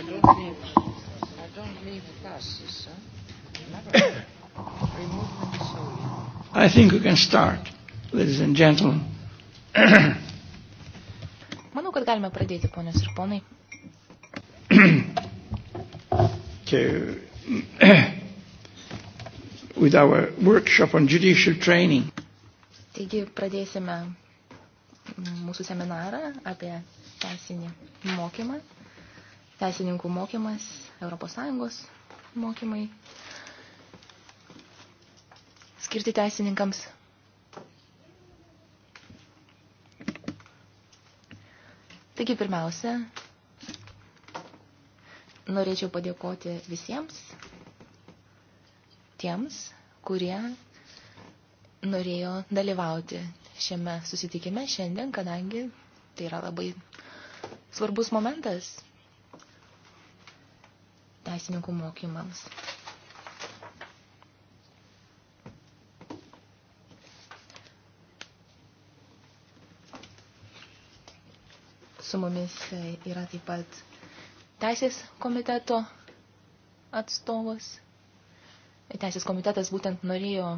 I don't need, I don't need passes. Huh? I think we can start, ladies and gentlemen. Manau, kad galime pradėti, ponios ir ponai. okay. With our workshop on judicial training. Taigi pradėsime mm, mūsų seminarą apie teisinį mokymą teisininkų mokymas, ES mokymai, skirti teisininkams. Taigi pirmiausia, norėčiau padėkoti visiems tiems, kurie norėjo dalyvauti šiame susitikime šiandien, kadangi tai yra labai svarbus momentas teisininkų mokymams. Su mumis eh, yra taip pat teisės komiteto atstovas. Teisės komitetas būtent norėjo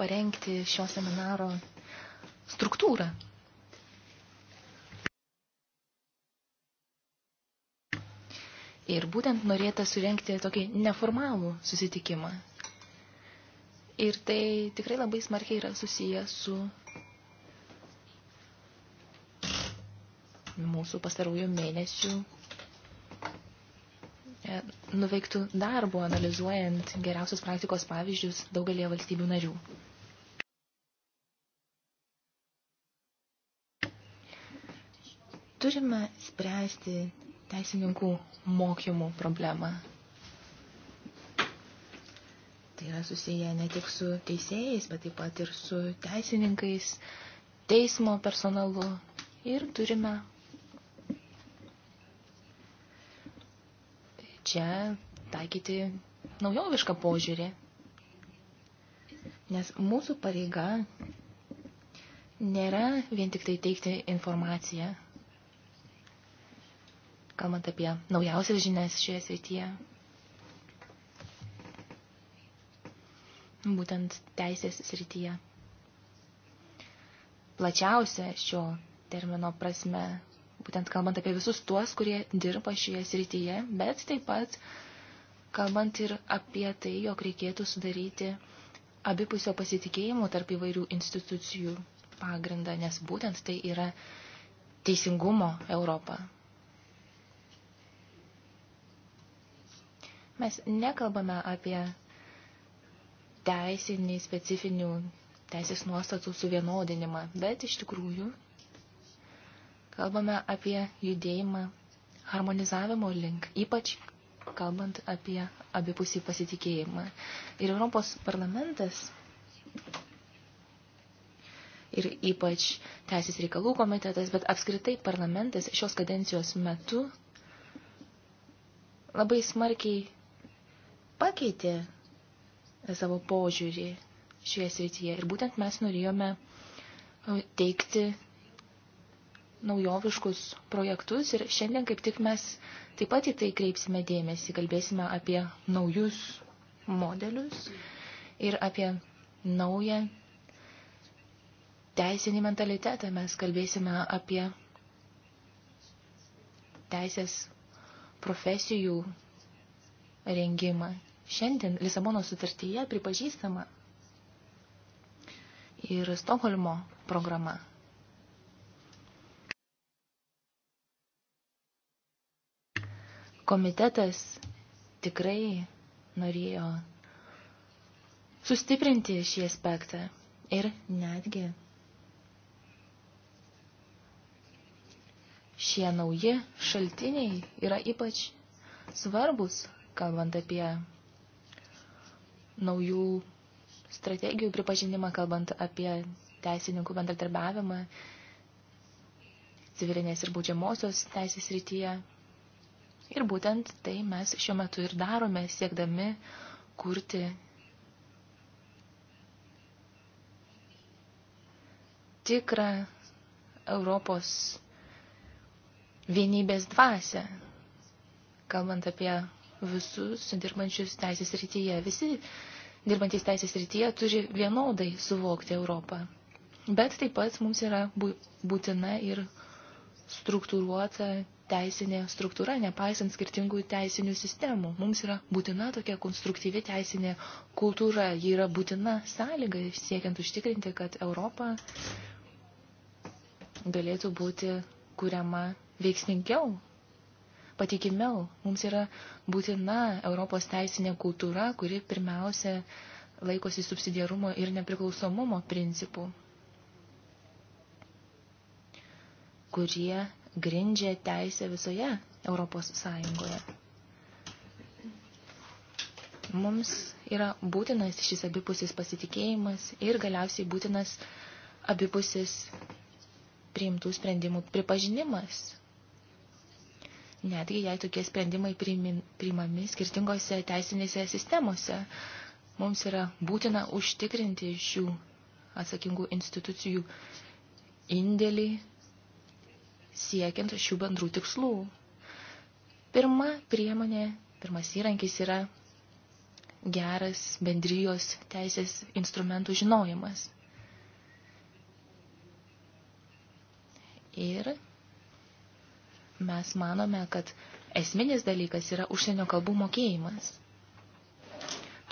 parengti šio seminaro struktūrą, Ir būtent norėta surenkti tokį neformalų susitikimą. Ir tai tikrai labai smarkiai yra susiję su mūsų pastarųjų mėnesių e, nuveiktų darbų, analizuojant geriausios praktikos pavyzdžius daugelie valstybių narių. Turime spręsti teisininkų mokymų problemą. Tai yra susiję ne tik su teisėjais, bet taip pat ir su teisininkais, teismo personalu. Ir turime čia taikyti naujovišką požiūrį. Nes mūsų pareiga nėra vien tik tai teikti informaciją kalbant apie naujausias žinias šioje srityje. Būtent teisės srityje. Plačiausia šio termino prasme, būtent kalbant apie visus tuos, kurie dirba šioje srityje, bet taip pat kalbant ir apie tai, jog reikėtų sudaryti abipusio pasitikėjimo tarp įvairių institucijų pagrindą, nes būtent tai yra teisingumo Europa, Mes nekalbame apie teisinį specifinių teisės nuostatų suvienodinimą, bet iš tikrųjų kalbame apie judėjimą harmonizavimo link, ypač kalbant apie abipusį pasitikėjimą. Ir Europos parlamentas ir ypač Teisės reikalų komitetas, bet apskritai parlamentas šios kadencijos metu labai smarkiai pakeitė savo požiūrį šioje srityje. Ir būtent mes norėjome e, teikti naujoviškus projektus ir šiandien kaip tik mes taip pat į tai kreipsime dėmesį, kalbėsime apie naujus modelius ir apie naują teisinį mentalitetą. Mes kalbėsime apie teisės profesijų rengimą Šiandien Lisabono sutartyje pripažįstama ir Stokholmo programa. Komitetas tikrai norėjo sustiprinti šį aspektą ir netgi šie nauji šaltiniai yra ypač svarbus, kalbant apie naujų strategijų pripažinimą, kalbant apie teisininkų bendradarbiavimą civilinės ir baudžiamosios teisės rytyje. Ir būtent tai mes šiuo metu ir darome, siekdami kurti tikrą Europos vienybės dvasę, kalbant apie visus dirbančius teisės rytyje. Visi dirbantys teisės rytyje, turi vienodai suvokti Europą. Bet taip pat mums yra būtina ir struktūruota teisinė struktūra, nepaisant skirtingų teisinių sistemų. Mums yra būtina tokia konstruktyvi teisinė kultūra, ji yra būtina sąlyga siekiant užtikrinti, kad Europa galėtų būti kuriama veiksmingiau, patikimiau. Mums yra būtina Europos teisinė kultūra, kuri pirmiausia laikosi subsidiarumo ir nepriklausomumo principų, kurie grindžia teisę visoje Europos Sąjungoje. Mums yra būtinas šis abipusis pasitikėjimas ir galiausiai būtinas abipusis priimtų sprendimų pripažinimas netgi jei tokie sprendimai priimami skirtingose teisinėse sistemose. Mums yra būtina užtikrinti šių atsakingų institucijų indėlį siekiant šių bendrų tikslų. Pirma priemonė, pirmas įrankis yra geras bendrijos teisės instrumentų žinojimas. Ir mes manome, kad esminis dalykas yra užsienio kalbų mokėjimas.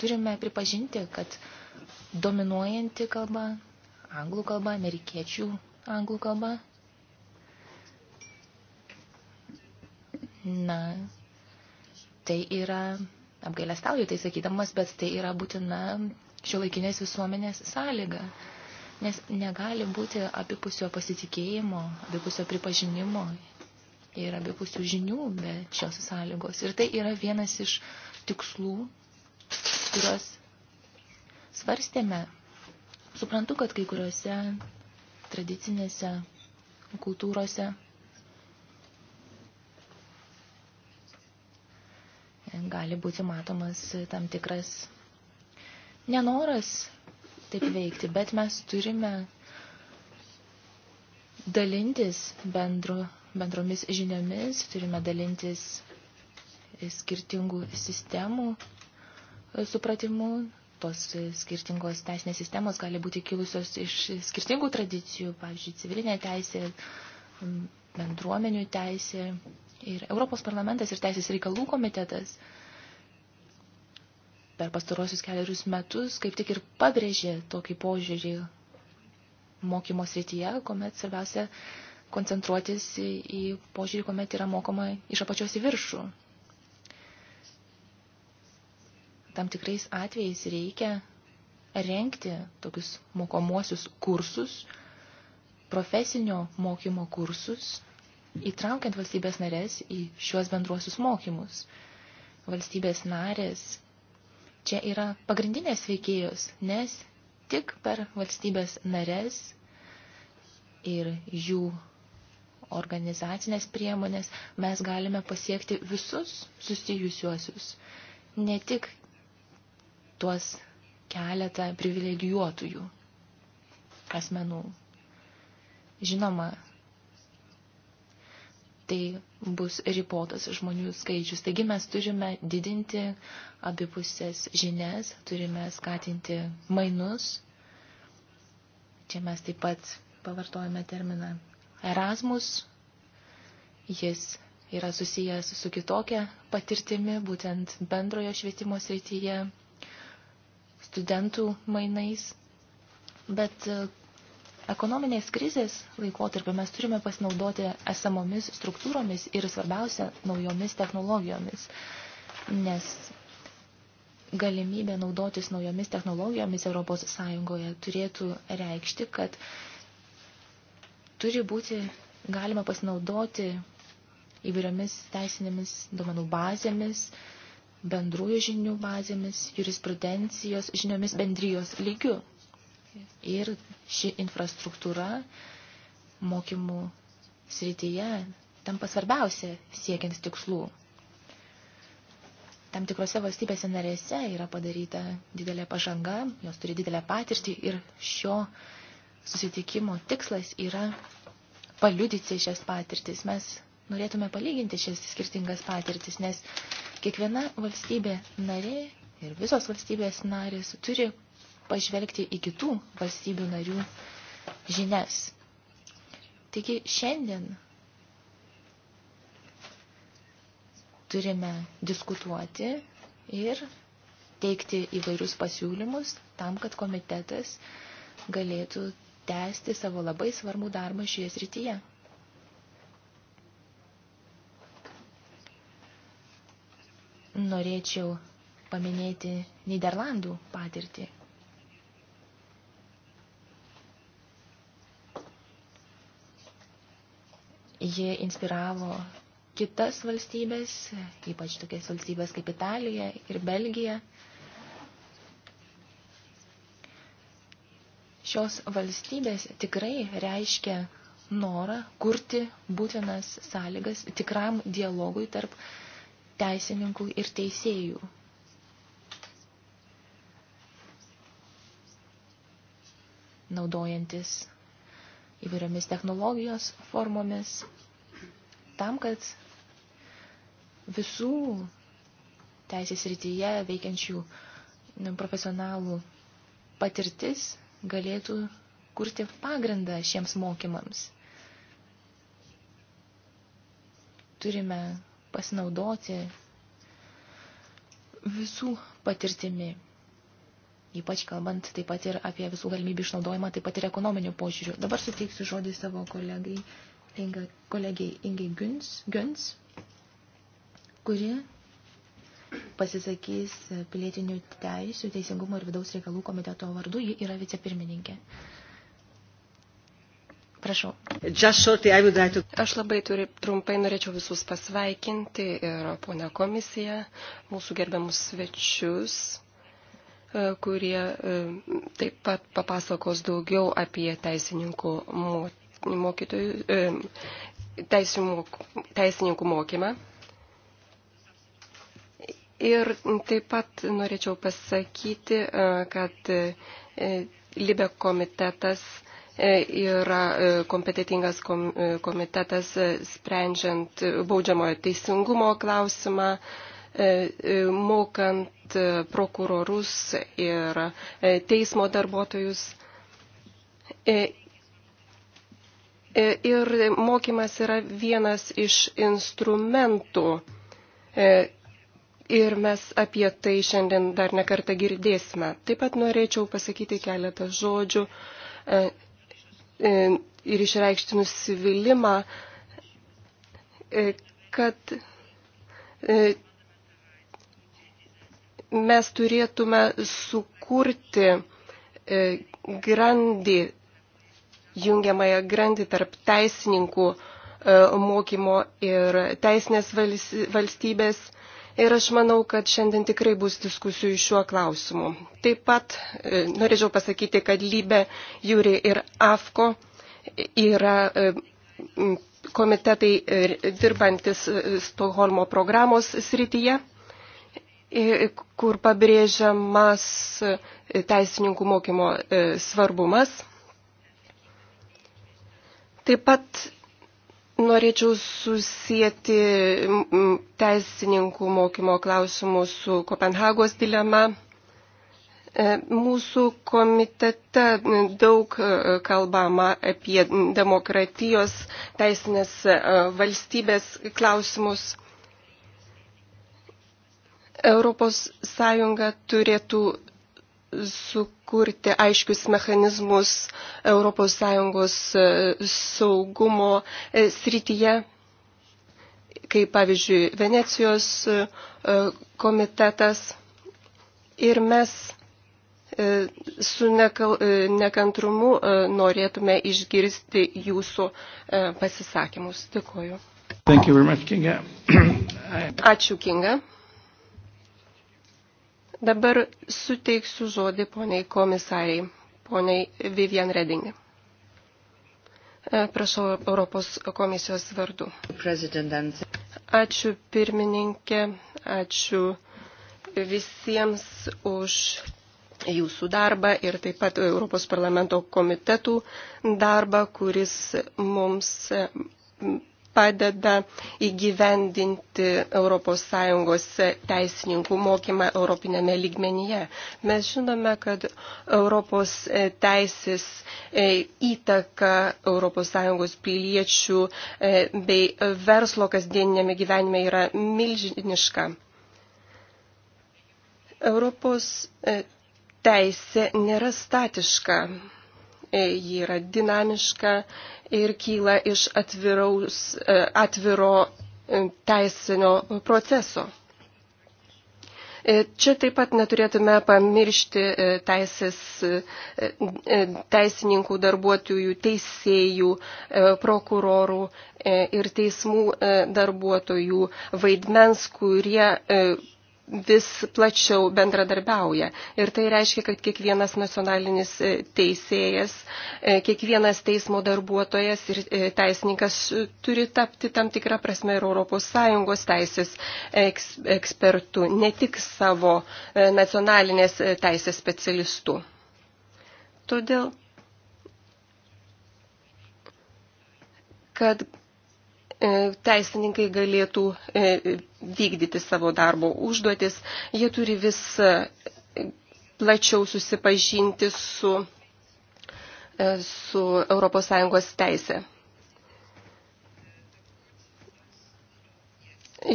Turime pripažinti, kad dominuojanti kalba, anglų kalba, amerikiečių anglų kalba, na, tai yra, apgailestauju tai sakydamas, bet tai yra būtina šiuolaikinės visuomenės sąlyga. Nes negali būti abipusio pasitikėjimo, abipusio pripažinimo ir abipusių žinių be šios sąlygos. Ir tai yra vienas iš tikslų, kuriuos svarstėme. Suprantu, kad kai kuriuose tradicinėse kultūrose gali būti matomas tam tikras nenoras taip veikti, bet mes turime dalintis bendru bendromis žiniomis, turime dalintis skirtingų sistemų e, supratimu. Tos skirtingos teisinės sistemos gali būti kilusios iš skirtingų tradicijų, pavyzdžiui, civilinė teisė, bendruomenių teisė ir Europos parlamentas ir teisės reikalų komitetas per pastarosius keliarius metus kaip tik ir pabrėžė tokį požiūrį mokymo srityje, kuomet svarbiausia koncentruotis į požiūrį, kuomet yra mokoma iš apačios į viršų. Tam tikrais atvejais reikia renkti tokius mokomuosius kursus, profesinio mokymo kursus, įtraukiant valstybės narės į šiuos bendruosius mokymus. Valstybės narės čia yra pagrindinės veikėjos, nes tik per valstybės narės ir jų organizacinės priemonės mes galime pasiekti visus susijusiuosius, ne tik tuos keletą privilegijuotųjų asmenų. Žinoma, tai bus ribotas žmonių skaičius. Taigi mes turime didinti abipusės žinias, turime skatinti mainus. Čia mes taip pat pavartojame terminą Erasmus, jis yra susijęs su kitokia patirtimi, būtent bendrojo švietimo srityje, studentų mainais. Bet e, ekonominės krizės laikotarpiu mes turime pasinaudoti esamomis struktūromis ir svarbiausia naujomis technologijomis, nes galimybė naudotis naujomis technologijomis Europos Sąjungoje turėtų reikšti, kad turi būti galima pasinaudoti įvairiomis teisinėmis duomenų bazėmis, bendrųjų žinių bazėmis, jurisprudencijos žiniomis bendrijos lygių. Ir ši infrastruktūra mokymų srityje tampa svarbiausia siekiant tikslų. Tam tikrose valstybėse narėse yra padaryta didelė pažanga, jos turi didelę patirtį ir šio uh, susitikimo tikslas yra paliudyti šias patirtis. Mes norėtume palyginti šias skirtingas patirtis, nes kiekviena valstybė narė ir visos valstybės narės turi pažvelgti į kitų valstybių narių žinias. Taigi šiandien turime diskutuoti ir teikti įvairius pasiūlymus tam, kad komitetas galėtų tęsti savo labai svarbų darbą šioje srityje. Norėčiau paminėti Niderlandų patirtį. Jie inspiravo kitas valstybės, ypač tokias valstybės kaip Italija ir Belgija, Šios valstybės tikrai reiškia norą kurti būtinas sąlygas tikram dialogui tarp teisininkų ir teisėjų. Naudojantis įvairiomis technologijos formomis, tam, kad visų teisės rytyje veikiančių profesionalų patirtis galėtų kurti pagrindą šiems mokymams. Turime pasinaudoti visų patirtimi, ypač kalbant taip pat ir apie visų galimybių išnaudojimą, taip pat ir ekonominių požiūrių. Dabar suteiksiu žodį savo kolegai, Inga, kolegiai Ingai Güns, Güns, kuri pasisakys pilietinių teisų, teisingumo ir vidaus reikalų komiteto vardu. Ji yra vicepirmininkė. Prašau. Aš labai turi, trumpai norėčiau visus pasveikinti ir ponę komisiją, mūsų gerbiamus svečius, e, kurie e, taip pat papasakos daugiau apie teisininkų mokytojų, e, teisininkų mokymą. Ir taip pat norėčiau pasakyti, e, kad e, Libe komitetas e, yra kompetitingas komitetas sprendžiant baudžiamojo teisingumo klausimą, mokant prokurorus ir teismo darbuotojus. Ir mokymas yra vienas iš instrumentų ir mes apie tai šiandien dar nekartą girdėsime. Taip pat norėčiau pasakyti keletą žodžių e, e, ir išreikšti nusivylimą, e, kad mes turėtume sukurti grandį, jungiamąją grandį tarp teisininkų mokymo ir teisinės valstybės Ir aš manau, kad šiandien tikrai bus diskusijų šiuo klausimu. Taip pat e, norėčiau pasakyti, kad Lybė, Jūri ir AFKO yra e, komitetai e, dirbantis e, Stokholmo programos srityje kur pabrėžiamas e, teisininkų mokymo e, svarbumas. Taip pat Norėčiau susijęti teisininkų mokymo klausimus su Kopenhagos dilema. E, mūsų komitete daug e, kalbama apie demokratijos teisinės e, valstybės klausimus. Europos Sąjunga turėtų sukurti aiškius mechanizmus ES e, saugumo e, srityje, kaip pavyzdžiui Venecijos e, komitetas. Ir mes su nekantrumu norėtume išgirsti jūsų pasisakymus. Dėkuoju. Much, Kinga. Ačiū, Kinga. Dabar suteiksiu žodį poniai komisariai, poniai Vivian Reding. E, prašau Europos komisijos vardu. Ačiū pirmininkė, ačiū visiems už jūsų darbą ir taip pat Europos parlamento komitetų darbą, kuris mums padeda įgyvendinti ES teisininkų mokymą Europinėme lygmenyje. Mes žinome, kad Europos teisės e, įtaka ES piliečių e, bei verslo kasdieninėme gyvenime yra milžiniška. Europos e, teisė nėra statiška. E, ji yra dinamiška ir kyla iš atviraus, e, atviro e, teisinio proceso. Čia taip pat neturėtume pamiršti teisės, teisininkų, darbuotojų, teisėjų, prokurorų ir teismų darbuotojų vaidmens, kurie vis plačiau bendradarbiauja. Ir tai reiškia, kad kiekvienas nacionalinis e, teisėjas, e, kiekvienas teismo darbuotojas ir e, teisininkas turi tapti tam tikrą prasme ir ES teisės ekspertų, ne tik savo nacionalinės teisės specialistų. Todėl, kad E, teisininkai galėtų e, vykdyti savo darbo užduotis. Jie turi vis e, plačiau susipažinti su, su ES teisė.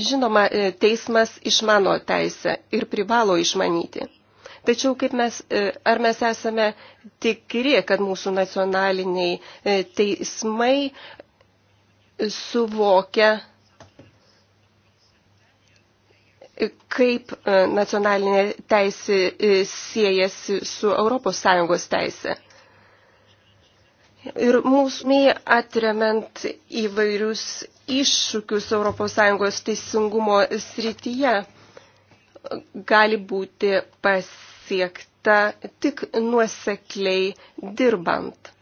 Žinoma, teismas išmano teisę ir privalo išmanyti. Tačiau kaip mes, ar mes esame tikri, kad mūsų nacionaliniai teismai suvokia, kaip e, nacionalinė teisė e, siejasi su ES teisė. Ir mūsų atremant įvairius iššūkius ES teisingumo srityje gali būti pasiekta tik nuosekliai dirbant.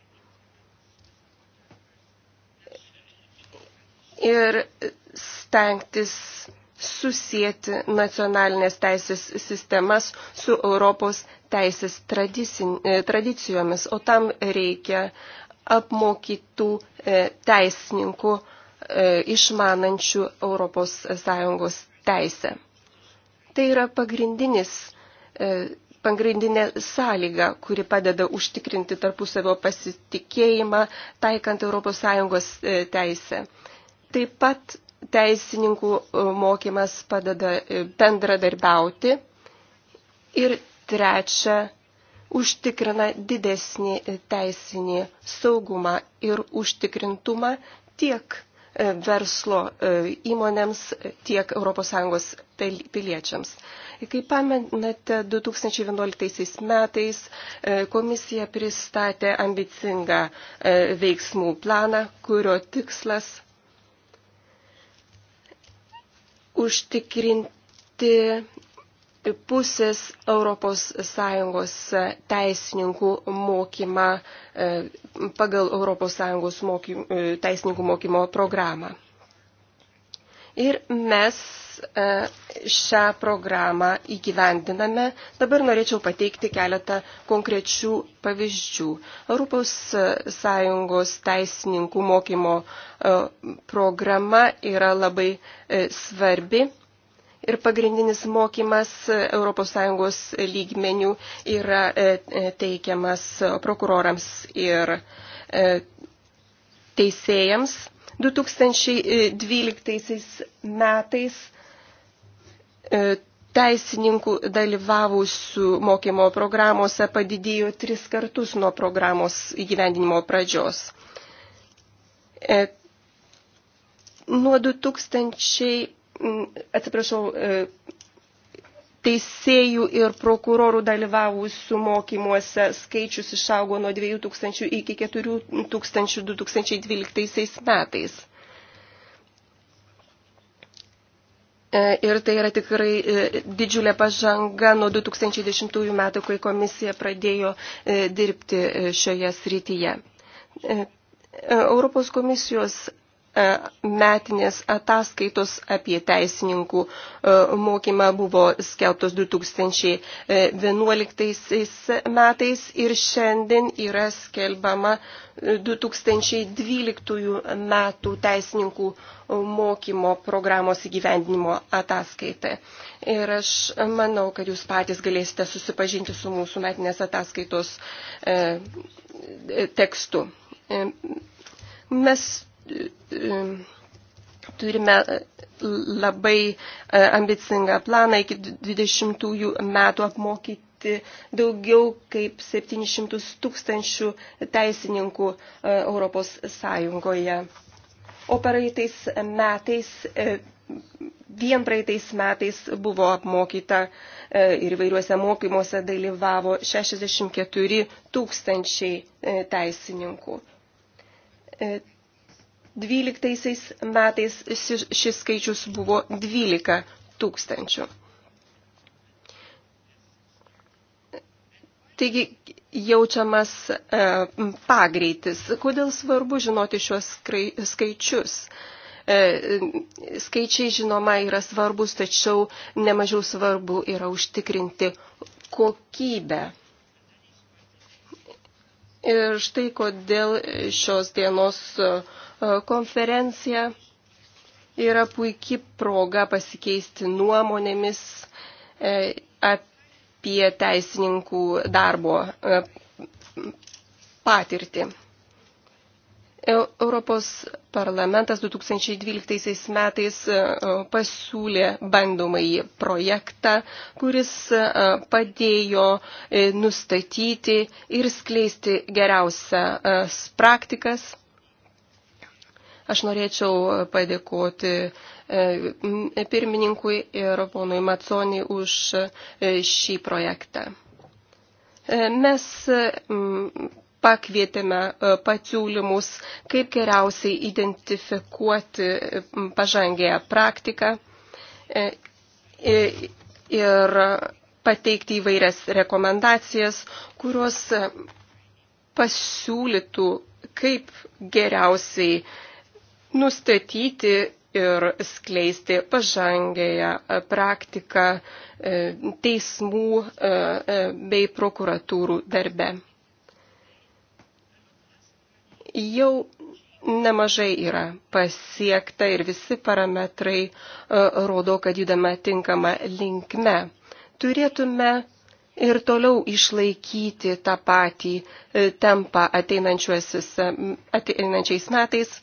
ir stengtis susijęti nacionalinės teisės sistemas su Europos teisės e, tradicijomis, o tam reikia apmokytų e, teisininkų e, išmanančių ES teisę. Tai yra pagrindinis pagrindinė sąlyga, kuri padeda užtikrinti tarpusavio pasitikėjimą taikant ES teisę. Taip pat teisininkų e, mokymas padeda e, bendradarbiauti. Ir trečia, užtikrina didesnį e, teisinį saugumą ir užtikrintumą tiek verslo įmonėms, tiek ES piliečiams. Kaip pamenate, 2011 metais komisija pristatė ambicingą veiksmų planą, kurio tikslas užtikrinti pusės ES teisininkų mokymą e, pagal ES mokym, e, teisininkų mokymo programą ir mes e, šią programą įgyvendiname. Dabar norėčiau pateikti keletą konkrečių pavyzdžių. Europos Sąjungos teisininkų mokymo e, programa yra labai e, svarbi. Ir pagrindinis mokymas ES lygmenių yra teikiamas prokurorams ir teisėjams 2012 metais e, teisininkų dalyvavusių mokymo programuose padidėjo tris kartus nuo programos įgyvendinimo pradžios. E, nuo 2000, atsiprašau, e, teisėjų ir prokurorų dalyvavusių mokymuose skaičius išaugo nuo 2000 iki 4000 2012 metais. E, ir tai yra tikrai e, didžiulė pažanga nuo 2010 metų, kai komisija pradėjo e, dirbti šioje srityje. Europos komisijos E, metinės ataskaitos apie teisininkų e, mokymą buvo skelbtos 2011 metais ir šiandien yra skelbama 2012 metų teisininkų mokymo programos įgyvendinimo ataskaita. Ir aš manau, kad jūs patys galėsite susipažinti su mūsų metinės ataskaitos e, tekstu. Mes turime e, labai e, ambicingą planą iki 20 metų apmokyti daugiau kaip 700 tūkstančių teisininkų e, Europos Sąjungoje. O praeitais metais, vien praeitais metais buvo apmokyta ir įvairiuose mokymuose dalyvavo 64 tūkstančiai teisininkų 12 metais šis skaičius buvo 12 tūkstančių. Taigi jaučiamas e, pagreitis. Kodėl svarbu žinoti šios skrai, skaičius? E, skaičiai, žinoma, yra svarbus, tačiau nemažiau svarbu yra užtikrinti kokybę. Ir štai kodėl šios dienos e, konferencija yra puikia proga pasikeisti nuomonėmis e, apie teisininkų darbo e, patirtį. Europos parlamentas 2012 metais e, pasiūlė bandomąjį projektą, kuris e, padėjo e, nustatyti ir skleisti geriausias praktikas. Aš norėčiau padėkoti pirmininkui ir ponui Maconi už šį projektą. Mes pakvietėme e, pasiūlymus, kaip geriausiai identifikuoti pažangėją praktiką e, ir pateikti įvairias rekomendacijas, kurios pasiūlytų, kaip geriausiai nustatyti ir skleisti pažangėją e, praktiką teismų bei prokuratūrų darbe. Jau nemažai yra pasiekta ir visi parametrai e, rodo, kad judame tinkama linkme. Turėtume ir toliau išlaikyti tą patį e, tempą e, ateinančiais metais.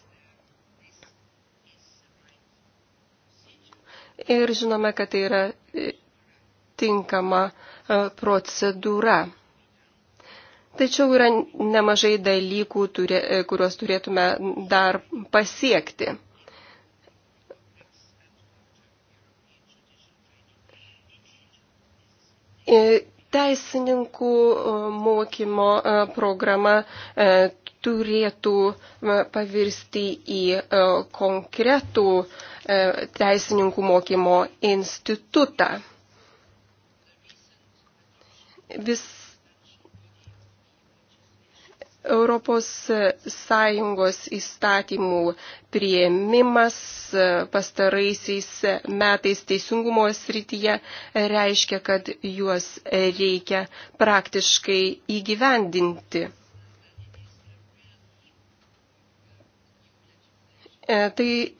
Ir žinome, kad tai yra tinkama procedūra. Tačiau yra nemažai dalykų, e, kuriuos turėtume dar pasiekti. E, teisininkų e, mokymo programa turėtų pavirsti į konkretų teisininkų mokymo institutą. Vis ES įstatymų prieimimas e, pastaraisiais metais teisingumo srityje reiškia, kad juos reikia praktiškai įgyvendinti. E, tai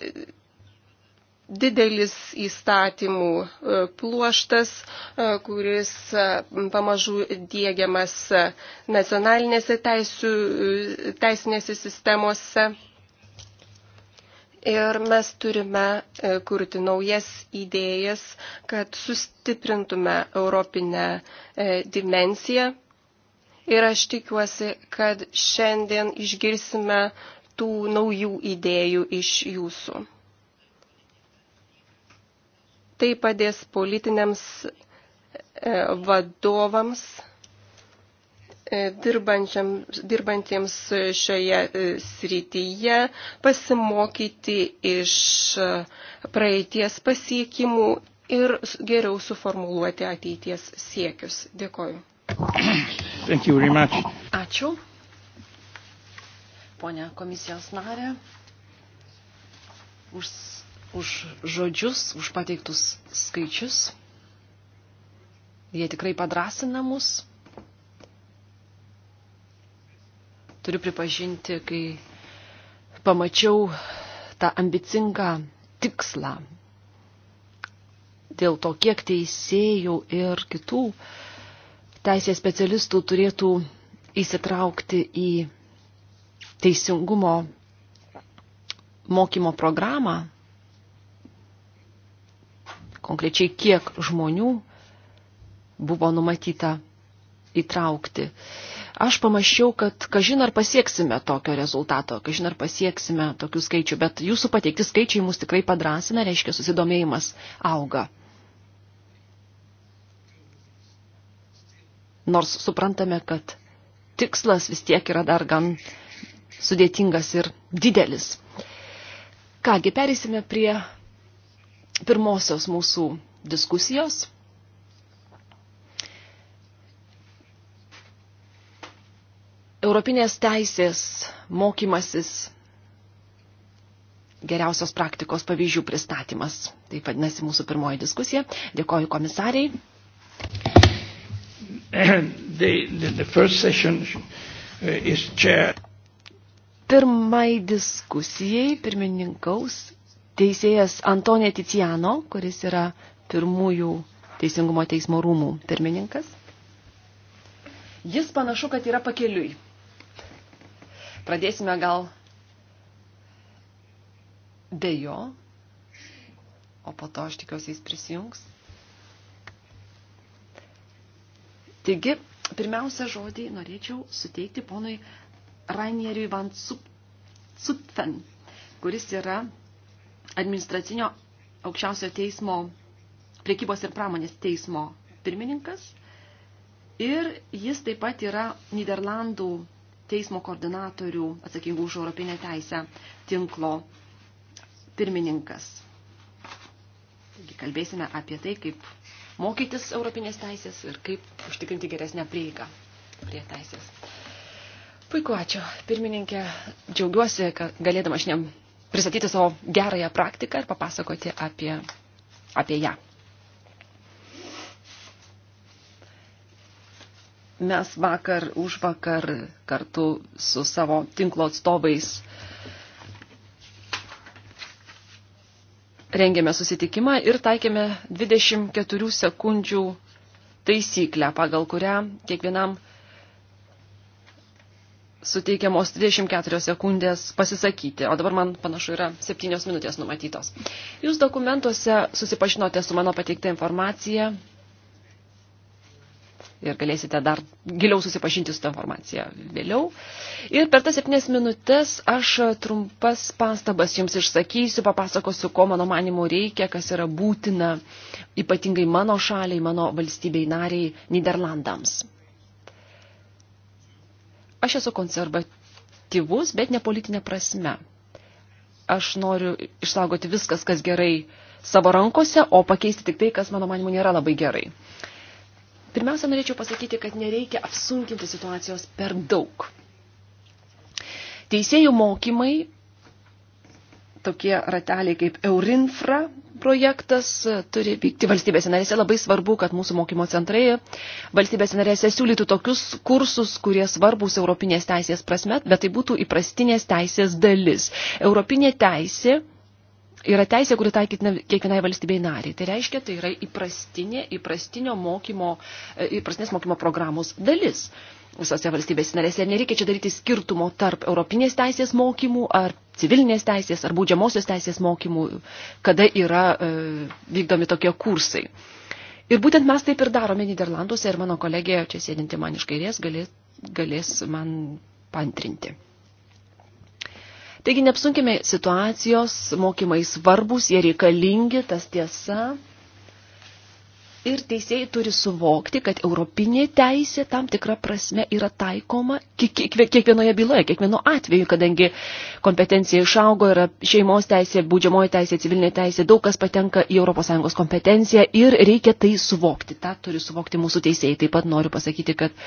didelis įstatymų e, pluoštas, e, kuris e, pamažu dėgiamas nacionalinėse teisių, teisinėse sistemose. Ir mes turime kurti naujas idėjas, kad sustiprintume europinę dimenciją. Ir aš tikiuosi, kad šiandien išgirsime tų naujų idėjų iš jūsų. Tai padės politiniams e, vadovams e, dirbantiems šioje e, srityje pasimokyti iš praeities pasiekimų ir geriau suformuluoti ateities siekius. Dėkoju. Ačiū. Pone komisijos narė, už už žodžius, už pateiktus skaičius. Jie tikrai padrasina mus. Turiu pripažinti, kai pamačiau tą ambicingą tikslą dėl to, kiek teisėjų ir kitų teisės specialistų turėtų įsitraukti į teisingumo mokymo programą, konkrečiai kiek žmonių buvo numatyta įtraukti. Aš pamaščiau, kad kažin ar pasieksime tokio rezultato, kažin ar pasieksime tokių skaičių, bet jūsų pateikti skaičiai mus tikrai padrasina, reiškia susidomėjimas auga. Nors suprantame, kad tikslas vis tiek yra dar gan sudėtingas ir didelis. Kągi, perėsime prie pirmosios mūsų diskusijos. Europinės teisės mokymasis geriausios praktikos pavyzdžių pristatymas. Taip vadinasi mūsų pirmoji diskusija. Dėkoju komisariai. The, the, the first session uh, is chair. Pirmai diskusijai pirmininkaus teisėjas Antonė Ticiano, kuris yra pirmųjų Teisingumo teismo rūmų pirmininkas. Jis panašu, kad yra pakeliui. Pradėsime gal be jo, o po to aš tikiuosi jis prisijungs. Taigi, pirmiausia žodį norėčiau suteikti ponui Rainieriui Van Supfen, kuris yra administracinio aukščiausiojo teismo priekybos ir pramonės teismo pirmininkas ir jis taip pat yra Niderlandų teismo koordinatorių atsakingų už europinę teisę tinklo pirmininkas. Taigi kalbėsime apie tai, kaip mokytis europinės teisės ir kaip užtikrinti geresnę prieigą prie teisės. Puiku, ačiū. Pirmininkė, džiaugiuosi, kad galėdama šiandien pristatyti savo gerąją praktiką ir papasakoti apie, apie ją. Mes vakar, už vakar kartu su savo tinklo atstovais rengėme susitikimą ir taikėme 24 sekundžių taisyklę, pagal kurią kiekvienam suteikiamos 24 sekundės pasisakyti, o dabar man panašu yra 7 minutės numatytos. Jūs dokumentuose susipažinote su mano pateikta informacija ir galėsite dar giliau susipažinti su tą informacija vėliau. Ir per tas 7 minutės aš trumpas pastabas jums išsakysiu, papasakosiu, ko mano manimu reikia, kas yra būtina, ypatingai mano šaliai, mano valstybei nariai Niderlandams. Aš esu konservatyvus, bet ne politinė prasme. Aš noriu išsaugoti viskas, kas gerai savo rankose, o pakeisti tik tai, kas mano manimu nėra labai gerai. Pirmiausia, norėčiau pasakyti, kad nereikia apsunkinti situacijos per daug. Teisėjų mokymai, tokie rateliai kaip Eurinfra, projektas turi vykti valstybėse narėse. Labai svarbu, kad mūsų mokymo centrai valstybėse narėse siūlytų tokius kursus, kurie svarbus europinės teisės prasme, bet tai būtų įprastinės teisės dalis. Europinė teisė yra teisė, kuri taikytina kiekvienai valstybei nariai. Tai reiškia, tai yra įprastinė, įprastinio mokymo, e, įprastinės mokymo programos dalis. Uh, visose valstybės narėse. Ir nereikia čia daryti skirtumo tarp europinės teisės mokymų ar civilinės teisės ar būdžiamosios teisės mokymų, kada yra e, vykdomi tokie kursai. Ir būtent mes taip ir darome Niderlanduose ir mano kolegė, čia sėdinti man iš kairės, galės, galės man pantrinti. Taigi neapsunkime situacijos, mokymai svarbus, jie reikalingi, tas tiesa. Ir teisėjai turi suvokti, kad europinė teisė tam tikrą prasme yra taikoma kiekvienoje byloje, kiekvieno atveju, kadangi kompetencija išaugo, yra šeimos teisė, būdžiamoji teisė, civilinė teisė, daug kas patenka į ES kompetenciją ir reikia tai suvokti. Ta turi suvokti mūsų teisėjai. Taip pat noriu pasakyti, kad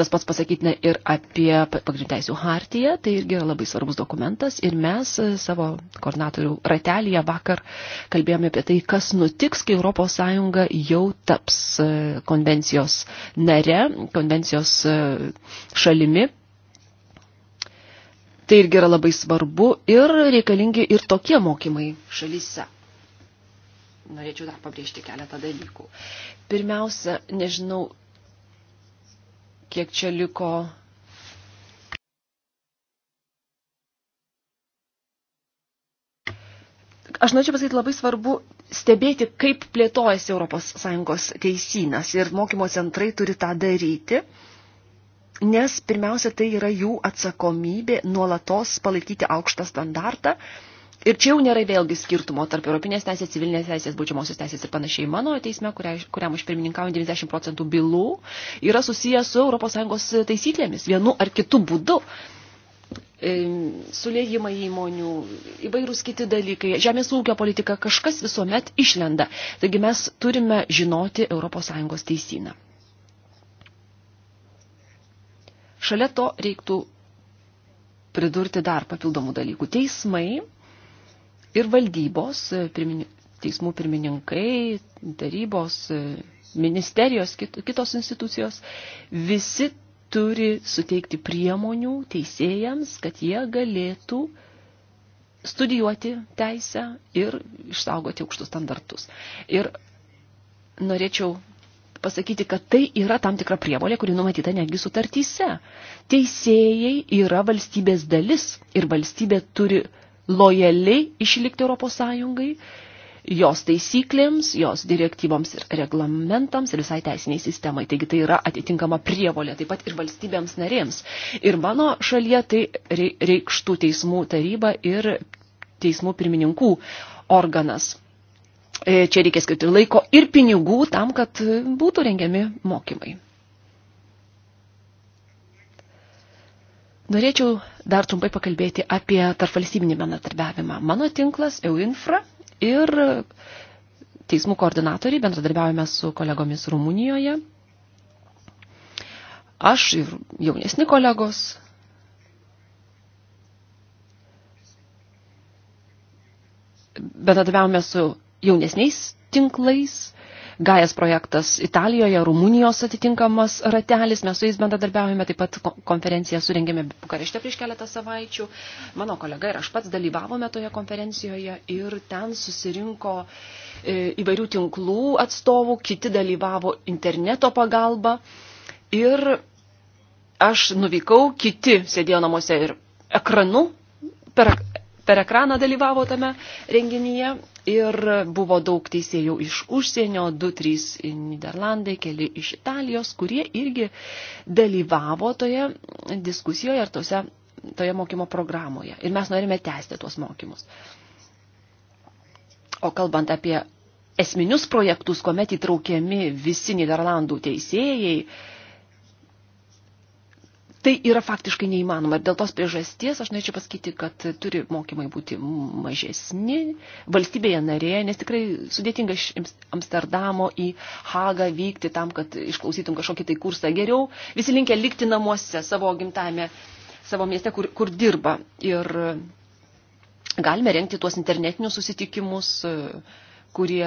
Tas pats pasakytina ir apie pagrindų teisų hartiją, tai irgi yra labai svarbus dokumentas ir mes e, savo koordinatorių ratelėje vakar kalbėjome apie tai, kas nutiks, kai ES jau taps e, konvencijos nare, konvencijos e, šalimi. Tai irgi yra labai svarbu ir reikalingi ir tokie mokymai šalyse norėčiau dar pabrėžti keletą dalykų. Pirmiausia, nežinau, kiek čia liko. Aš norėčiau pasakyti, labai svarbu stebėti, kaip plėtojasi ES teisynas ir mokymo centrai turi tą daryti, nes pirmiausia, tai yra jų atsakomybė nuolatos palaikyti aukštą standartą, Ir čia jau nėra vėlgi skirtumo tarp Europinės teisės, civilinės teisės, baudžiamosios teisės ir panašiai. Mano teisme, kuria, kuriam aš pirmininkauju 90 procentų bylų, yra susijęs su ES taisyklėmis vienu ar kitu būdu. E, Sulėjimai įmonių, įvairūs kiti dalykai, žemės ūkio politika, kažkas visuomet išlenda. Taigi mes turime žinoti ES teisyną. Šalia to reiktų pridurti dar papildomų dalykų. Teismai ir valdybos, e, pirmin, teismų pirmininkai, tarybos, e, ministerijos, kitos institucijos, visi turi suteikti priemonių teisėjams, kad jie galėtų studijuoti teisę ir išsaugoti aukštus standartus. Ir norėčiau pasakyti, kad tai yra tam tikra prievolė, kuri numatyta netgi sutartyse. Teisėjai yra valstybės dalis ir valstybė turi lojali išlikti Europos Sąjungai, jos taisyklėms, jos direktyvoms ir reglamentams ir visai teisiniai sistemai. Taigi tai yra atitinkama prievolė taip pat ir valstybėms narėms. Ir mano šalyje tai reikštų teismų taryba ir teismų pirmininkų organas. E, čia reikia skirti laiko ir pinigų tam, kad būtų rengiami mokymai. Norėčiau dar trumpai pakalbėti apie tarpvalstybinį bendradarbiavimą. Mano tinklas EUINFRA ir teismų koordinatoriai bendradarbiaujame su kolegomis Rumunijoje. Aš ir jaunesni kolegos. Bendradarbiaujame su jaunesniais tinklais, GAES projektas Italijoje, Rumunijos atitinkamas ratelis, mes su jais bendradarbiaujame, taip pat konferenciją surengėme Bukarešte prieš keletą savaičių. Mano kolega ir aš pats dalyvavome toje konferencijoje ir ten susirinko e, įvairių tinklų atstovų, kiti dalyvavo interneto pagalba ir aš nuvykau, kiti sėdėjo namuose ir ekranu, per, per ekraną dalyvavo tame renginyje Ir buvo daug teisėjų iš užsienio, 2-3 Niderlandai, keli iš Italijos, kurie irgi dalyvavo toje diskusijoje ir tose, toje mokymo programoje. Ir mes norime tęsti tuos mokymus. O kalbant apie esminius projektus, kuomet įtraukiami visi Niderlandų teisėjai, Tai yra faktiškai neįmanoma ir dėl tos priežasties aš norėčiau pasakyti, kad turi mokymai būti mažesni valstybėje narėje, nes tikrai sudėtinga iš Amsterdamo į Hagą vykti tam, kad išklausytum kažkokį tai kursą geriau. Visi linkia likti namuose savo gimtame, savo mieste, kur, kur dirba. Ir galime rengti tuos internetinius susitikimus. Uh, kurie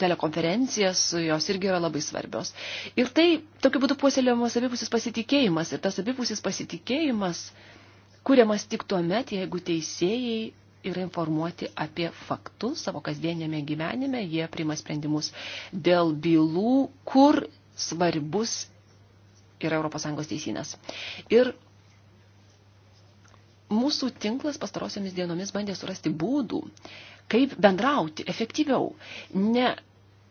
telekonferencijas, jos irgi yra labai svarbios. Ir tai tokiu būdu puoselėjamas abipusis pasitikėjimas. Ir tas abipusis pasitikėjimas kuriamas tik tuo met, jeigu teisėjai yra informuoti apie faktus savo kasdienėme gyvenime, jie priima sprendimus dėl bylų, kur svarbus yra ES teisynas. Ir mūsų tinklas pastarosiomis dienomis bandė surasti būdų, kaip bendrauti efektyviau. Ne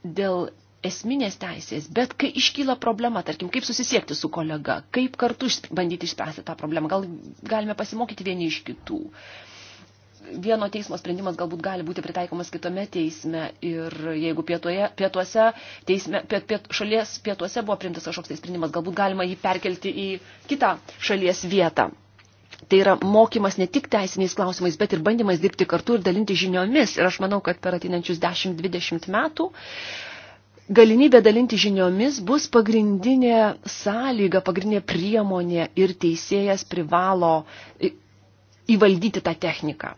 dėl esminės teisės, bet kai iškyla problema, tarkim, kaip susisiekti su kolega, kaip kartu bandyti išspręsti tą problemą, gal galime pasimokyti vieni iš kitų. Vieno teismo sprendimas galbūt gali būti pritaikomas kitame teisme ir jeigu pietuoje, pietuose, teisme, piet, piet, šalies pietuose buvo priimtas kažkoks tai sprendimas, galbūt galima jį perkelti į kitą šalies vietą. Tai yra mokymas ne tik teisiniais klausimais, bet ir bandymas dirbti kartu ir dalinti žiniomis. Ir aš manau, kad per atinančius 10-20 metų galimybė dalinti žiniomis bus pagrindinė sąlyga, pagrindinė priemonė ir teisėjas privalo įvaldyti tą techniką.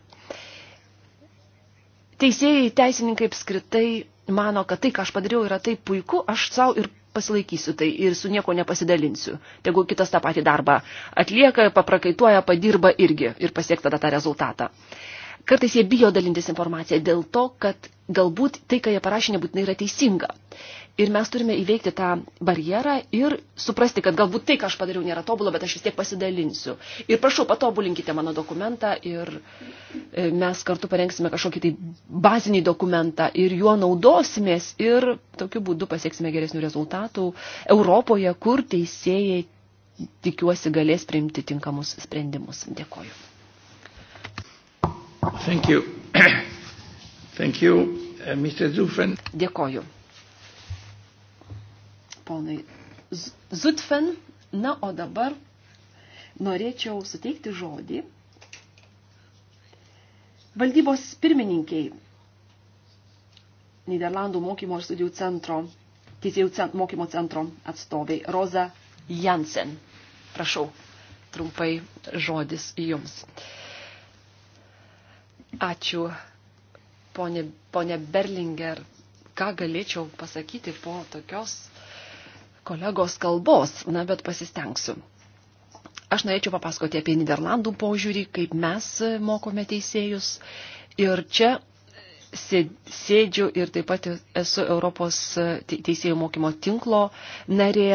Teisėjai, teisininkai apskritai mano, kad tai, ką aš padariau, yra taip puiku, aš savo ir pasilaikysiu tai ir su nieko nepasidalinsiu. Tegu kitas tą patį darbą atlieka, paprakaituoja, padirba irgi ir pasiek tada tą rezultatą. Kartais jie bijo dalintis informaciją dėl to, kad galbūt tai, ką jie parašė, nebūtinai yra teisinga. Ir mes turime įveikti tą barjerą ir suprasti, kad galbūt tai, ką aš padariau, nėra tobulo, bet aš vis tiek pasidalinsiu. Ir prašau, patobulinkite mano dokumentą ir e, mes kartu parengsime kažkokį tai bazinį dokumentą ir juo naudosimės ir tokiu būdu pasieksime geresnių rezultatų Europoje, kur teisėjai tikiuosi galės priimti tinkamus sprendimus. Dėkoju. Thank you. Thank you, uh, Mr. Zufen. Dėkoju ponai Zutfen. Na, o dabar norėčiau suteikti žodį valdybos pirmininkiai Niderlandų mokymo ir studijų centro, teisėjų cent, mokymo centro atstoviai Roza Jansen. Prašau, trumpai žodis jums. Ačiū, ponė, ponė Berlinger. Ką galėčiau pasakyti po tokios kolegos kalbos, na, bet pasistengsiu. Aš norėčiau papasakoti apie Niderlandų požiūrį, kaip mes mokome teisėjus. Ir čia sėdžiu ir taip pat esu Europos teisėjų mokymo tinklo narė,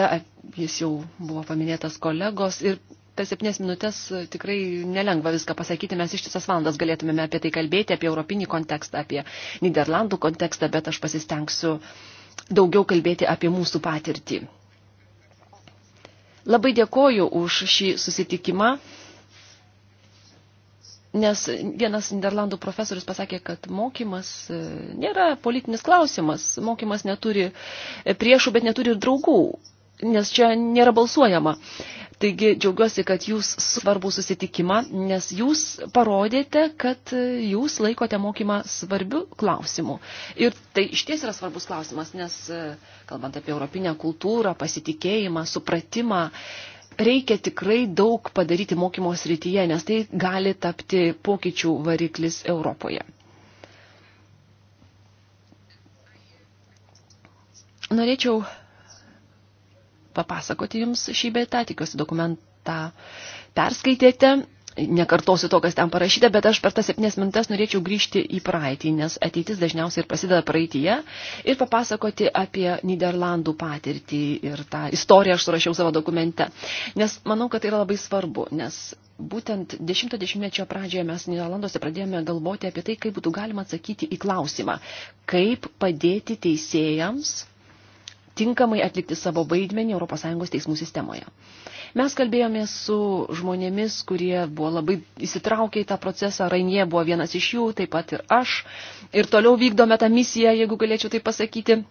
jis jau buvo paminėtas kolegos ir per septynės minutės tikrai nelengva viską pasakyti, mes ištisas valandas galėtumėme apie tai kalbėti, apie europinį kontekstą, apie Niderlandų kontekstą, bet aš pasistengsiu daugiau kalbėti apie mūsų patirtį Labai dėkoju už šį susitikimą, nes vienas Niderlandų profesorius pasakė, kad mokymas e, nėra politinis klausimas, mokymas neturi priešų, bet neturi ir draugų nes čia nėra balsuojama. Taigi džiaugiuosi, kad jūs svarbų susitikimą, nes jūs parodėte, kad jūs laikote mokymą svarbių klausimų. Ir tai iš ties yra svarbus klausimas, nes e, kalbant apie europinę kultūrą, pasitikėjimą, supratimą, reikia tikrai daug padaryti mokymo srityje, nes tai gali tapti pokyčių variklis Europoje. Norėčiau papasakoti jums šį beitą, tikiuosi dokumentą perskaitėte. Nekartosiu to, kas ten parašyta, bet aš per tas septynes minutės norėčiau grįžti į praeitį, nes ateitis dažniausiai ir prasideda praeityje, ir papasakoti apie Niderlandų patirtį ir tą istoriją aš surašiau savo dokumente. Nes manau, kad tai yra labai svarbu, nes būtent 10-mečio pradžioje mes Niderlanduose pradėjome galvoti apie tai, kaip būtų galima atsakyti į klausimą, kaip padėti teisėjams tinkamai atlikti savo vaidmenį ES teismų sistemoje. Mes kalbėjome su žmonėmis, kurie buvo labai įsitraukę į tą procesą, Rainė buvo vienas iš jų, taip pat ir aš, ir toliau vykdome tą misiją, jeigu galėčiau tai pasakyti.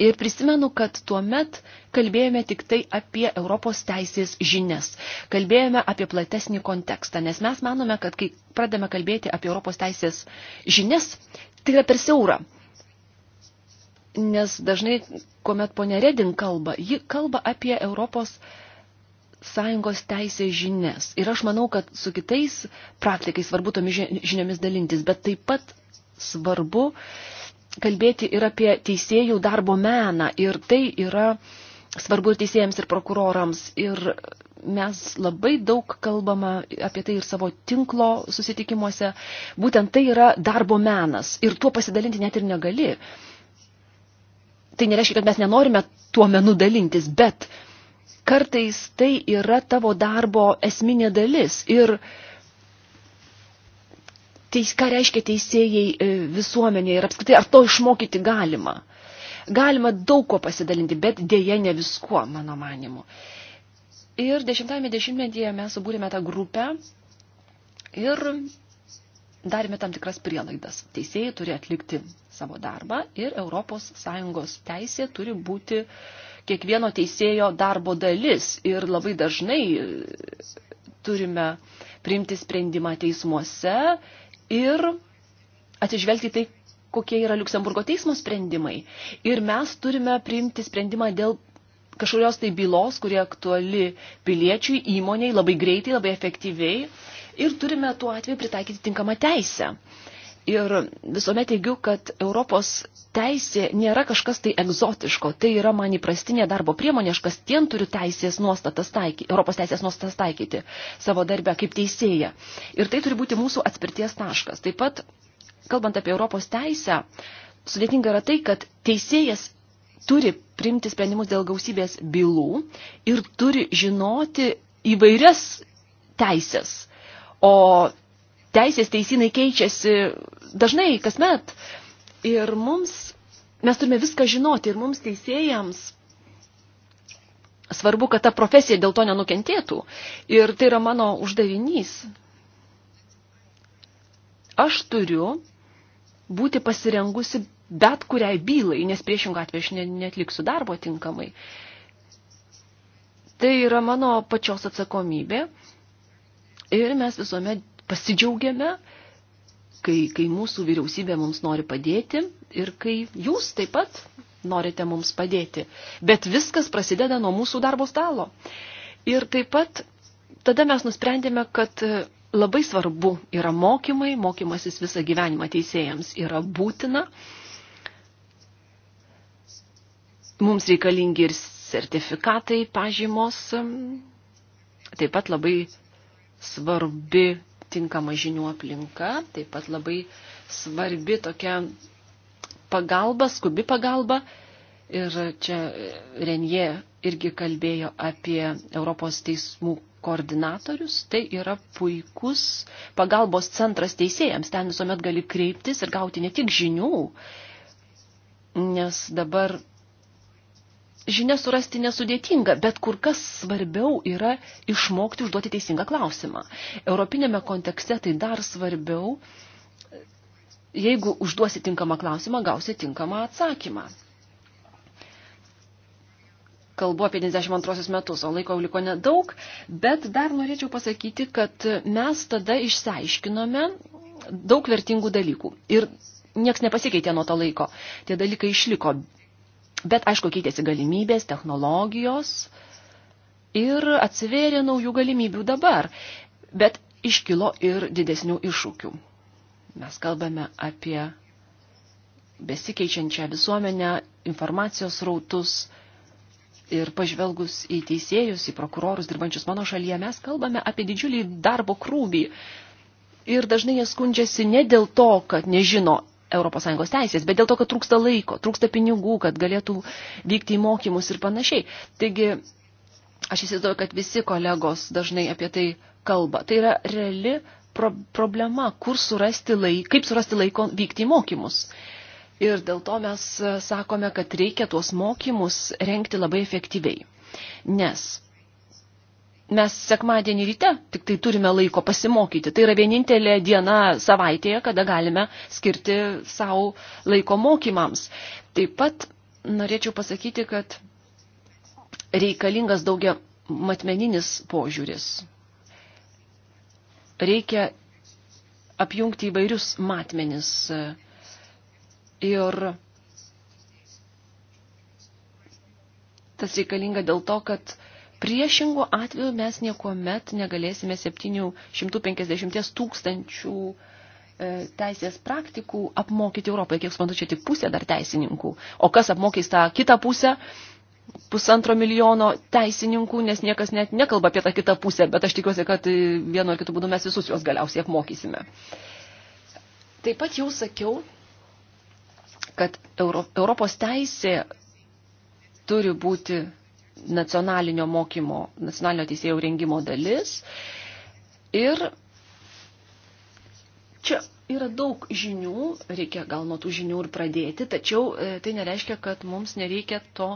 Ir prisimenu, kad tuo met kalbėjome tik tai apie Europos teisės žinias. Kalbėjome apie platesnį kontekstą, nes mes manome, kad kai pradame kalbėti apie Europos teisės žinias, tai yra per siaura. Nes dažnai kuomet ponė Redin kalba, ji kalba apie Europos Sąjungos teisės žinias. Ir aš manau, kad su kitais praktikais svarbu tomis žiniomis dalintis, bet taip pat svarbu kalbėti ir apie teisėjų darbo meną. Ir tai yra svarbu ir teisėjams, ir prokurorams. Ir mes labai daug kalbama apie tai ir savo tinklo susitikimuose. Būtent tai yra darbo menas ir tuo pasidalinti net ir negali tai nereiškia, kad mes nenorime tuo menu dalintis, bet kartais tai yra tavo darbo esminė dalis. Ir teis, ką reiškia teisėjai e, visuomenėje ir apskritai, ar to išmokyti galima? Galima daug ko pasidalinti, bet dėje ne viskuo, mano manimu. Ir dešimtame dešimtmetyje mes subūrėme tą grupę ir darėme tam tikras prielaidas. Teisėjai turi atlikti savo darbą ir ES teisė turi būti kiekvieno teisėjo darbo dalis. Ir labai dažnai e, turime priimti sprendimą teismuose ir atsižvelgti tai, kokie yra Luksemburgo teismo sprendimai. Ir mes turime priimti sprendimą dėl kažkurios tai bylos, kurie aktuali piliečiui, įmoniai, labai greitai, labai efektyviai ir turime tuo atveju pritaikyti tinkamą teisę. Ir visuomet teigiu, kad Europos teisė nėra kažkas tai egzotiško, tai yra man įprastinė darbo priemonė, aš kasdien turiu teisės nuostatas taikyti, Europos teisės nuostatas taikyti savo darbę kaip teisėja. Ir tai turi būti mūsų atspirties taškas. Taip pat, kalbant apie Europos teisę, sudėtinga yra tai, kad teisėjas turi primti sprendimus dėl gausybės bylų ir turi žinoti įvairias teisės. O teisės teisinai keičiasi dažnai, kasmet. Ir mums, mes turime viską žinoti ir mums teisėjams svarbu, kad ta profesija dėl to nenukentėtų. Ir tai yra mano uždavinys. Aš turiu būti pasirengusi bet kuriai bylai, nes priešingų atveju aš ne, netliksiu darbo tinkamai. Tai yra mano pačios atsakomybė ir mes visuomet pasidžiaugiame, kai, kai mūsų vyriausybė mums nori padėti ir kai jūs taip pat norite mums padėti. Bet viskas prasideda nuo mūsų darbo stalo. Ir taip pat tada mes nusprendėme, kad labai svarbu yra mokymai, mokymasis visą gyvenimą teisėjams yra būtina. Mums reikalingi ir sertifikatai, pažymos, taip pat labai svarbi tinkama žinių aplinka, taip pat labai svarbi tokia pagalba, skubi pagalba. Ir čia Renje irgi kalbėjo apie Europos teismų koordinatorius. Tai yra puikus pagalbos centras teisėjams. Ten visuomet gali kreiptis ir gauti ne tik žinių, nes dabar žinias surasti nesudėtinga, bet kur kas svarbiau yra išmokti užduoti teisingą klausimą. Europinėme kontekste tai dar svarbiau, jeigu užduosi tinkamą klausimą, gausi tinkamą atsakymą. Kalbu apie 92 metus, o laiko liko nedaug, bet dar norėčiau pasakyti, kad mes tada išsiaiškinome daug vertingų dalykų. Ir nieks nepasikeitė nuo to laiko. Tie dalykai išliko, Bet, aišku, keitėsi galimybės, technologijos ir atsivėrė naujų galimybių dabar. Bet iškilo ir didesnių iššūkių. Mes kalbame apie besikeičiančią visuomenę, informacijos rautus, ir pažvelgus į teisėjus, į prokurorus dirbančius mano šalyje, mes kalbame apie didžiulį darbo krūvį. Ir dažnai jie skundžiasi ne dėl to, kad nežino ES teisės, bet dėl to, kad trūksta laiko, trūksta pinigų, kad galėtų vykti į mokymus ir panašiai. Taigi, aš įsivaizduoju, kad visi kolegos dažnai apie tai kalba. Tai yra reali pro problema, kur surasti laiko, kaip surasti laiko vykti į mokymus. Ir dėl to mes e, sakome, kad reikia tuos mokymus renkti labai efektyviai. Nes mes sekmadienį ryte tik tai turime laiko pasimokyti. Tai yra vienintelė diena savaitėje, kada galime skirti savo laiko mokymams. Taip pat norėčiau pasakyti, kad reikalingas daugia matmeninis požiūris. Reikia apjungti įvairius matmenis ir tas reikalinga dėl to, kad Priešingų atveju mes niekuomet negalėsime 750 tūkstančių e, teisės praktikų apmokyti Europoje, kiek suprantu, čia tik pusė dar teisininkų. O kas apmokys tą kitą pusę? Pusantro milijono teisininkų, nes niekas net nekalba apie tą kitą pusę, bet aš tikiuosi, kad vienu ar kitu būdu mes visus juos galiausiai apmokysime. Taip pat jau sakiau, kad Europos teisė turi būti nacionalinio mokymo, nacionalinio teisėjų rengimo dalis. Ir čia yra daug žinių, reikia gal nuo tų žinių ir pradėti, tačiau e, tai nereiškia, kad mums nereikia to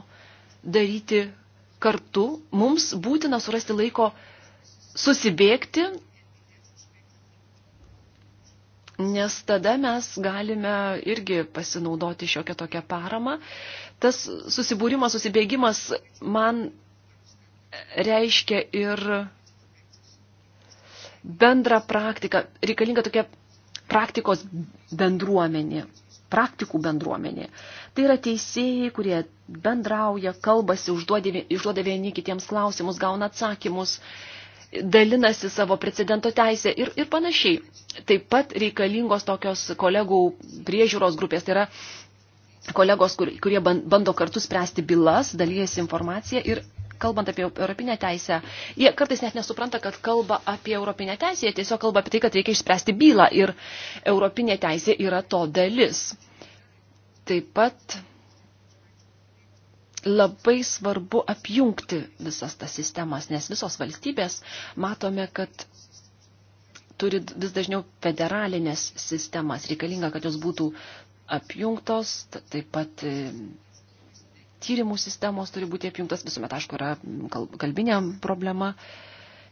daryti kartu. Mums būtina surasti laiko susibėgti nes tada mes galime irgi pasinaudoti šiokią tokią paramą. Tas susibūrimas, susibėgimas man reiškia ir bendrą praktiką. Reikalinga tokia praktikos bendruomenė, praktikų bendruomenė. Tai yra teisėjai, kurie bendrauja, kalbasi, užduoda vieni kitiems klausimus, gauna atsakymus. Uh, dalinasi savo precedento teisę ir, ir panašiai. Taip pat reikalingos tokios kolegų priežiūros grupės, tai yra kolegos, kur, kurie bando kartu spręsti bylas, dalyjasi informaciją ir kalbant apie europinę teisę, jie kartais net nesupranta, kad kalba apie europinę teisę, jie tiesiog kalba apie tai, kad reikia išspręsti bylą ir europinė teisė yra to dalis. Taip pat labai svarbu apjungti visas tas sistemas, nes visos valstybės matome, kad turi vis dažniau federalinės sistemas, reikalinga, kad jos būtų apjungtos, taip pat e, tyrimų sistemos turi būti apjungtas, visuomet, aišku, yra kalbinė problema.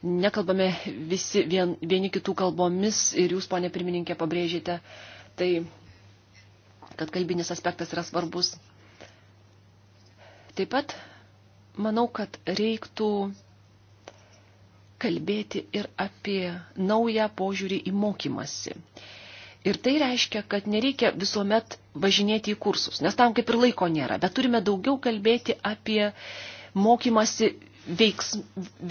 Nekalbame visi vien, vieni kitų kalbomis ir jūs, ponė pirmininkė, pabrėžėte, tai, kad kalbinis aspektas yra svarbus. Taip pat manau, kad reiktų kalbėti ir apie naują požiūrį į mokymasi. Ir tai reiškia, kad nereikia visuomet važinėti į kursus, nes tam kaip ir laiko nėra, bet turime daugiau kalbėti apie mokymasi veiks,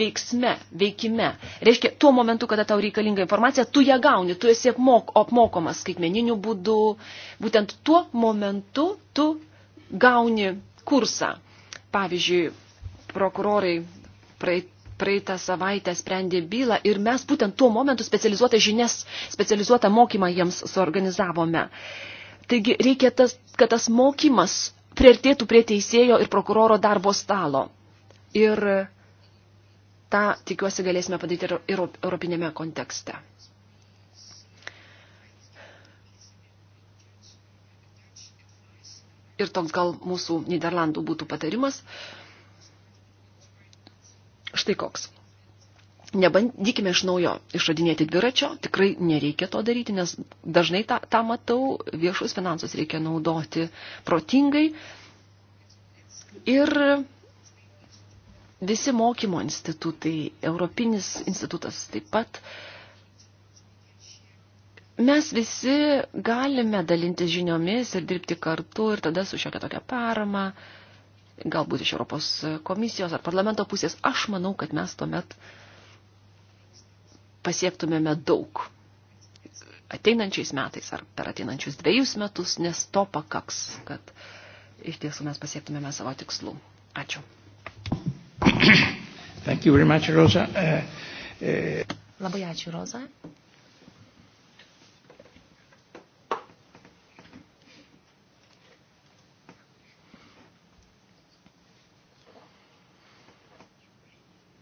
veiksme, veikime. Reiškia, tuo momentu, kada tau reikalinga informacija, tu ją gauni, tu esi apmok, apmokomas skaitmeniniu būdu. Būtent tuo momentu tu gauni kursą. Pavyzdžiui, prokurorai praeitą savaitę sprendė bylą ir mes būtent tuo momentu specializuotą žinias, specializuotą mokymą jiems suorganizavome. Taigi reikia, tas, kad tas mokymas priartėtų prie teisėjo ir prokuroro darbo stalo. Ir tą, tikiuosi, galėsime padaryti ir europinėme kontekste. ir toks gal mūsų Niderlandų būtų patarimas. Štai koks. Nebandykime iš naujo išradinėti dviračio, tikrai nereikia to daryti, nes dažnai tą, tą matau, viešus finansus reikia naudoti protingai. Ir visi mokymo institutai, Europinis institutas taip pat uh, mes visi galime dalintis žiniomis ir dirbti kartu ir tada su šiokia tokia parama, galbūt iš Europos komisijos ar parlamento pusės, aš manau, kad mes tuomet pasiektumėme daug ateinančiais metais ar per ateinančius dviejus metus, nes to pakaks, kad iš tiesų mes pasiektumėme savo tikslų. Ačiū. Thank you very much, Rosa. Uh, uh... Labai ačiū, Roza.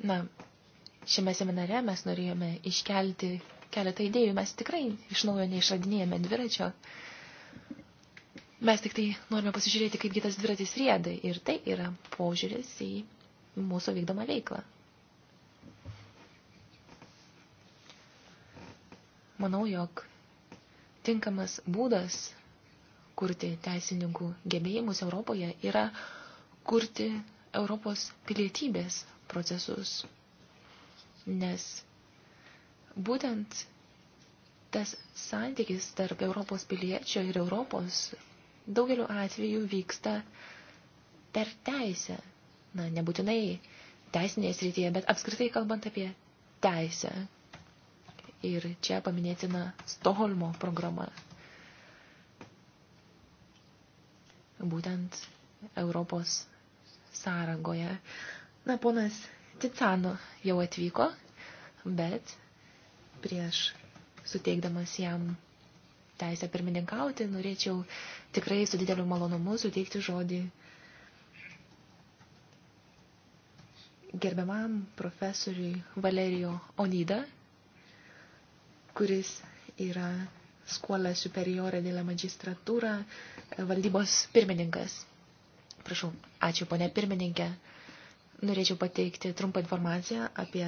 Na, šiame seminare mes norėjome iškelti keletą idėjų. Mes tikrai iš naujo neišradinėjame dviračio. Mes tik tai norime pasižiūrėti, kaip kitas dviratis rieda. Ir tai yra požiūris į mūsų vykdomą veiklą. Manau, jog tinkamas būdas kurti teisininkų gebėjimus Europoje yra kurti Europos pilietybės procesus, nes būtent tas santykis tarp Europos piliečio ir Europos daugeliu atveju vyksta per teisę. Na, nebūtinai teisinėje srityje, bet apskritai kalbant apie teisę. Ir čia paminėtina Stoholmo programa. Būtent Europos sąrangoje Na, ponas Ticano jau atvyko, bet prieš suteikdamas jam teisę pirmininkauti, norėčiau tikrai su dideliu malonumu suteikti žodį gerbiamam profesoriui Valerijo Onida, kuris yra Skuola Superiore de la Magistratura valdybos pirmininkas. Prašau, ačiū ponė pirmininkė. Norėčiau pateikti trumpą informaciją apie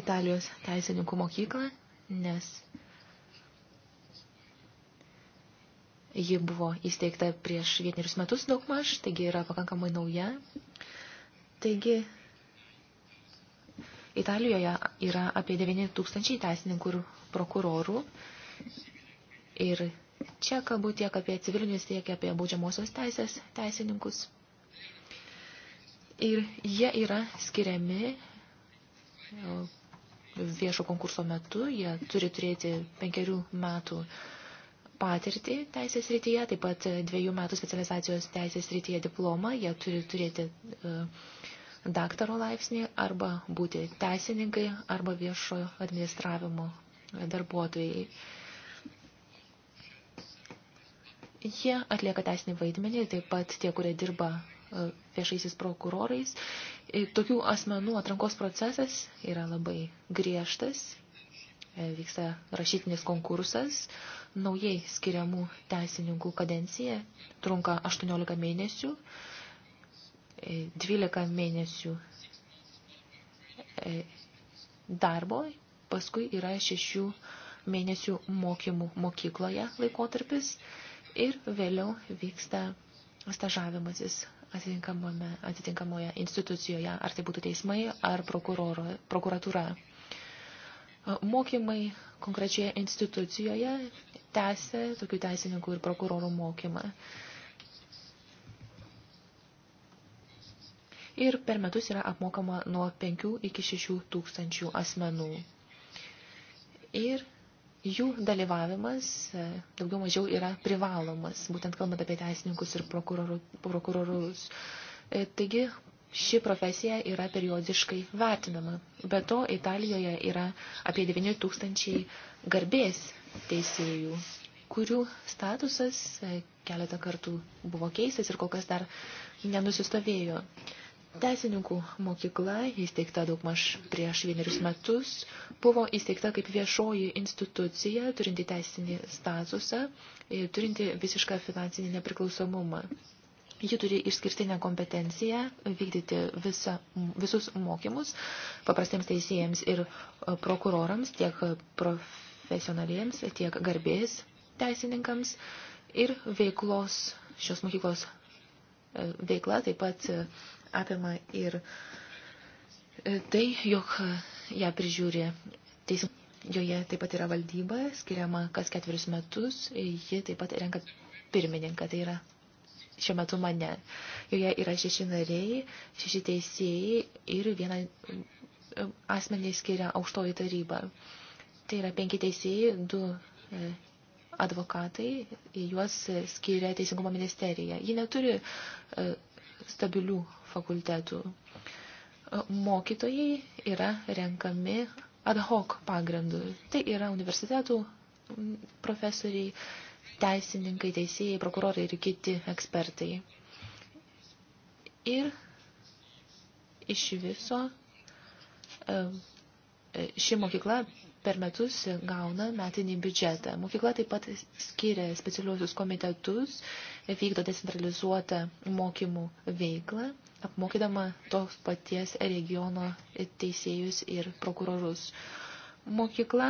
Italijos teisininkų mokyklą, nes ji buvo įsteigta prieš vienerius metus daugmaž, taigi yra pakankamai nauja. Taigi, Italijoje yra apie 9 tūkstančiai teisininkų ir prokurorų. Ir čia kalbu tiek apie civilinius, tiek apie baudžiamosios teisės teisininkus ir jie yra skiriami viešo konkurso metu, jie turi turėti penkerių metų patirtį teisės rytyje, taip pat dviejų metų specializacijos teisės rytyje diplomą, jie turi turėti e, daktaro laipsnį arba būti teisininkai arba viešo administravimo darbuotojai. Jie atlieka teisinį vaidmenį, taip pat tie, kurie dirba viešaisiais prokurorais. E, tokių asmenų atrankos procesas yra labai griežtas, e, vyksta rašytinis konkursas, naujai skiriamų teisininkų kadencija trunka 18 mėnesių, 12 e, mėnesių darbo, paskui yra 6 mėnesių mokymų mokykloje laikotarpis ir vėliau vyksta stažavimasis atitinkamoje institucijoje, ar tai būtų teismai, ar prokuratūra. Mokymai konkrečioje institucijoje tęsia tokių teisininkų ir prokurorų mokymą. Ir per metus yra apmokama nuo 5 iki 6 tūkstančių asmenų. Ir jų dalyvavimas e, daugiau mažiau yra privalomas, būtent kalbant apie teisininkus ir prokurorus. E, taigi ši profesija yra periodiškai vertinama. Be to, Italijoje yra apie 9 tūkstančiai garbės teisėjų, kurių statusas e, keletą kartų buvo keistas ir kol kas dar nenusistovėjo. Teisininkų mokykla, įsteigta daugmaž prieš vienerius metus, buvo įsteigta kaip viešoji institucija, turinti teisinį statusą ir turinti visišką finansinį nepriklausomumą. Ji turi išskirtinę kompetenciją vykdyti visa, visus mokymus paprastiems teisėjams ir e, prokurorams, tiek profesionaliems, tiek garbės teisininkams ir veiklos, šios mokyklos e, veikla taip pat e, apima ir e, tai, jog e, ją prižiūri teismų. Joje taip pat yra valdyba, skiriama kas ketverius metus, e, ji taip pat renka pirmininką, tai yra šiuo metu mane. Joje yra šeši nariai, šeši teisėjai ir vieną asmenį skiria aukštoji taryba. Tai yra penki teisėjai, du advokatai, juos skiria Teisingumo ministerija. Ji neturi stabilių fakultetų. E, mokytojai yra renkami ad hoc pagrindu. Tai yra universitetų profesoriai, teisininkai, teisėjai, prokurorai ir kiti ekspertai. Ir iš viso e, e, ši mokykla per metus gauna metinį biudžetą. Mokykla taip pat skiria specialiuosius komitetus, vykdo decentralizuotą mokymų veiklą, apmokydama tos paties regiono teisėjus ir prokurorus. Mokykla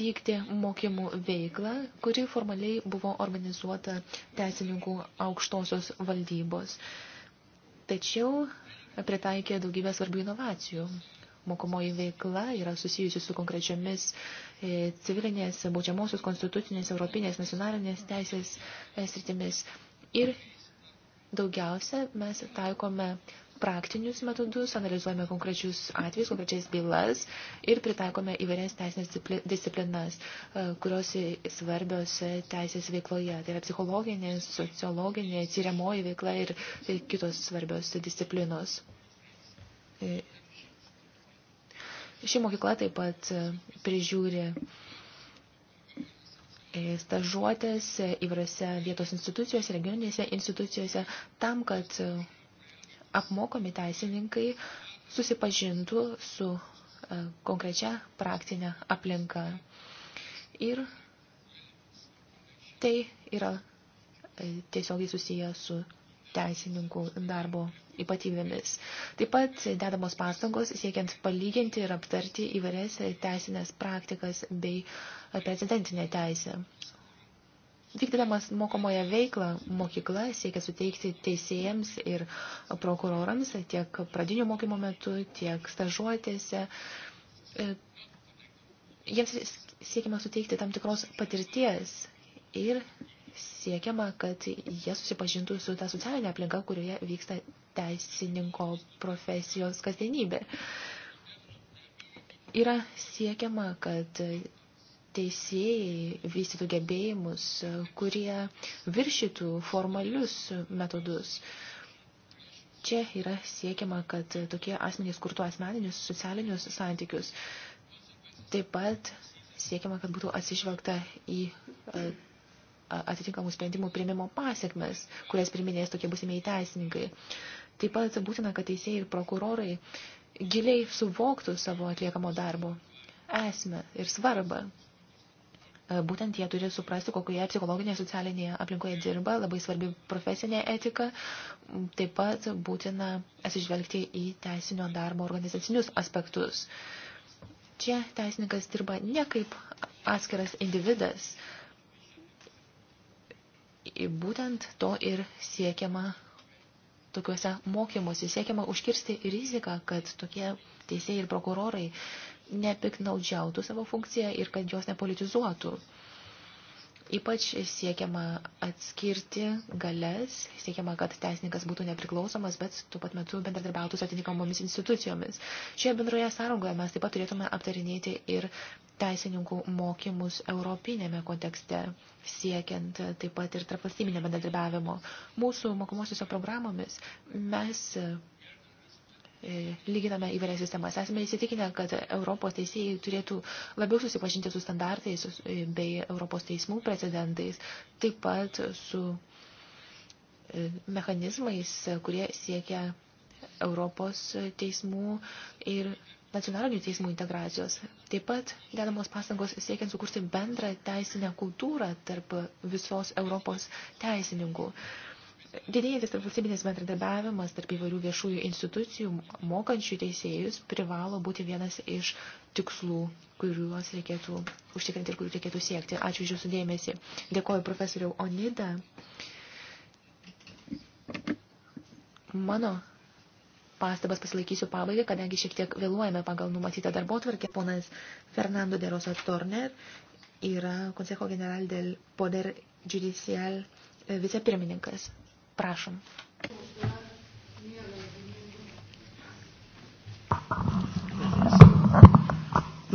vykdė mokymų veiklą, kuri formaliai buvo organizuota teisininkų aukštosios valdybos. Tačiau pritaikė daugybę svarbių inovacijų mokomoji veikla yra susijusi su konkrečiamis e, civilinės, baudžiamosios, konstitucinės, europinės, nacionalinės teisės e, sritimis. Ir daugiausia mes taikome praktinius metodus, analizuojame konkrečius atvejus, konkrečias bylas ir pritaikome įvairias teisinės disciplinas, e, kurios svarbios teisės veikloje. Tai yra psichologinė, sociologinė, tyriamoji veikla ir kitos svarbios disciplinos. Ši mokykla taip pat e, prižiūri e, stažuotės e, įvairiose vietos institucijose, regioninėse institucijose, tam, kad apmokomi teisininkai susipažintų su konkrečia praktinė aplinka. Ir tai yra tiesiogiai susiję su teisininkų darbo ypatybėmis. Taip pat dedamos pastangos siekiant palyginti ir aptarti įvairias teisinės praktikas bei precedentinę teisę. Vykdydamas mokomoje veiklą, mokykla siekia suteikti teisėjams ir prokurorams tiek pradinio mokymo metu, tiek stažuotėse. Jiems siekiama suteikti tam tikros patirties ir siekiama, kad jie susipažintų su ta socialinė aplinka, kurioje vyksta teisininko profesijos kasdienybė. Yra siekiama, kad teisėjai vystytų gebėjimus, kurie viršytų formalius metodus. Čia yra siekiama, kad tokie asmenys kurtų asmeninius socialinius santykius. Taip pat siekiama, kad būtų atsižvelgta į e, atitinkamų sprendimų priimimo pasiekmes, kurias priminės tokie būsimieji teisininkai. Taip pat būtina, kad teisėjai ir prokurorai giliai suvoktų savo atliekamo darbo esmę ir svarbą. Būtent jie turi suprasti, kokioje psichologinėje socialinėje aplinkoje dirba, labai svarbi profesinė etika, taip pat būtina atsižvelgti į teisinio darbo organizacinius aspektus. Čia teisininkas dirba ne kaip atskiras individas, būtent to ir siekiama tokiuose mokymuose, siekiama užkirsti riziką, kad tokie teisėjai ir prokurorai nepiknaudžiautų savo funkciją ir kad jos nepolitizuotų. Ypač siekiama atskirti galės, siekiama, kad teisininkas būtų nepriklausomas, bet tuo pat metu bendradarbiautų su atitinkamomis institucijomis. Šioje bendroje sąrangoje mes taip pat turėtume aptarinėti ir teisininkų mokymus europinėme kontekste, siekiant taip pat ir tarpvalstybinio bendradarbiavimo. Mūsų mokomosiuose programomis mes E, lyginame įvairias sistemas. Esame įsitikinę, kad Europos teisėjai turėtų labiau susipažinti su standartais e, bei Europos teismų precedentais, taip pat su e, mechanizmais, kurie siekia Europos teismų ir nacionalinių teismų integracijos. Taip pat dedamos pastangos siekiant sukurti bendrą teisinę kultūrą tarp visos Europos teisininkų. Didėjantis tarpvalstybinis bendradarbiavimas tarp įvairių viešųjų institucijų, mokančių teisėjus, privalo būti vienas iš tikslų, kuriuos reikėtų užtikrinti ir kurių reikėtų siekti. Ačiū už Jūsų dėmesį. Dėkoju profesoriau Onida. Mano pastabas pasilaikysiu pabaigai, kadangi šiek tiek vėluojame pagal numatytą darbo tvarkę. Ponas Fernando de Rosa Torner yra Consejo General del Poder Judicial vicepirmininkas. Prašom.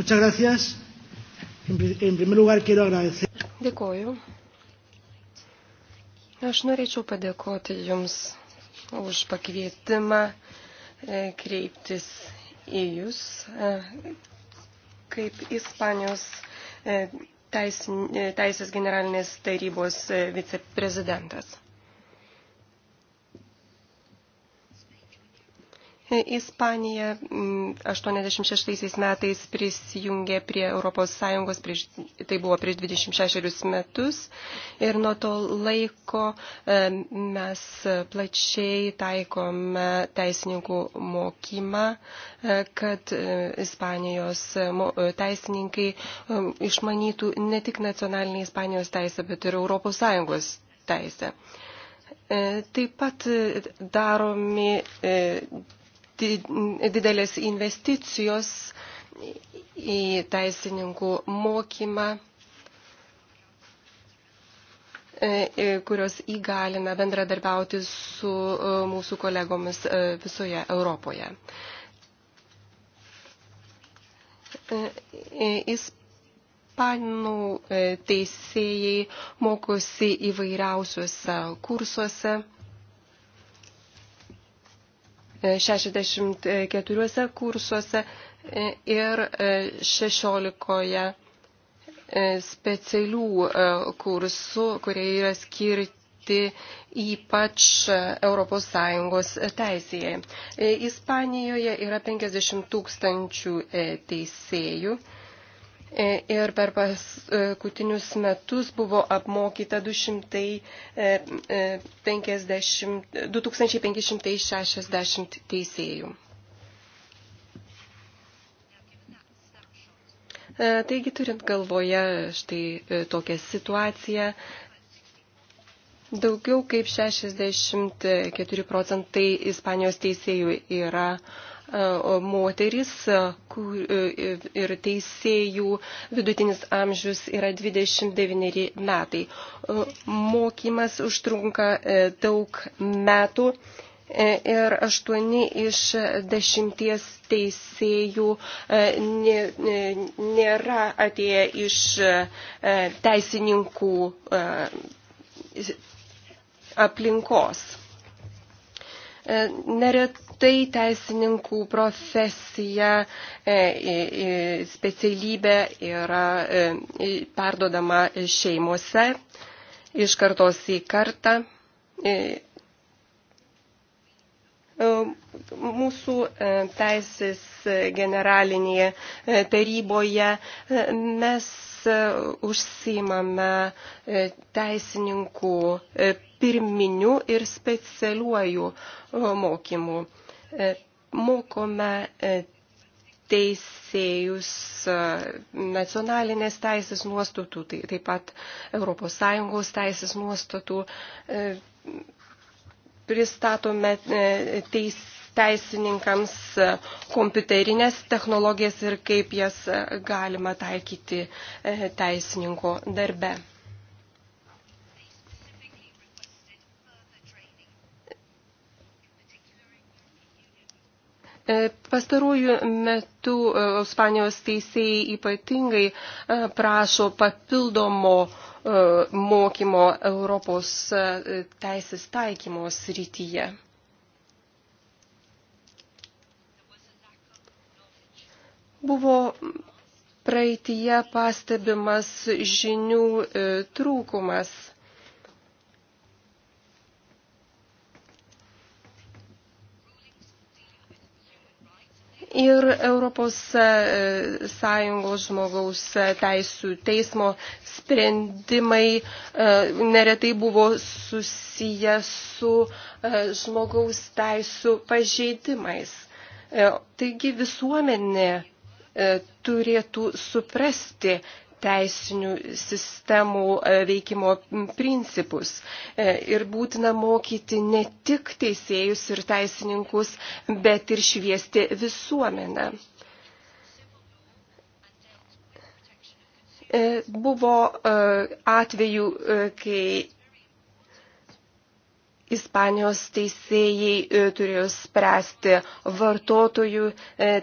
Muchas gracias. En primer lugar, quiero agradecer. Dėkoju. Aš norėčiau padėkoti Jums už pakvietimą e, kreiptis į Jūs e, kaip Ispanijos e, teisės generalinės tarybos viceprezidentas. E, Ispanija 86 mm, metais prisijungė prie Europos Sąjungos, prieš, tai buvo prieš 26 metus ir nuo to laiko e, mes plačiai taikome teisininkų mokymą, e, kad Ispanijos teisininkai išmanytų ne tik nacionalinį Ispanijos teisę, bet ir Europos Sąjungos teisę. Taip pat daromi didelės investicijos į teisininkų mokymą, e, e, kurios įgalina bendradarbiauti su e, mūsų kolegomis visoje Europoje. Ispanų teisėjai mokosi įvairiausiuose kursuose 64 kursuose e, ir 16 e, e, specialių kursų, kurie yra skirti skirti ypač ES teisėje. Ispanijoje yra 50 tūkstančių teisėjų E, ir per paskutinius metus buvo apmokyta 250, 2560 e, e, teisėjų. Taigi turint galvoje štai tokią situaciją, daugiau kaip 64 procentai Ispanijos teisėjų yra uh, E, moteris e, e, ir teisėjų vidutinis amžius yra 29 metai. Mokymas užtrunka daug metų ir 8 iš 10 teisėjų nėra atėję iš teisininkų aplinkos. E, neretai teisininkų profesija, e, specialybė yra e, perdodama šeimuose iš kartos į kartą. Mūsų teisės generalinėje taryboje mes E, užsimame e, teisininkų e, pirminių ir specialiuojų mokymų. Mokome teisėjus nacionalinės teisės nuostatų, tai taip pat ES teisės nuostatų pristatome teis, teisininkams e, kompiuterinės technologijas ir kaip jas e, galima taikyti e, teisininko darbe. Pastaruoju metu Ispanijos teisėjai ypatingai prašo papildomo mokymo Europos teisės taikymos rytyje. Buvo praeitie pastebimas žinių e, trūkumas. Ir Europos e, Sąjungos žmogaus teisų teismo sprendimai e, neretai buvo susiję su žmogaus teisų pažeidimais. Taigi visuomenė E, turėtų suprasti teisinių sistemų e, veikimo principus. E, ir būtina mokyti ne tik teisėjus ir teisininkus, bet ir šviesti visuomenę. Buvo atvejų, kai Ispanijos teisėjai e, turėjo spręsti vartotojų e,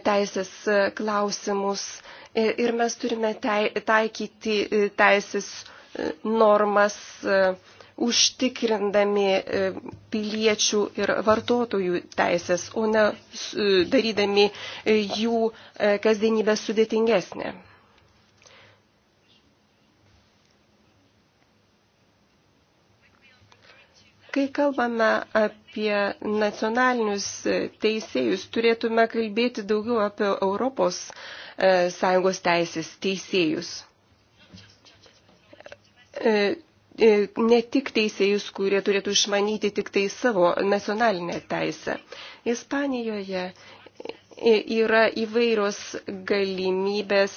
teisės e, klausimus ir mes turime taikyti teisės normas užtikrindami piliečių ir vartotojų teisės, o ne darydami jų kasdienybę sudėtingesnė. Kai kalbame apie nacionalinius teisėjus, turėtume kalbėti daugiau apie Europos e, Sąjungos teisės teisėjus. E, e, ne tik teisėjus, kurie turėtų išmanyti tik tai savo nacionalinę teisę. Ispanijoje yra įvairios galimybės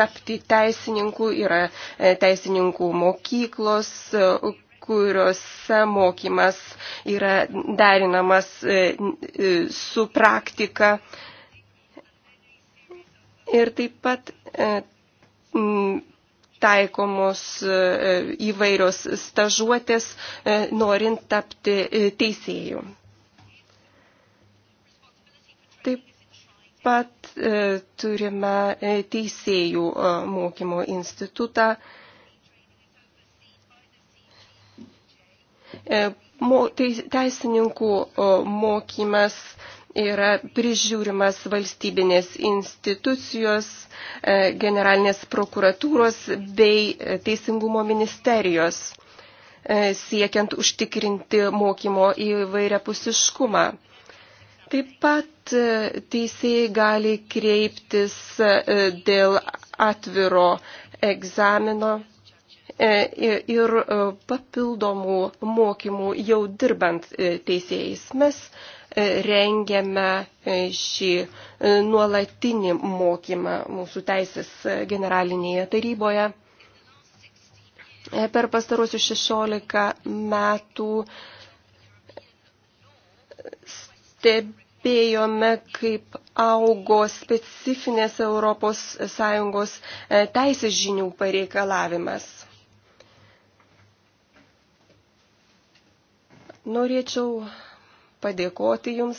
tapti teisininku, yra teisininkų mokyklos, kuriuose mokymas yra derinamas e, e, su praktika. Ir taip pat e, taikomos įvairios stažuotės, norint tapti teisėjų. Taip pat turime teisėjų mokymo institutą E, tai teisininkų mokymas yra prižiūrimas valstybinės institucijos, e, generalinės prokuratūros bei e, Teisingumo ministerijos siekiant užtikrinti mokymo įvairiapusiškumą. Taip pat teisėjai gali kreiptis dėl atviro egzamino E, ir e, papildomų mokymų jau dirbant e, teisėjais. Mes rengiame šį nuolatinį mokymą mūsų teisės generalinėje taryboje. Per pastarosius 16 metų stebėjome, kaip augo specifinės ES teisės žinių pareikalavimas Norėčiau padėkoti Jums.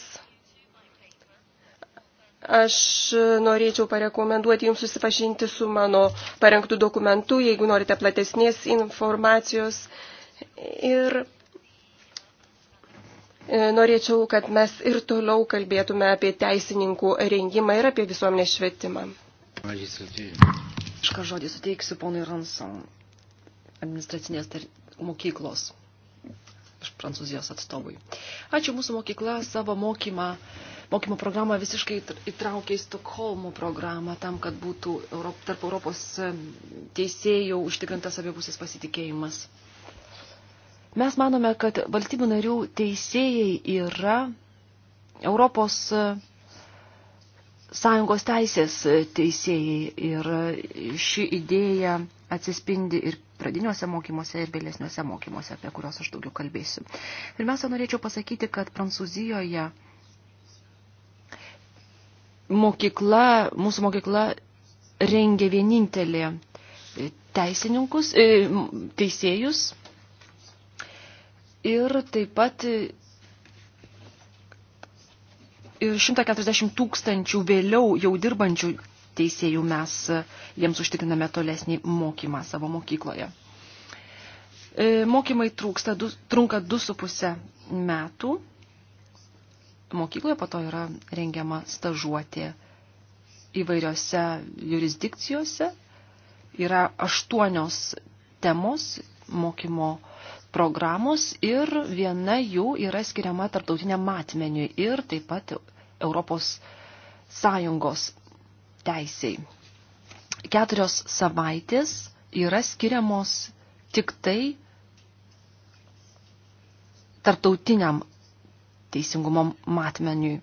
Aš norėčiau parekomenduoti Jums susipažinti su mano parengtų dokumentų, jeigu norite platesnės informacijos. Ir e, norėčiau, kad mes ir toliau kalbėtume apie teisininkų rengimą ir apie visuomenės švietimą. Aš ką žodį suteiksiu ponui Ransom, administracinės mokyklos Prancūzijos atstovui. Ačiū mūsų mokykla savo mokymą, mokymo programą visiškai įtraukė į Stokholmo programą tam, kad būtų Europ, tarp Europos teisėjų užtikrintas abipusis pasitikėjimas. Mes manome, kad valstybių narių teisėjai yra Europos sąjungos teisės teisėjai ir ši idėja atsispindi ir pradiniuose mokymuose ir vėlesniuose mokymuose, apie kuriuos aš daugiau kalbėsiu. Pirmiausia, norėčiau pasakyti, kad Prancūzijoje mokykla, mūsų mokykla rengia vienintelį e, teisininkus, e, teisėjus ir taip pat 140 e, tūkstančių vėliau jau dirbančių teisėjų mes e, jiems užtikriname tolesnį mokymą savo mokykloje. E, mokymai trūksta, du, trunka 2,5 metų. Mokykloje po to yra rengiama stažuotė įvairiose jurisdikcijose. Yra aštuonios temos mokymo programos ir viena jų yra skiriama tarptautiniam matmeniui ir taip pat Europos Sąjungos teisiai. Keturios savaitės yra skiriamos tik tai tartautiniam teisingumo matmeniui.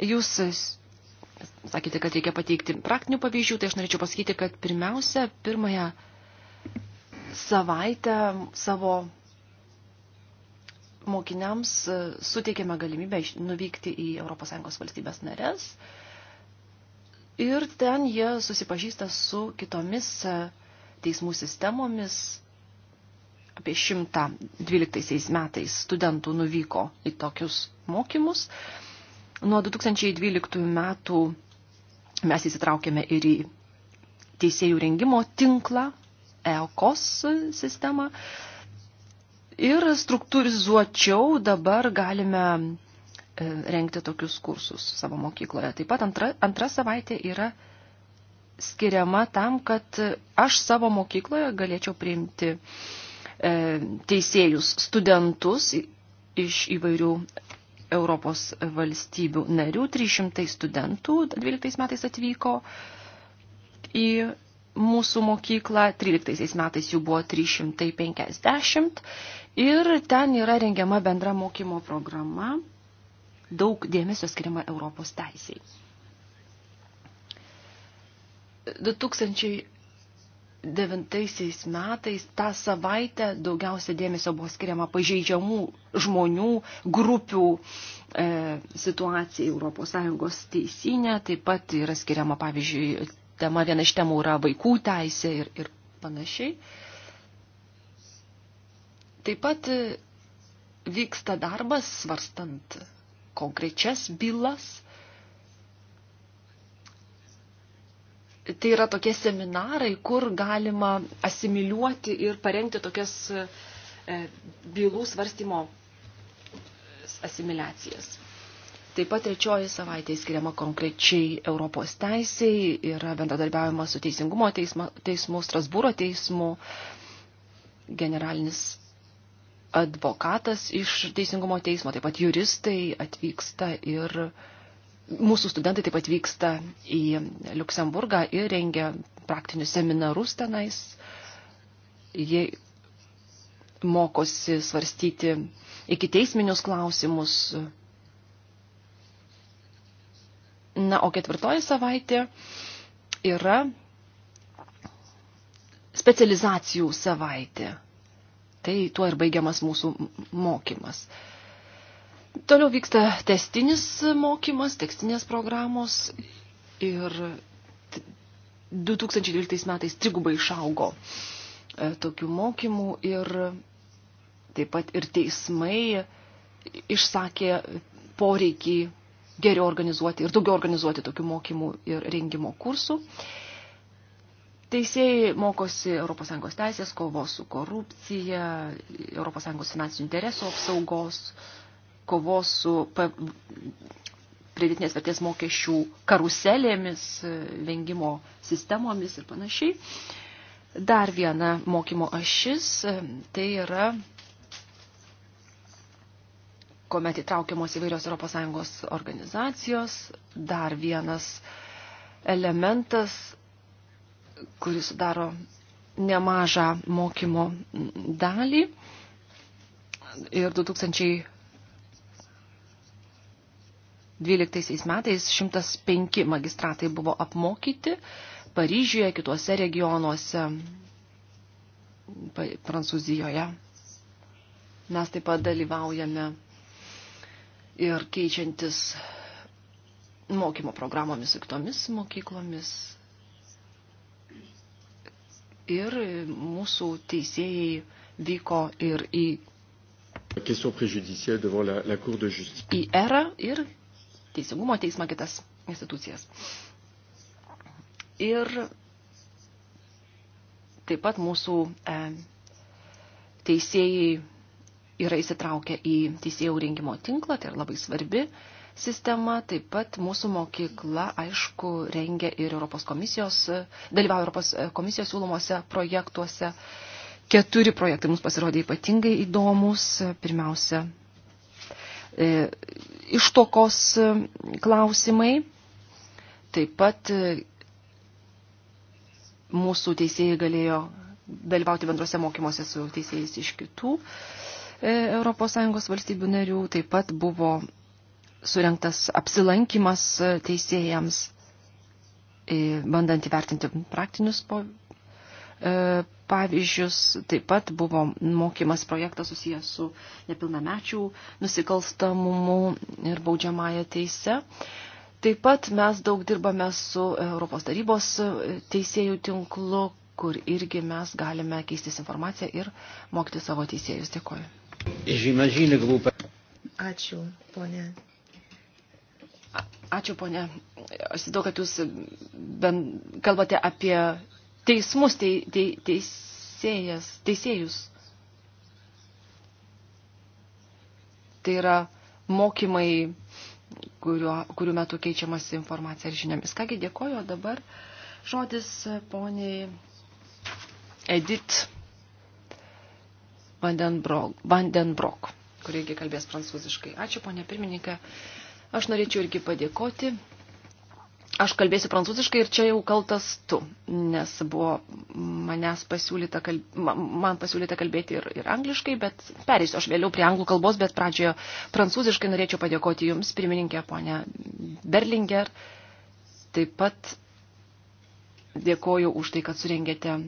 Jūs sakėte, kad reikia pateikti praktinių pavyzdžių, tai aš norėčiau pasakyti, kad pirmiausia, pirmąją savaitę savo mokiniams suteikėme galimybę nuvykti į ES valstybės narės, ir ten jie susipažįsta su kitomis e, teismų sistemomis. Apie 112 metais studentų nuvyko į tokius mokymus. Nuo 2012 metų mes įsitraukėme ir į teisėjų rengimo tinklą, EOKOS sistemą. Ir struktūrizuočiau dabar galime E, rengti tokius kursus savo mokykloje. Taip pat antra, antra savaitė yra skiriama tam, kad aš savo mokykloje galėčiau priimti e, teisėjus studentus iš įvairių Europos valstybių narių. 300 studentų 12 metais atvyko į mūsų mokyklą, 13 metais jų buvo 350 ir ten yra rengiama bendra mokymo programa daug dėmesio skiriama Europos teisiai. 2009 metais tą savaitę daugiausia dėmesio buvo skiriama pažeidžiamų žmonių grupių e, situacijai Europos Sąjungos teisinė. Taip pat yra skiriama, pavyzdžiui, tema viena iš temų yra vaikų teisė ir, ir panašiai. Taip pat vyksta darbas svarstant konkrečias bylas. Tai yra tokie seminarai, kur galima asimiliuoti ir parengti tokias e, bylų svarstymo asimiliacijas. Taip pat trečioji savaitė skiriama konkrečiai Europos teisiai, yra bendradarbiavimas su Teisingumo teismo, teismu, Strasbūro teismu, generalinis advokatas iš Teisingumo teismo, taip pat juristai atvyksta ir mūsų studentai taip pat vyksta į Luksemburgą ir rengia praktinius seminarus tenais. Jie mokosi svarstyti iki teisminius klausimus. Na, o ketvirtoji savaitė yra specializacijų savaitė. Tai tuo ir baigiamas mūsų mokymas. Toliau vyksta testinis mokymas, tekstinės programos ir 2012 metais trigubai išaugo e, tokių mokymų ir taip pat ir teismai išsakė poreikį geriau organizuoti ir daugiau organizuoti tokių mokymų ir rengimo kursų. Teisėjai mokosi ES teisės, kovos su korupcija, ES finansinių interesų apsaugos, kovos su pridėtinės vertės mokesčių karuselėmis, vengimo sistemomis ir panašiai. Dar viena mokymo ašis, tai yra, kuomet įtraukiamos įvairios ES organizacijos, dar vienas elementas kuris sudaro nemažą mokymo dalį. Ir 2012 metais 105 magistratai buvo apmokyti Paryžiuje, kituose regionuose, Prancūzijoje. Mes taip pat dalyvaujame ir keičiantis mokymo programomis su kitomis mokyklomis ir mūsų teisėjai vyko ir į, į erą ir teisingumo teismą kitas institucijas. Ir taip pat mūsų e, teisėjai yra įsitraukę į teisėjų rengimo tinklą, tai yra labai svarbi e, sistema, taip pat mūsų mokykla, aišku, rengia ir Europos komisijos, dalyvauja Europos komisijos siūlomose projektuose. Keturi projektai mums pasirodė ypatingai įdomus. Pirmiausia, e, ištokos e, klausimai, taip pat e, mūsų teisėjai galėjo dalyvauti bendrose mokymuose su teisėjais iš kitų ES valstybių narių. Taip pat buvo surinktas apsilankimas e, teisėjams, e, bandant įvertinti praktinius po, e, pavyzdžius. Taip pat buvo mokymas projektas susijęs su nepilnamečių nusikalstamumu ir baudžiamąją teise. Taip pat mes daug dirbame su Europos tarybos e, teisėjų tinklu, kur irgi mes galime keistis informaciją ir mokyti savo teisėjus. Dėkoju. Ačiū, ponė Ačiū, ponė. Aš įsidau, kad jūs ben, kalbate apie teismus, te, te, teisėjas, teisėjus. Tai yra mokymai, kuriuo, kurių metu keičiamas informacija ir žiniomis. Kągi dėkoju, dabar žodis poniai Edith Vandenbrok, Vandenbrok kurieigi kalbės prancūziškai. Ačiū, ponė pirmininkė. Uh, Aš norėčiau irgi padėkoti. Aš kalbėsiu prancūziškai ir čia jau kaltas tu, nes buvo manęs pasiūlyta, kalb... man pasiūlyta kalbėti ir, ir angliškai, bet perėsiu aš vėliau prie anglų kalbos, bet pradžioje prancūziškai norėčiau padėkoti Jums, pirmininkė ponė Berlinger. Taip pat dėkoju už tai, kad surengėte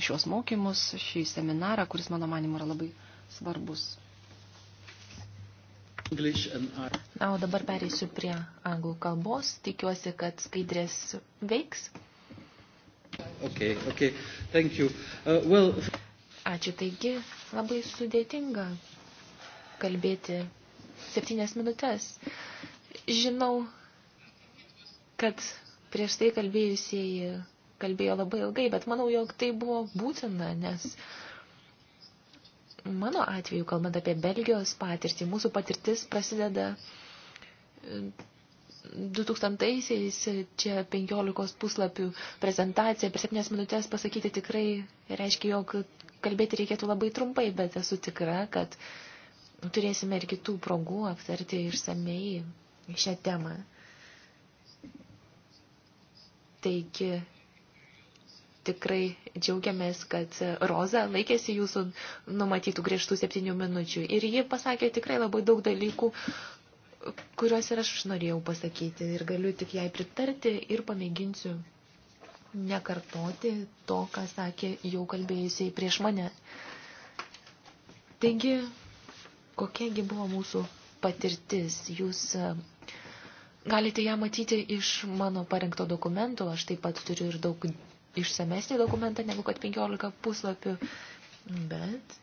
šios mokymus, šį seminarą, kuris mano manimu yra labai svarbus. Na, o dabar pereisiu prie anglų kalbos. Tikiuosi, kad skaidrės veiks. Okay, okay. Thank you. Uh, well... Ačiū. Taigi, labai sudėtinga kalbėti septynės minutės. Žinau, kad prieš tai kalbėjusieji kalbėjo labai ilgai, bet manau, jog tai buvo būtina, nes uh, Mano atveju, kalbant apie Belgijos patirtį, mūsų patirtis prasideda 2000-aisiais, e, čia 15 puslapių prezentacija, per 7 minutės pasakyti tikrai reiškia, jog kalbėti reikėtų labai trumpai, bet esu tikra, kad turėsime ir kitų progų aptarti išsamei šią temą. Taigi tikrai džiaugiamės, kad Roza laikėsi jūsų numatytų griežtų septynių minučių. Ir ji pasakė tikrai labai daug dalykų, kuriuos ir aš norėjau pasakyti. Ir galiu tik jai pritarti ir pamėginsiu nekartoti to, ką sakė jau kalbėjusiai prieš mane. Taigi, kokiagi buvo mūsų patirtis? Jūs e, galite ją matyti iš mano parengto dokumento, aš taip pat turiu ir daug išsamesnį dokumentą negu kad 15 puslapių, bet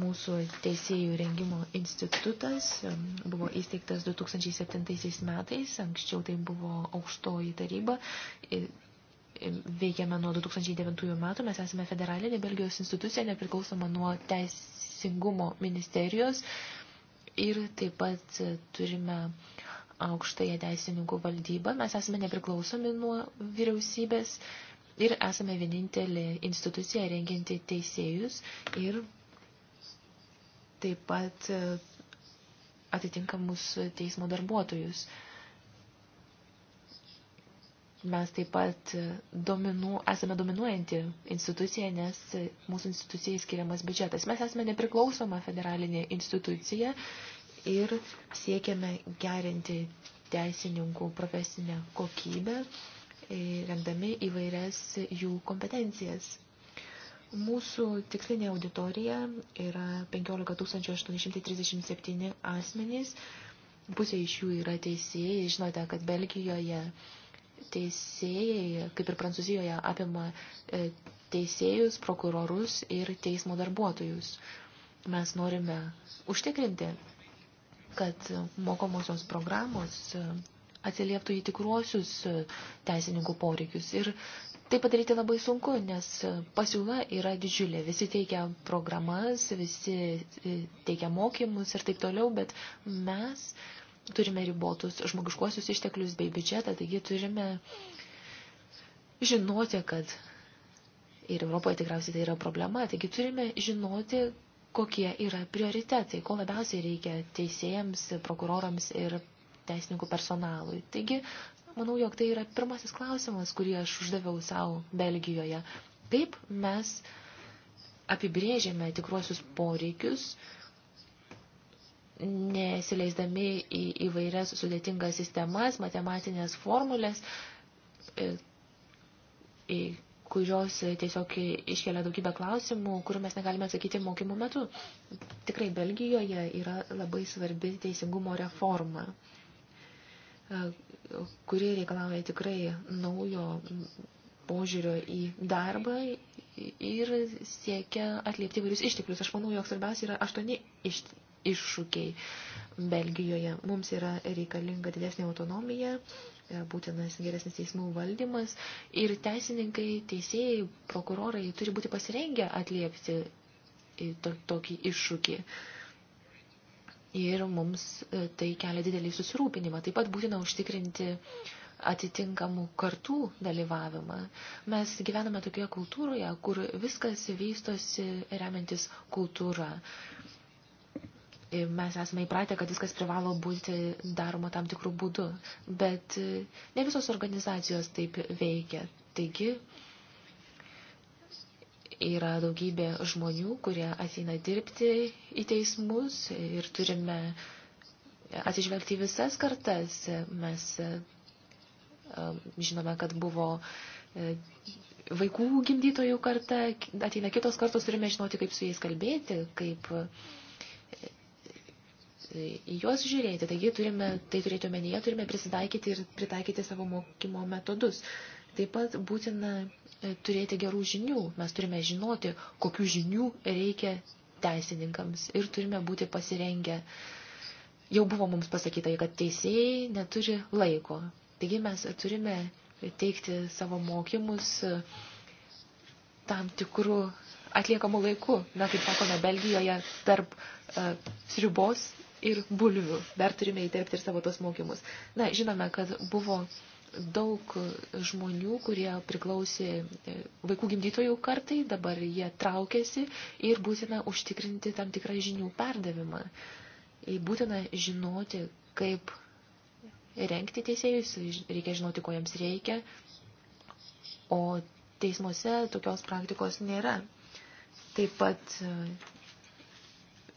mūsų teisėjų rengimo institutas buvo įsteigtas 2007 metais, anksčiau tai buvo aukštoji taryba, veikiame nuo 2009 metų, mes esame federalinė Belgijos institucija, nepriklausoma nuo teisingumo ministerijos ir taip pat turime uh, aukštąją teisininkų valdybą. Mes esame nepriklausomi nuo vyriausybės ir esame vienintelė institucija rengianti teisėjus ir taip pat e, atitinkamus teismo darbuotojus. Mes taip pat e, dominu, esame dominuojanti institucija, nes e, mūsų institucijai skiriamas biudžetas. Mes esame nepriklausoma federalinė institucija ir siekiame gerinti teisininkų profesinę kokybę, e, rendami įvairias jų kompetencijas. Mūsų tikslinė auditorija yra 15 837 asmenys. Pusė iš jų yra teisėjai. Žinote, kad Belgijoje teisėjai, kaip ir Prancūzijoje, apima e, teisėjus, prokurorus ir teismo darbuotojus. Mes norime užtikrinti, kad mokomosios programos atsilieptų į tikruosius teisininkų poreikius. Ir tai padaryti labai sunku, nes pasiūla yra didžiulė. Visi teikia programas, visi e, teikia mokymus ir taip toliau, bet mes turime ribotus žmogiškuosius išteklius bei biudžetą, taigi turime žinoti, kad ir Europoje tikriausiai tai yra problema, taigi turime žinoti, kokie yra prioritetai, ko labiausiai reikia teisėjams, prokurorams ir teisininkų personalui. Taigi, manau, jog tai yra pirmasis klausimas, kurį aš uždaviau savo Belgijoje. Kaip mes apibrėžėme tikruosius poreikius, nesileisdami į įvairias sudėtingas sistemas, matematinės formulės, e, į kurios e, tiesiog iškelia daugybę klausimų, kurių mes negalime atsakyti mokymų metu. Tikrai Belgijoje yra labai svarbi teisingumo reforma, e, kuri reikalauja tikrai naujo požiūrio į darbą ir siekia atliepti įvairius išteklius. Aš manau, jog svarbiausia yra aštuoni iš, iššūkiai Belgijoje. Mums yra reikalinga didesnė autonomija, E, būtinas geresnis teismų valdymas ir teisininkai, teisėjai, prokurorai turi būti pasirengę atliepti tokį iššūkį. Ir mums e, tai kelia didelį susirūpinimą. Taip pat būtina užtikrinti atitinkamų kartų dalyvavimą. Mes gyvename tokioje kultūroje, kur viskas vystosi remiantis kultūra mes esame įpratę, kad viskas privalo būti daroma tam tikrų būdų, bet e, ne visos organizacijos taip veikia. Taigi yra daugybė žmonių, kurie ateina dirbti į teismus ir turime atsižvelgti visas kartas. Mes e, e, žinome, kad buvo vaikų gimdytojų karta, ateina kitos kartos, turime žinoti, kaip su jais kalbėti, kaip į juos žiūrėti. Taigi turime, tai turėti omenyje, turime prisitaikyti ir pritaikyti savo mokymo metodus. Taip pat būtina e, turėti gerų žinių. Mes turime žinoti, kokių žinių reikia teisininkams ir turime būti pasirengę. Jau buvo mums pasakyta, kad teisėjai neturi laiko. Taigi mes turime teikti savo mokymus e, tam tikrų atliekamų laikų, na, kaip sakome, Belgijoje tarp uh, sriubos ir bulvių. Dar turime įterpti ir savo tos mokymus. Na, žinome, kad buvo daug žmonių, kurie priklausė e, vaikų gimdytojų kartai, dabar jie traukiasi ir būtina užtikrinti tam tikrą žinių perdavimą. Būtina žinoti, kaip renkti teisėjus, reikia žinoti, ko jiems reikia, o teismuose tokios praktikos nėra. Taip pat e,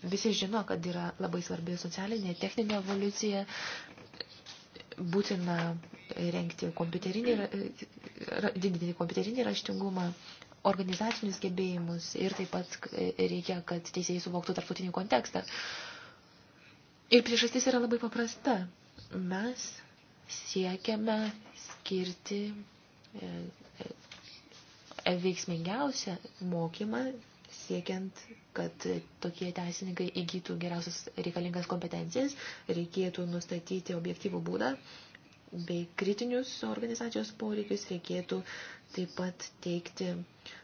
Visi žino, kad yra labai svarbi socialinė, techninė evoliucija, būtina rengti kompiuterinį, didinti kompiuterinį raštingumą, organizacinius gebėjimus ir taip pat reikia, kad teisėjai suvoktų tarptautinį kontekstą. Ir priežastis yra labai paprasta. Mes siekiame skirti e, e, veiksmingiausią mokymą siekiant, kad tokie teisininkai įgytų geriausias reikalingas kompetencijas, reikėtų nustatyti objektyvų būdą bei kritinius organizacijos poreikius, reikėtų taip pat teikti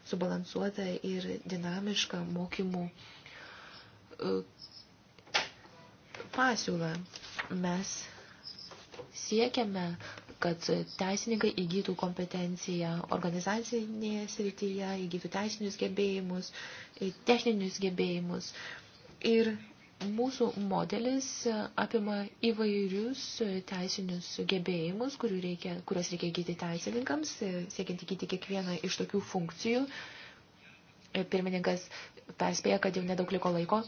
subalansuotą ir dinamišką mokymų e, pasiūlą. Mes siekiame kad teisininkai įgytų kompetenciją organizacinėje srityje, įgytų teisinius gebėjimus, techninius gebėjimus. Ir mūsų modelis apima įvairius teisinius gebėjimus, reikia, kuriuos reikia įgyti teisininkams, siekiant įgyti kiekvieną iš tokių funkcijų. Pirmininkas perspėja, kad jau nedaug liko laiko.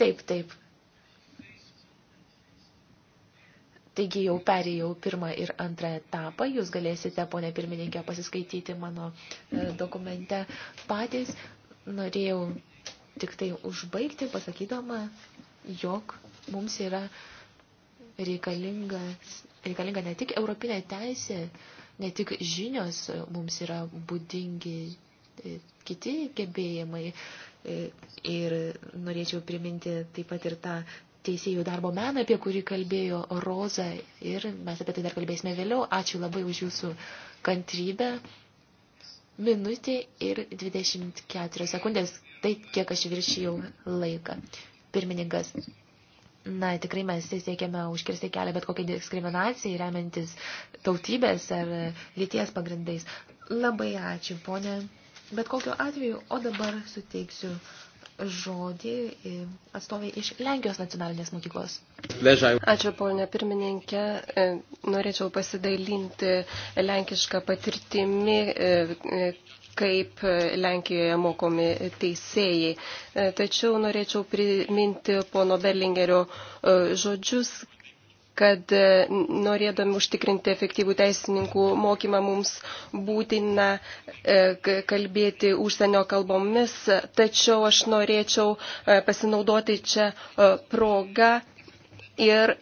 Taip, taip, Taigi jau perėjau pirmą ir antrą etapą. Jūs galėsite, ponė pirmininkė, pasiskaityti mano e, dokumente patys. Norėjau tik tai užbaigti, pasakydama, jog mums yra reikalinga, reikalinga ne tik europinė teisė, ne tik žinios, mums yra būdingi e, kiti gebėjimai. E, ir norėčiau priminti taip pat ir tą teisėjų darbo meną, apie kurį kalbėjo Roza ir mes apie tai dar kalbėsime vėliau. Ačiū labai už jūsų kantrybę. Minutė ir 24 sekundės, tai kiek aš viršijau laiką. Pirmininkas. Na, tikrai mes siekiame užkirsti kelią bet kokiai diskriminacijai, remiantis tautybės ar lyties pagrindais. Labai ačiū, ponė. Bet kokiu atveju, o dabar suteiksiu žodį atstovai iš Lenkijos nacionalinės mokyklos. Ačiū, ponė pirmininkė. E, norėčiau pasidalinti lenkišką patirtimi, e, e, kaip Lenkijoje mokomi teisėjai. Tačiau norėčiau priminti pono Berlingerio žodžius, kad e, norėdami užtikrinti efektyvų teisininkų mokymą mums būtina e, kalbėti užsienio kalbomis, tačiau aš norėčiau e, pasinaudoti čia progą ir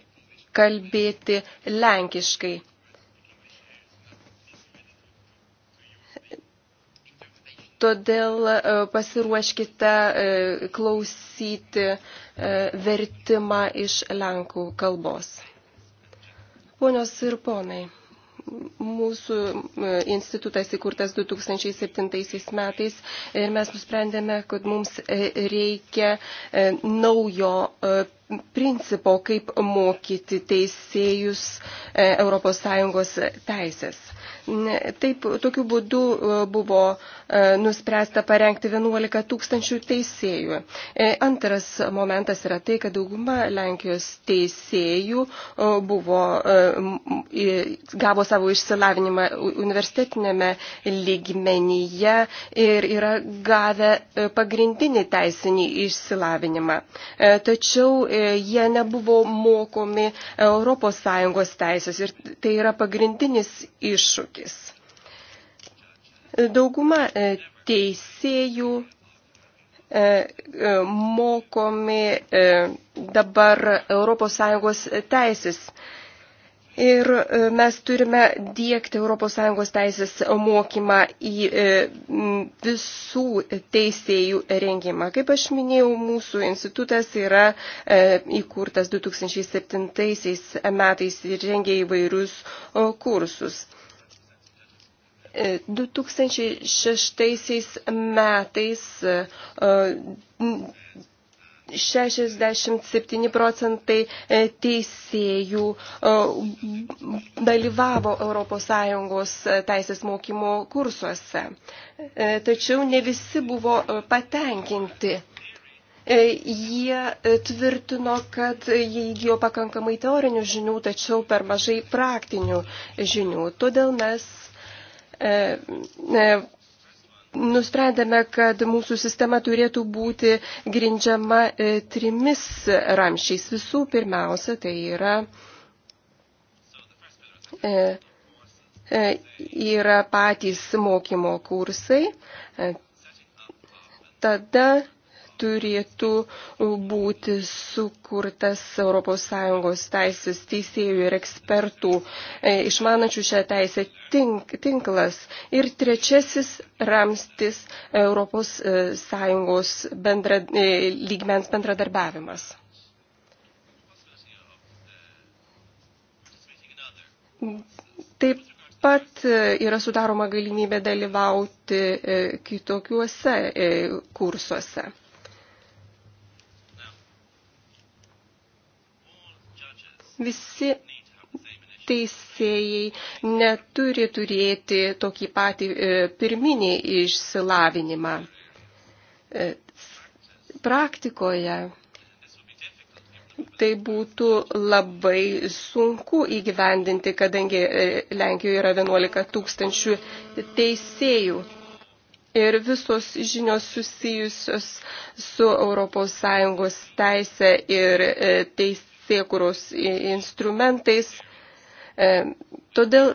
kalbėti lenkiškai. Todėl pasiruoškite klausyti vertimą iš lenkų kalbos. Ponios ir ponai, mūsų e, institutas įkurtas 2007 metais ir mes nusprendėme, kad mums e, reikia e, naujo principo, kaip mokyti teisėjus ES teisės. Taip, tokiu būdu e, buvo e, nuspręsta parengti 11 tūkstančių teisėjų. E, antras momentas yra tai, kad dauguma Lenkijos teisėjų buvo, gavo savo išsilavinimą universitetinėme lygmenyje ir yra gavę pagrindinį teisinį išsilavinimą. Tačiau E, jie nebuvo mokomi ES teisės ir tai yra pagrindinis iššūkis. Dauguma e, teisėjų e, mokomi dabar ES teisės Ir e, mes turime dėkti ES teisės mokymą į e, visų teisėjų rengimą. Kaip aš minėjau, mūsų institutas yra e, įkurtas 2007 metais ir rengia įvairius kursus. 2006 metais 67 procentai e, teisėjų e, dalyvavo ES e, teisės mokymo kursuose. Tačiau ne visi buvo patenkinti. Jie tvirtino, kad jie įgijo pakankamai teorinių žinių, tačiau per mažai praktinių žinių. Todėl mes nusprendėme, kad mūsų sistema turėtų būti grindžiama e, trimis ramščiais. Visų pirmiausia, tai yra, e, e, yra patys mokymo kursai, tada turėtų būti sukurtas ES teisės teisėjų ir ekspertų e, išmanančių šią teisę tink, tinklas. Ir trečiasis ramstis ES bendra, e, lygmens bendradarbiavimas. Taip pat e, yra sudaroma galimybė dalyvauti kitokiuose kursuose. Visi teisėjai neturi turėti tokį patį e, pirminį išsilavinimą. E, praktikoje tai būtų labai sunku įgyvendinti, kadangi e, Lenkijoje yra 11 tūkstančių teisėjų. Ir visos žinios susijusios su ES teise ir teis, teisėkuros instrumentais. E, todėl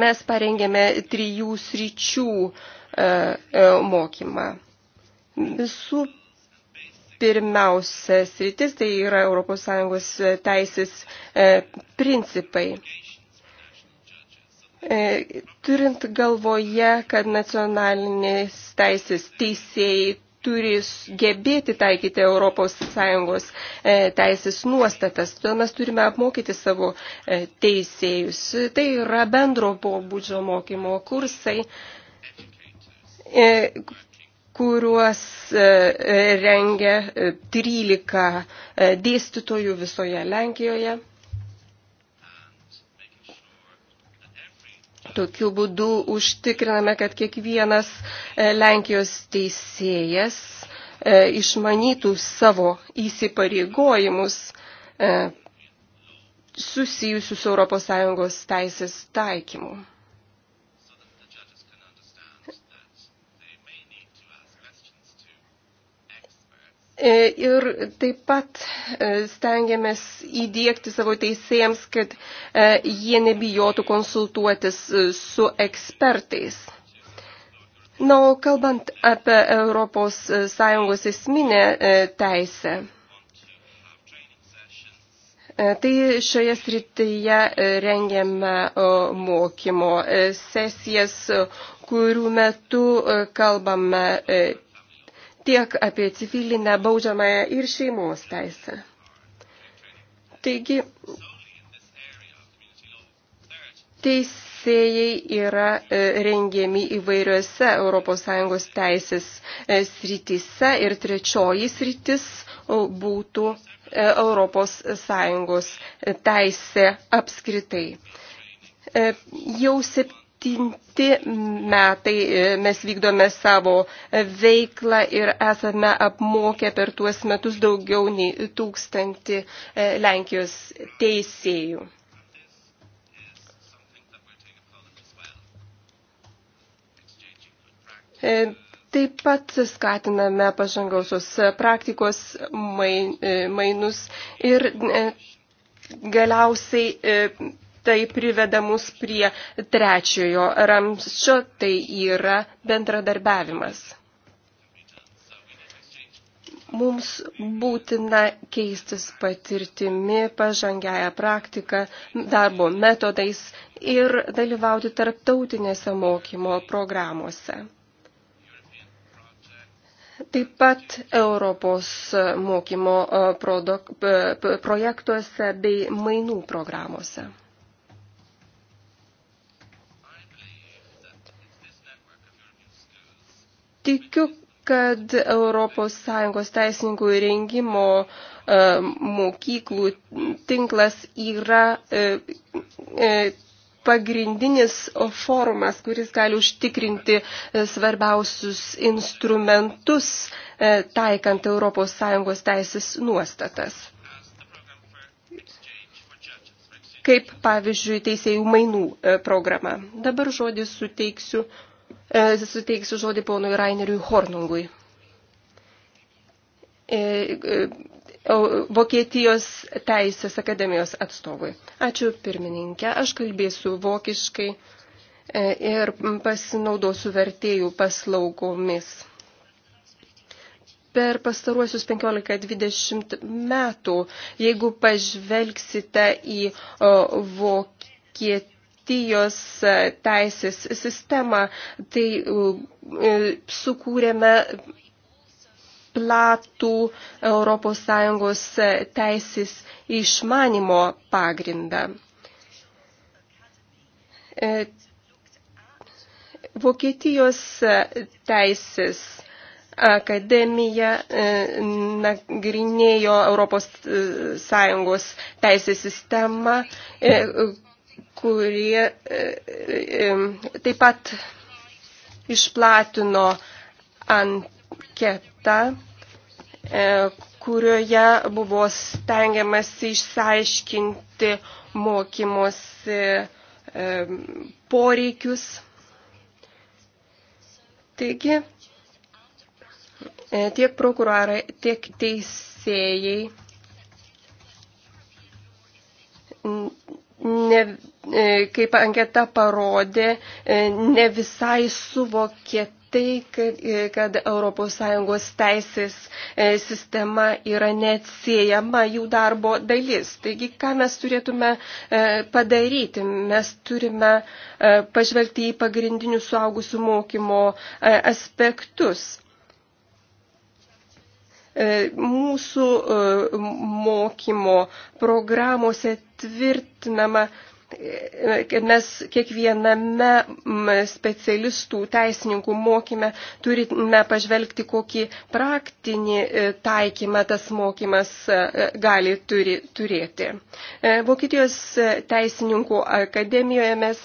mes parengėme trijų sričių e, e, mokymą. Visų pirmiausia sritis tai yra ES teisės principai. Turint galvoje, kad nacionalinės teisės teisėjai turi gebėti taikyti ES e, teisės nuostatas. Todėl mes turime apmokyti savo e, teisėjus. Tai yra bendro pobūdžio mokymo kursai, e, kuriuos rengia 13 dėstytojų visoje Lenkijoje. Tokiu būdu užtikriname, kad kiekvienas e, Lenkijos teisėjas e, išmanytų savo įsipareigojimus e, susijusius Europos Sąjungos teisės taikymu. E, ir taip pat e, stengiamės įdėkti savo teisėjams, kad e, jie nebijotų konsultuotis su ekspertais. Na, o kalbant apie ES esminę teisę, tai šioje srityje rengiame mokymo sesijas, kurių metu kalbame tiek apie civilinę baudžiamąją ir šeimos teisę. Taigi, teisėjai yra e, rengiami įvairiose ES teisės e, srityse ir trečioji sritis būtų e, ES teisė apskritai. Jau sep septinti metai e, mes vykdome savo veiklą ir esame apmokę per tuos metus daugiau nei tūkstantį e, Lenkijos teisėjų. E, taip pat skatiname pažangausios praktikos mainus ir galiausiai tai priveda mus prie trečiojo ramsčio, tai yra bendradarbiavimas. Mums būtina keistis patirtimi, pažangiają praktiką, darbo metodais ir dalyvauti tarptautinėse mokymo programuose. Taip pat Europos mokymo e, e, projektuose bei mainų programuose. tikiu, kad ES teisininkų įrengimo e, mokyklų tinklas yra e, e, pagrindinis forumas, kuris gali užtikrinti svarbiausius instrumentus taikant ES teisės nuostatas. Kaip pavyzdžiui teisėjų mainų programa. Dabar žodį suteiksiu E, suteiksiu žodį ponui Raineriui Hornungui. E, e, Vokietijos teisės akademijos atstovui. Ačiū pirmininkė, aš kalbėsiu vokiškai ir pasinaudosiu vertėjų paslaugomis. Per pastaruosius 15-20 metų, jeigu pažvelgsite į Vokietiją, Vokietijos e, teisės sistemą, tai e, sukūrėme platų ES e, teisės išmanimo pagrindą. Vokietijos teisės akademija nagrinėjo ES teisės sistemą, kurie e, e, e, taip pat išplatino anketą, kurioje buvo stengiamasi išsiaiškinti mokymosi poreikius. Taigi, tiek prokurorai, tiek teisėjai ne, E, kaip anketa parodė, e, ne visai suvokė tai, e, kad ES teisės sistema yra neatsiejama jų darbo dalis. Taigi, ką mes turėtume padaryti? Mes turime pažvelgti į pagrindinius suaugusių mokymo aspektus mūsų mokymo programuose tvirtinama kad mes kiekviename specialistų teisininkų mokyme turime pažvelgti, kokį praktinį e, taikymą tas mokymas e, gali turi, turėti. E, Vokietijos teisininkų akademijoje mes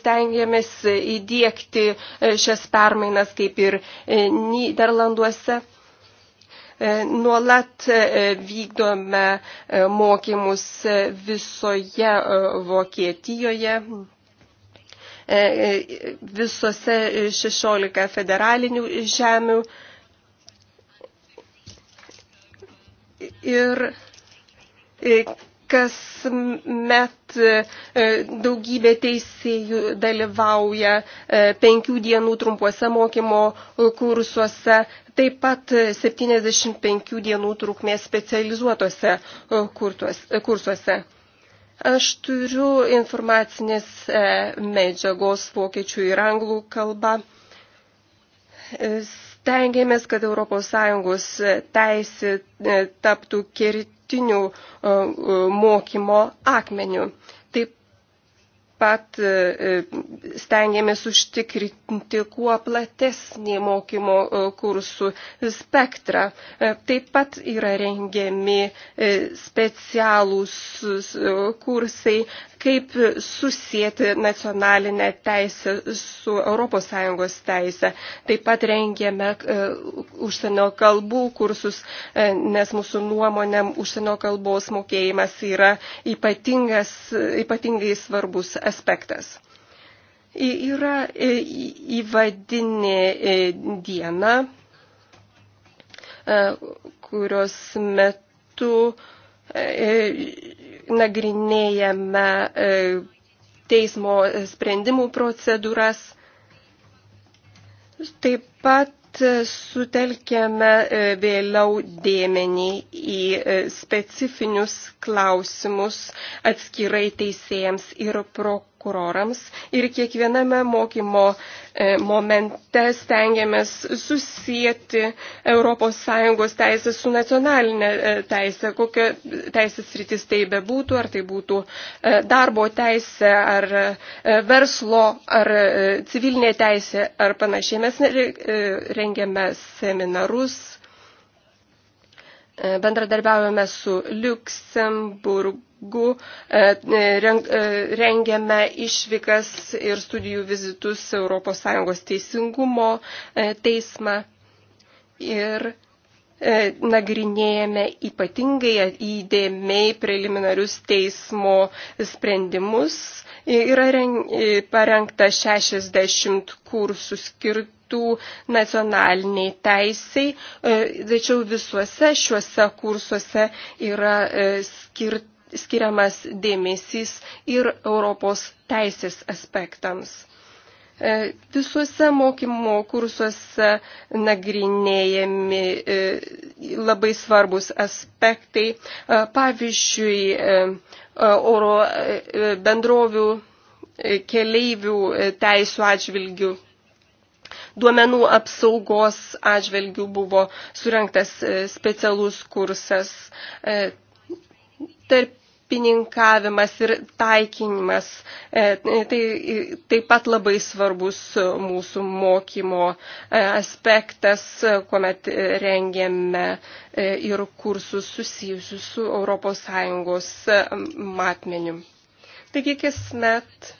stengiamės įdėkti šias permainas kaip ir Niderlanduose. E, nuolat e, vykdome e, mokymus visoje Vokietijoje visose 16 federalinių žemių. Ir kasmet e, e, daugybė teisėjų dalyvauja e, penkių dienų trumpuose mokymo kursuose, taip pat 75 dienų trukmės specializuotose kursuose. Aš turiu informacinės medžiagos vokiečių ir anglų kalbą. Stengiamės, kad ES teisė taptų kirti pagrindiniu e, e, mokymo akmeniu pat e, e, stengiamės užtikrinti kuo platesnį mokymo e, kursų spektrą. Taip pat yra rengiami specialūs kursai, kaip susijęti nacionalinę teisę su ES teisė. Taip pat rengiame užsienio kalbų kursus, nes mūsų nuomonėm užsienio kalbos mokėjimas yra ypatingai svarbus aspektas. Yra įvadinė diena, e, kurios metu e, nagrinėjame e, teismo sprendimų procedūras. Taip pat pat e, sutelkėme e, vėliau dėmenį į e, specifinius klausimus atskirai teisėjams ir prokuratūrai prokurorams ir kiekviename mokymo e, momente stengiamės susijęti ES teisę su nacionalinė e, teisė, kokia teisės rytis tai bebūtų, ar tai būtų e, darbo teisė, ar verslo, ar civilinė teisė, ar panašiai. Mes rengiame seminarus, bendradarbiavome su Luxemburg jeigu e, e, e, rengiame išvykas ir studijų vizitus ES teisingumo teismą ir nagrinėjame ypatingai įdėmiai preliminarius teismo sprendimus. Yra parengta 60 kursų skirtų skirtų nacionaliniai teisiai, tačiau visuose šiuose kursuose yra skirti skiriamas dėmesys ir Europos teisės aspektams. E, visuose mokymo kursuose nagrinėjami e, labai svarbus aspektai, e, pavyzdžiui, oro bendrovių keleivių teisų atžvilgių duomenų apsaugos atžvelgių buvo surinktas specialus kursas tarpininkavimas ir taikinimas e, tai taip pat labai svarbus mūsų mokymo e, aspektas, kuomet rengiame e, ir kursus susijusius su ES matmeniu. Taigi kasmet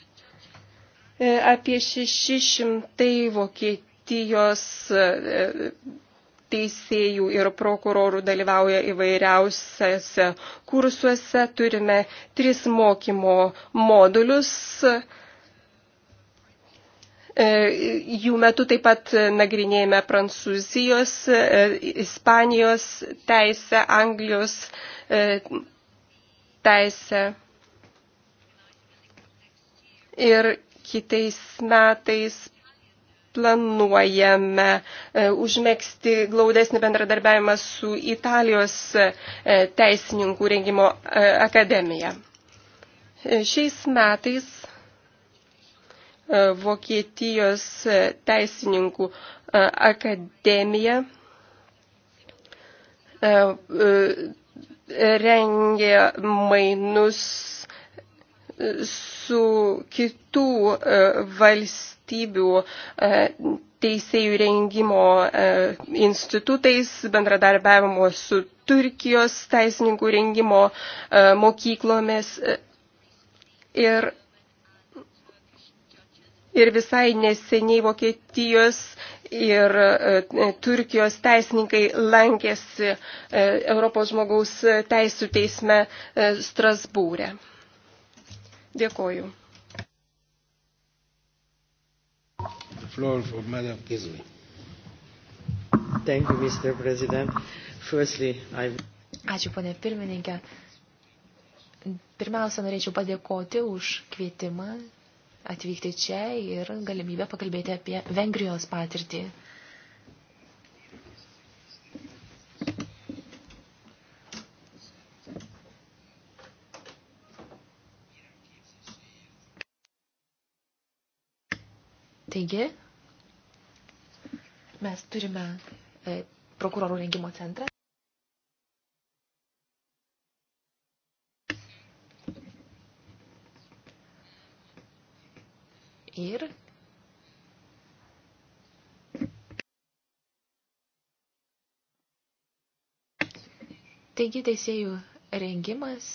apie 600 Vokietijos teisėjų ir prokurorų dalyvauja įvairiausiose kursuose. Turime tris mokymo modulius. E, jų metu taip pat nagrinėjame Prancūzijos, e, Ispanijos teisę, Anglijos e, teisę. Ir kitais metais planuojame e, užmėgsti glaudesnį bendradarbiavimą su Italijos e, teisininkų rengimo e, akademija. Šiais metais Vokietijos teisininkų akademija rengė mainus su kitų valstybių valstybių e, teisėjų rengimo e, institutais, bendradarbiavimo su Turkijos teisininkų rengimo e, mokyklomis. Ir, ir visai neseniai Vokietijos ir Turkijos teisininkai lankėsi Europos žmogaus teisų teisme Strasbūrė. Dėkoju. floor for Madam Kizli. Thank you, Mr. President. Firstly, I... Ačiū, ponė pirmininkė. Pirmiausia, norėčiau padėkoti už kvietimą atvykti čia ir galimybę pakalbėti apie Vengrijos patirtį. Taigi, Mes turime e, prokurorų rengimo centrą. Ir Taigi teisėjų rengimas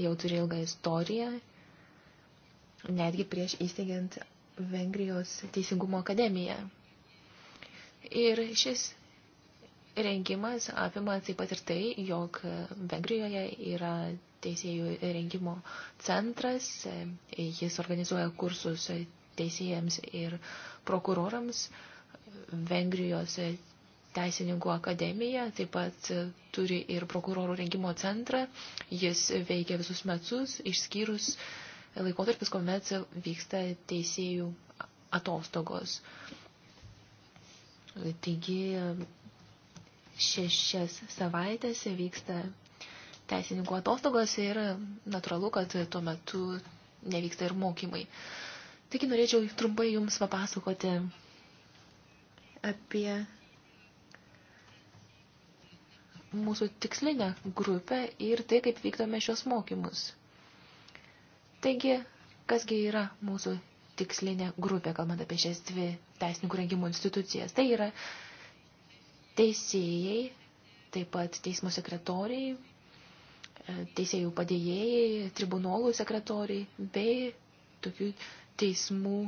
jau turi ilgą istoriją, netgi prieš įsteigiant Vengrijos teisingumo akademiją. Ir šis rengimas apima taip pat ir tai, jog Vengrijoje yra teisėjų rengimo centras, jis organizuoja kursus teisėjams ir prokurorams, Vengrijos Teisininkų akademija taip pat turi ir prokurorų rengimo centrą, jis veikia visus metus, išskyrus laikotarpis, kuomet vyksta teisėjų atostogos. Taigi šešias savaitės vyksta teisininkų atostogos ir natūralu, kad tuo metu nevyksta ir mokymai. Taigi norėčiau trumpai Jums papasakoti apie mūsų tikslinę grupę ir tai, kaip vykdome šios mokymus. Taigi, kasgi yra mūsų tikslinė grupė, kalbant apie šias dvi teisininkų rengimo institucijas. Tai yra teisėjai, taip pat teismo sekretoriai, e, teisėjų padėjėjai, tribunolų sekretoriai bei tokių teismų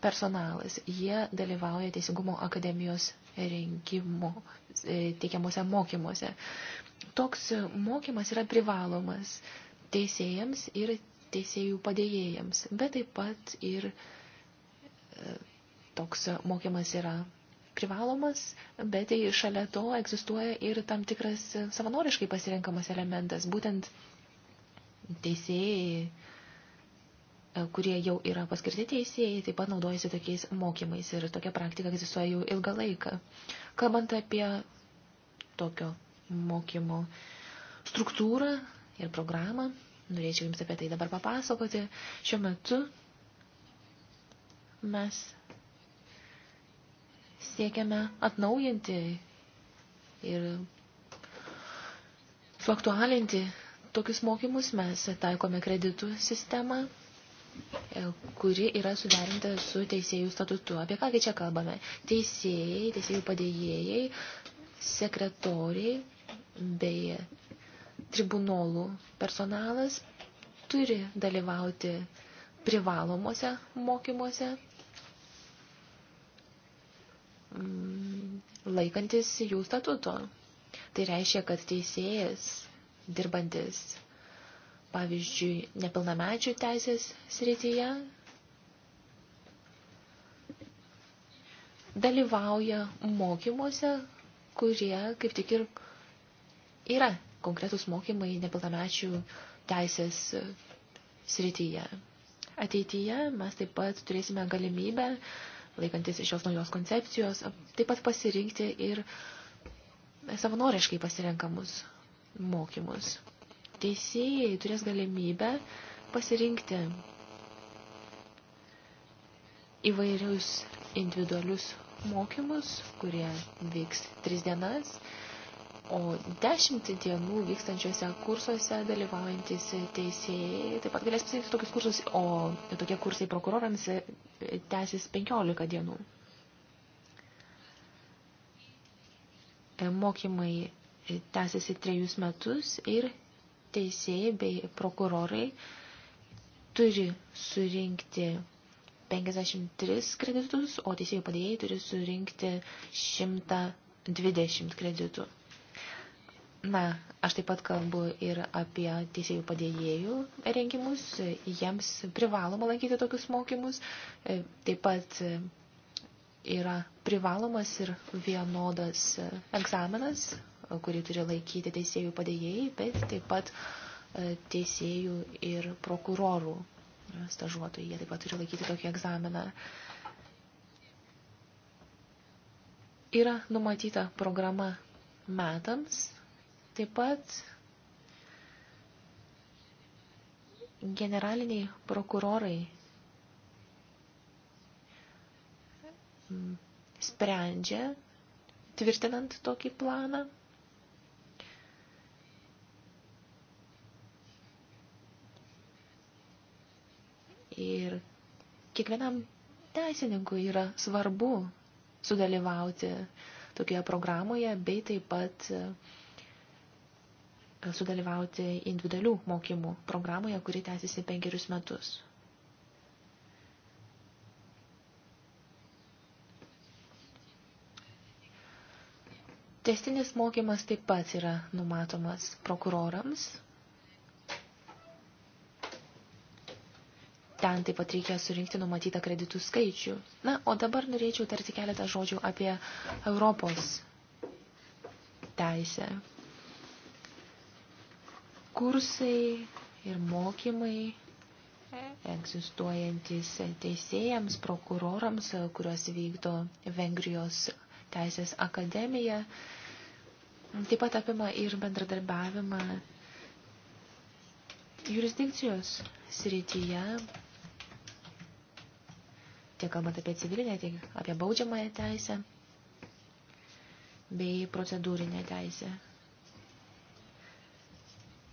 personalas. Jie dalyvauja Teisingumo akademijos rengimo e, teikiamuose mokymuose. Toks mokymas yra privalomas teisėjams ir teisėjų padėjėjams, bet taip pat ir e, toks mokymas yra privalomas, bet šalia to egzistuoja ir tam tikras savanoriškai pasirenkamas elementas, būtent teisėjai, e, kurie jau yra paskirti teisėjai, taip pat naudojasi tokiais mokymais ir tokia praktika egzistuoja jau ilgą laiką. Kalbant apie tokio mokymo struktūrą ir programą, Norėčiau Jums apie tai dabar papasakoti. Šiuo metu mes siekiame atnaujinti ir suaktualinti tokius mokymus. Mes taikome kreditų sistemą, e, kuri yra suderinta su teisėjų statutu. Apie kągi čia kalbame? Teisėjai, teisėjų padėjėjai, sekretoriai bei tribunolų personalas turi dalyvauti privalomuose mokymuose, mm, laikantis jų statuto. Tai reiškia, kad teisėjas dirbantis, pavyzdžiui, nepilnamečių teisės srityje, dalyvauja mokymuose, kurie kaip tik ir yra konkretus mokymai nepilnamečių teisės e, srityje. Ateityje mes taip pat turėsime galimybę, laikantis šios naujos koncepcijos, taip pat pasirinkti ir savanoriškai pasirenkamus mokymus. Teisėjai turės galimybę pasirinkti įvairius individualius mokymus, kurie vyks tris dienas O dešimt dienų vykstančiuose kursuose dalyvaujantis teisėjai taip pat galės pasirinkti tokius kursus, o tokie kursai prokurorams tęsis 15 dienų. E, mokymai tęsiasi trejus metus ir teisėjai bei prokurorai turi surinkti 53 kreditus, o teisėjų padėjėjai turi surinkti 120 kreditų. Na, aš taip pat kalbu ir apie teisėjų padėjėjų rengimus, jiems privaloma lankyti tokius mokymus, e, taip pat e, yra privalomas ir vienodas e, egzaminas, kurį turi laikyti teisėjų padėjėjai, bet taip pat teisėjų ir prokurorų stažuotojai, jie taip pat turi laikyti tokį egzaminą. Yra numatyta programa metams, Taip pat generaliniai prokurorai sprendžia, tvirtinant tokį planą. Ir kiekvienam teisininkui yra svarbu sudalyvauti tokioje programoje, bei taip pat uh, sudalyvauti individualių mokymų programoje, kuri tęsiasi penkerius metus. Testinis mokymas taip pat yra numatomas prokurorams. Ten taip pat reikia surinkti numatytą kreditų skaičių. Na, o dabar norėčiau tarti keletą žodžių apie Europos teisę, kursai ir mokymai egzistuojantis teisėjams, prokurorams, kuriuos vykdo Vengrijos teisės akademija. Taip pat apima ir bendradarbiavimą jurisdikcijos srityje, tiek kalbant apie civilinę, tiek apie baudžiamąją teisę bei procedūrinę teisę.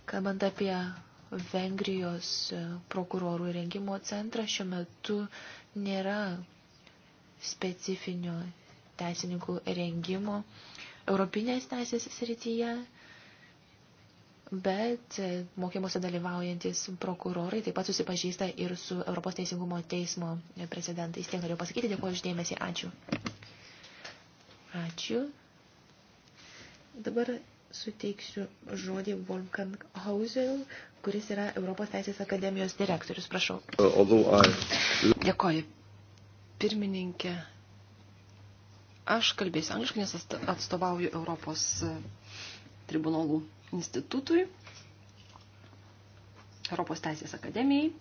Kalbant apie Vengrijos prokurorų rengimo centrą, šiuo metu nėra specifinio teisininkų rengimo Europinės teisės srityje, bet mokymuose dalyvaujantis prokurorai taip pat susipažįsta ir su Europos Teisingumo teismo precedentais. Tiek norėjau pasakyti, dėkuoju uždėmesį, ačiū. Ačiū. Dabar suteiksiu žodį Wolfgang Hausel, kuris yra Europos Teisės akademijos direktorius. Prašau. Dėkoju. Pirmininkė, aš kalbėsiu angliškai, nes atstovauju Europos e, tribunolų institutui, Europos Teisės akademijai.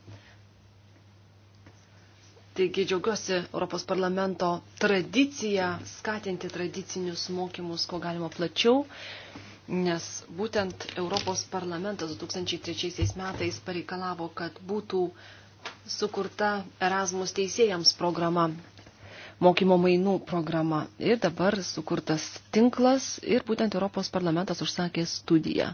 Taigi džiaugiuosi Europos parlamento tradiciją, skatinti tradicinius mokymus, ko galima plačiau nes būtent Europos parlamentas 2003 metais pareikalavo, kad būtų sukurta Erasmus teisėjams programa, mokymo mainų programa. Ir dabar sukurtas tinklas ir būtent Europos parlamentas užsakė studiją,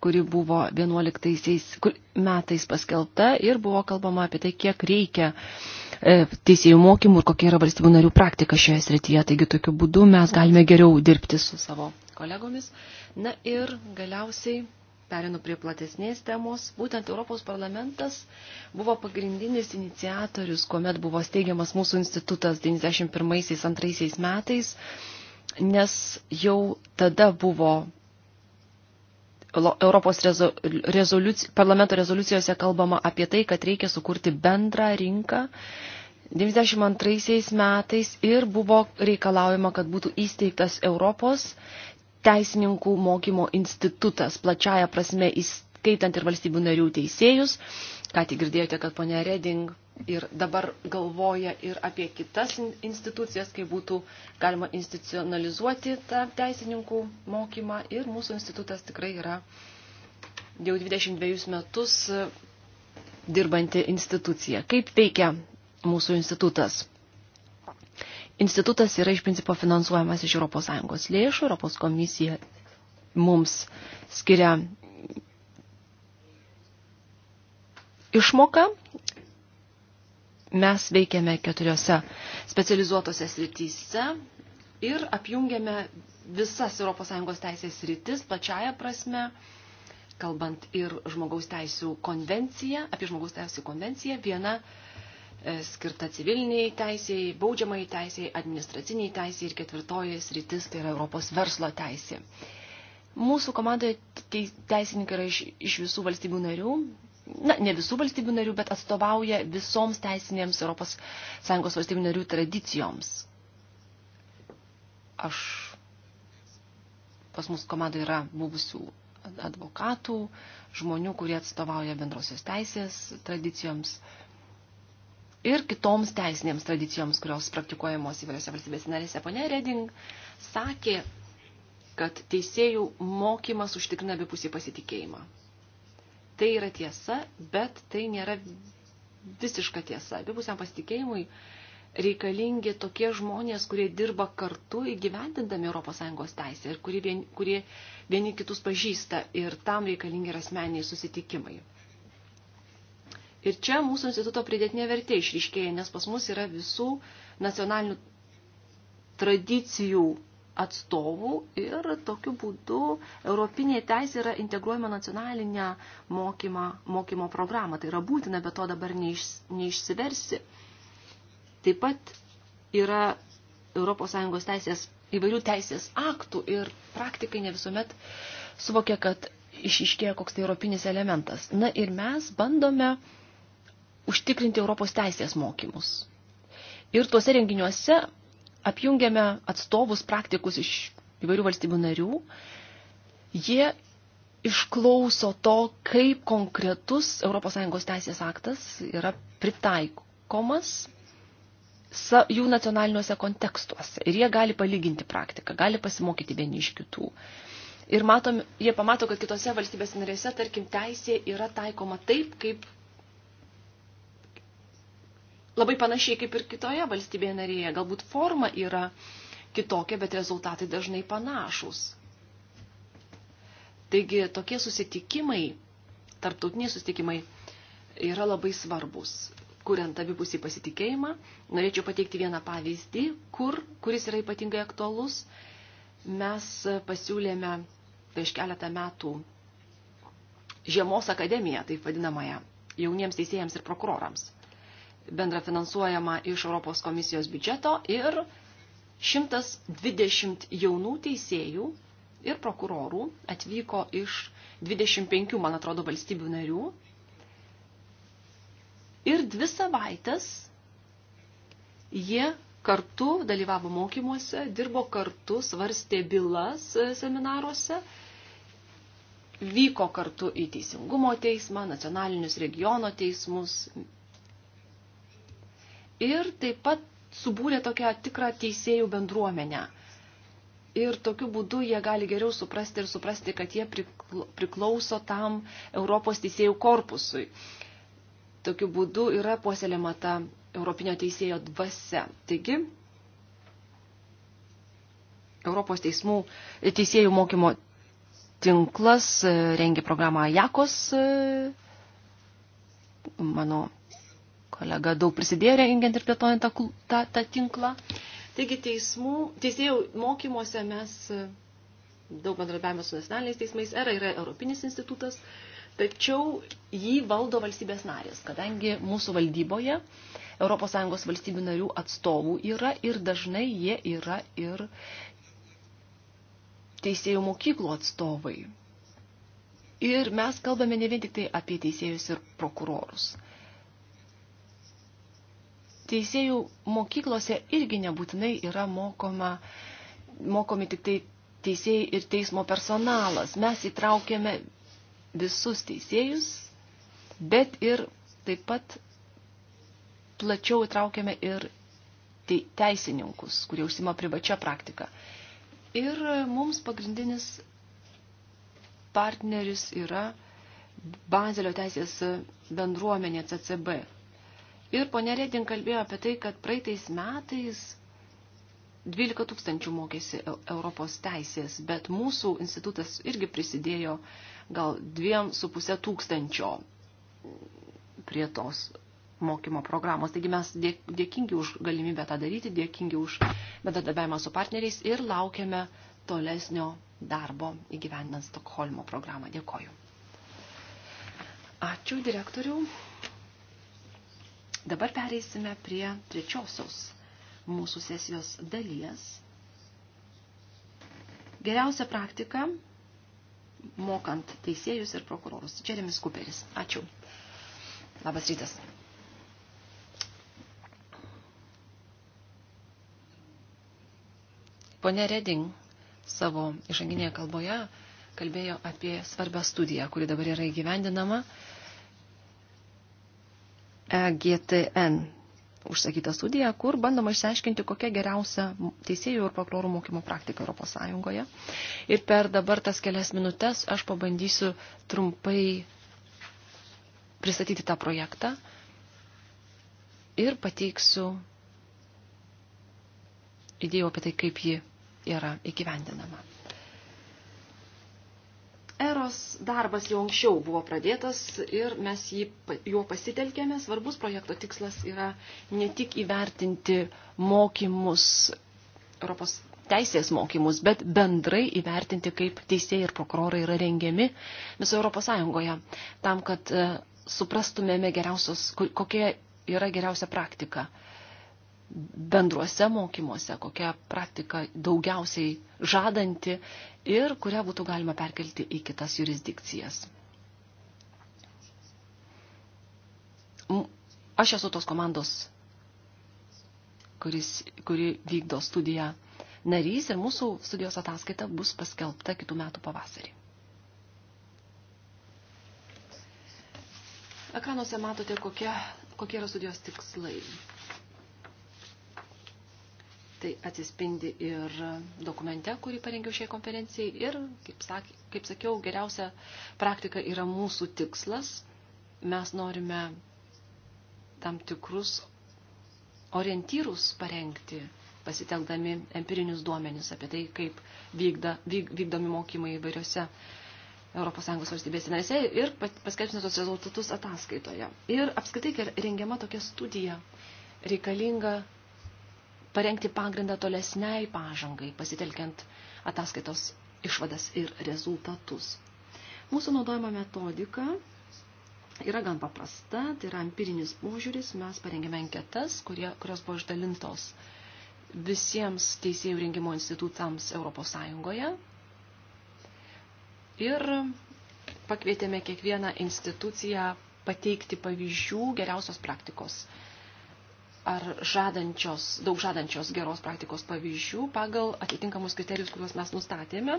kuri buvo 11 metais paskelbta ir buvo kalbama apie tai, kiek reikia e, teisėjų mokymų ir kokia yra valstybių narių praktika šioje srityje. Taigi tokiu būdu mes galime geriau dirbti su savo kolegomis. Na ir galiausiai perinu prie platesnės temos. Būtent Europos parlamentas buvo pagrindinis iniciatorius, kuomet buvo steigiamas mūsų institutas 91-2 metais, nes jau tada buvo Europos rezoliuci parlamento rezoliucijose kalbama apie tai, kad reikia sukurti bendrą rinką. 92 metais ir buvo reikalaujama, kad būtų įsteigtas Europos teisininkų mokymo institutas, plačiaja prasme įskaitant ir valstybių narių teisėjus. Ką tik girdėjote, kad ponia Reding ir dabar galvoja ir apie kitas institucijas, kaip būtų galima institucionalizuoti tą teisininkų mokymą. Ir mūsų institutas tikrai yra jau 22 metus dirbanti institucija. Kaip veikia mūsų institutas? institutas yra iš principo finansuojamas iš ES lėšų, ES komisija mums skiria išmoką. Mes veikiame keturiose specializuotose srityse ir apjungiame visas ES teisės sritis plačiaja prasme, kalbant ir žmogaus teisų konvenciją, apie žmogaus teisų konvenciją, viena uh, E, skirta civiliniai teisėjai, baudžiamai teisėjai, administraciniai teisėjai ir ketvirtoji sritis tai yra Europos verslo teisė. Mūsų komandoje teisininkai yra iš, iš visų valstybių narių, na, ne visų valstybių narių, bet atstovauja visoms teisinėms Europos Sąjungos valstybių narių tradicijoms. Aš pas mūsų komandoje yra buvusių advokatų, žmonių, kurie atstovauja bendrosios teisės tradicijoms, uh, ir kitoms teisinėms tradicijoms, kurios praktikuojamos įvairiose valstybės narėse. Pone Reding sakė, kad teisėjų mokymas užtikrina abipusį pasitikėjimą. Tai yra tiesa, bet tai nėra visiška tiesa. Abipusiam pasitikėjimui reikalingi tokie žmonės, kurie dirba kartu įgyvendindami ES teisę ir kurie, vien, kurie vieni kitus pažįsta ir tam reikalingi yra asmeniai susitikimai. Ir čia mūsų instituto pridėtinė vertė išryškėja, nes pas mus yra visų nacionalinių tradicijų atstovų ir tokiu būdu europinė teisė yra integruojama nacionalinę mokymą, mokymo programą. Tai yra būtina, bet to dabar neiš, neišsiversi. Taip pat yra ES teisės, įvairių teisės aktų ir praktikai ne visuomet suvokia, kad išiškėja koks tai europinis elementas. Na ir mes bandome uh, užtikrinti Europos teisės mokymus. Ir tuose renginiuose apjungiame atstovus praktikus iš įvairių valstybių narių. Jie išklauso to, kaip konkretus ES teisės aktas yra pritaikomas sa, jų nacionaliniuose kontekstuose. Ir jie gali palyginti praktiką, gali pasimokyti vieni iš kitų. Ir matom, jie pamato, kad kitose valstybės narėse, tarkim, teisė yra taikoma taip, kaip labai panašiai kaip ir kitoje valstybėje narėje. Galbūt forma yra kitokia, bet rezultatai dažnai panašus. Taigi tokie susitikimai, tarptautiniai susitikimai yra labai svarbus, kuriant abipusį pasitikėjimą. Norėčiau pateikti vieną pavyzdį, kur, kuris yra ypatingai aktualus. Mes pasiūlėme prieš keletą metų Žiemos akademiją, taip vadinamąją, jauniems teisėjams ir prokurorams bendra finansuojama iš Europos komisijos biudžeto ir 120 jaunų teisėjų ir prokurorų atvyko iš 25, man atrodo, valstybių narių. Ir dvi savaitės jie kartu dalyvavo mokymuose, dirbo kartu, svarstė bylas seminaruose, vyko kartu į teisingumo teismą, nacionalinius regiono teismus, ir taip pat subūrė tokią tikrą teisėjų bendruomenę. Ir tokiu būdu jie gali geriau suprasti ir suprasti, kad jie priklauso tam Europos teisėjų korpusui. Tokiu būdu yra puoselėma ta Europinio teisėjo dvasia. Taigi, Europos teismų, teisėjų mokymo tinklas e, rengia programą Jakos, e, mano Kolega daug prisidėjo rengiant ir plėtojant tą, tą, tą tinklą. Taigi teismų, teisėjų mokymuose mes daug bendradarbiavame su nacionaliniais teismais. ERA yra Europinis institutas, tačiau jį valdo valstybės narės, kadangi mūsų valdyboje ES valstybių narių atstovų yra ir dažnai jie yra ir teisėjų mokyklų atstovai. Ir mes kalbame ne vien tik tai apie teisėjus ir prokurorus teisėjų mokyklose irgi nebūtinai yra mokoma, mokomi tik tai teisėjai ir teismo personalas. Mes įtraukėme visus teisėjus, bet ir taip pat plačiau įtraukėme ir teisininkus, kurie užsima privačią praktiką. Ir mums pagrindinis partneris yra Bazelio teisės bendruomenė CCB. Ir ponė Redin kalbėjo apie tai, kad praeitais metais 12 tūkstančių mokėsi Europos teisės, bet mūsų institutas irgi prisidėjo gal 2,5 tūkstančio prie tos mokymo programos. Taigi mes dėkingi už galimybę tą daryti, dėkingi už bendradarbiavimą su partneriais ir laukiame tolesnio darbo įgyvendinant Stokholmo programą. Dėkoju. Ačiū direktorių. Dabar pereisime prie trečiosios mūsų sesijos dalies. Geriausia praktika mokant teisėjus ir prokurorus. Džeremis Kuperis. Ačiū. Labas rytas. Pone Reding savo išanginėje kalboje kalbėjo apie svarbę studiją, kuri dabar yra įgyvendinama. Uh, EGTN užsakytą studiją, kur bandoma išsiaiškinti, kokia geriausia teisėjų ir prokurorų mokymo praktika Europos Sąjungoje. Ir per dabar tas kelias minutės aš pabandysiu trumpai pristatyti tą projektą ir pateiksiu idėjų apie tai, kaip ji yra įgyvendinama. Komisijos darbas jau anksčiau buvo pradėtas ir mes jį, juo pasitelkėme. Svarbus projekto tikslas yra ne tik įvertinti mokymus, Europos teisės mokymus, bet bendrai įvertinti, kaip teisėjai ir prokurorai yra rengiami visoje Europos Sąjungoje, tam, kad e, suprastumėme geriausios, kokia yra geriausia praktika. Uh, bendruose mokymuose, kokia praktika daugiausiai žadanti ir kurią būtų galima perkelti į kitas jurisdikcijas. Aš esu tos komandos, kuris, kuri vykdo studiją narys ir mūsų studijos ataskaita bus paskelbta kitų metų pavasarį. Ekranuose matote, kokie, kokie yra studijos tikslai. Tai atsispindi ir dokumente, kurį parengiau šiai konferencijai. Ir, kaip, sak, kaip sakiau, geriausia praktika yra mūsų tikslas. Mes norime tam tikrus orientyrus parengti, pasitelkdami empirinius duomenis apie tai, kaip vykda, vyk, vykdomi mokymai įvairiose ES valstybėse narėse ir paskelbsime tos rezultatus ataskaitoje. Ir apskritai rengiama tokia studija reikalinga parengti pagrindą tolesniai pažangai, pasitelkiant ataskaitos išvadas ir rezultatus. Mūsų naudojama metodika yra gan paprasta, tai yra empirinis požiūris, mes parengėme anketas, kurie, kurios buvo išdalintos visiems teisėjų rengimo institutams Europos Sąjungoje. Ir pakvietėme kiekvieną instituciją pateikti pavyzdžių geriausios praktikos ar žadančios, daug žadančios geros praktikos pavyzdžių pagal atitinkamus kriterijus, kuriuos mes nustatėme.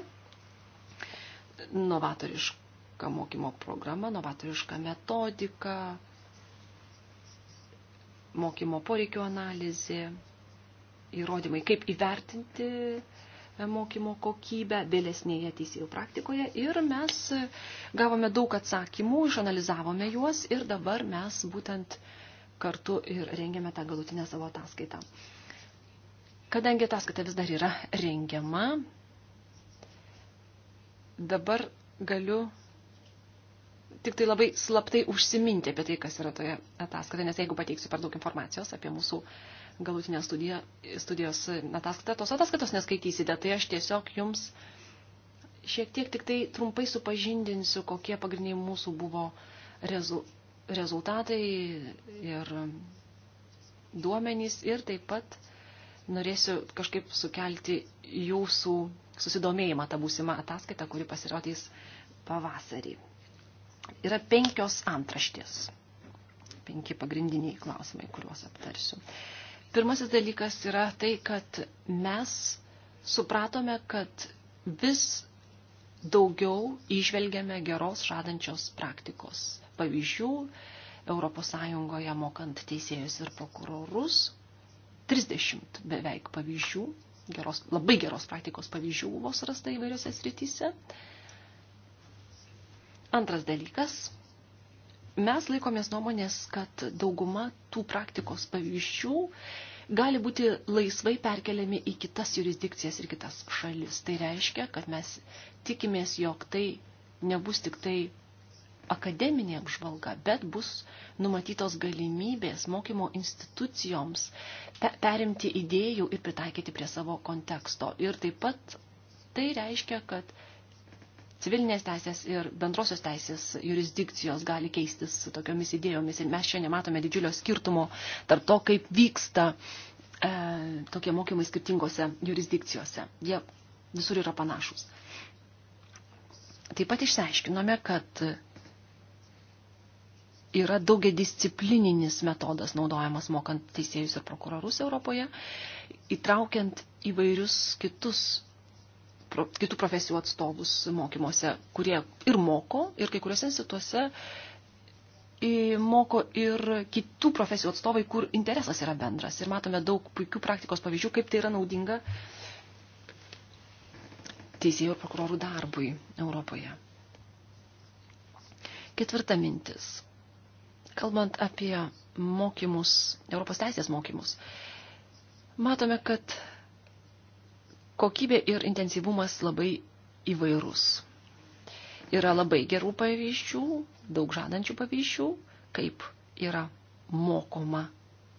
Novatoriška mokymo programa, novatoriška metodika, mokymo poreikio analizė, įrodymai, kaip įvertinti mokymo kokybę vėlesnėje teisėjų praktikoje ir mes gavome daug atsakymų, išanalizavome juos ir dabar mes būtent uh, kartu ir rengiame tą galutinę savo ataskaitą. Kadangi ataskaita vis dar yra rengiama, dabar galiu tik tai labai slaptai užsiminti apie tai, kas yra toje ataskaitoje, nes jeigu pateiksiu per daug informacijos apie mūsų galutinę studiją, studijos ataskaitą, tos ataskaitos neskaitysite, tai aš tiesiog jums šiek tiek tik tai trumpai supažindinsiu, kokie pagrindiniai mūsų buvo rezu, rezultatai ir duomenys ir taip pat norėsiu kažkaip sukelti jūsų susidomėjimą tą būsimą ataskaitą, kuri pasirodys pavasarį. Yra penkios antraštės. Penki pagrindiniai klausimai, kuriuos aptarsiu. Pirmasis dalykas yra tai, kad mes supratome, kad vis daugiau išvelgiame geros žadančios praktikos pavyzdžių Europos Sąjungoje mokant teisėjus ir prokurorus. 30 beveik pavyzdžių, geros, labai geros praktikos pavyzdžių buvo surasta įvairiose srityse. Antras dalykas. Mes laikomės nuomonės, kad dauguma tų praktikos pavyzdžių gali būti laisvai perkeliami į kitas jurisdikcijas ir kitas šalis. Tai reiškia, kad mes tikimės, jog tai nebus tik tai akademinė apžvalga, bet bus numatytos galimybės mokymo institucijoms perimti idėjų ir pritaikyti prie savo konteksto. Ir taip pat tai reiškia, kad civilinės teisės ir bendrosios teisės jurisdikcijos gali keistis tokiomis idėjomis. Ir mes čia nematome didžiulio skirtumo tarp to, kaip vyksta e, tokie mokymai skirtingose jurisdikcijose. Jie visur yra panašus. Taip pat išsiaiškinome, kad yra daugia disciplininis metodas naudojamas mokant teisėjus ir prokurorus Europoje, įtraukiant įvairius kitus kitų profesijų atstovus mokymuose, kurie ir moko, ir kai kuriuose instituose moko ir kitų profesijų atstovai, kur interesas yra bendras. Ir matome daug puikių praktikos pavyzdžių, kaip tai yra naudinga teisėjų ir prokurorų darbui Europoje. Ketvirta mintis. Kalbant apie mokymus, Europos teisės mokymus, matome, kad kokybė ir intensyvumas labai įvairus. Yra labai gerų pavyzdžių, daug žadančių pavyzdžių, kaip yra mokoma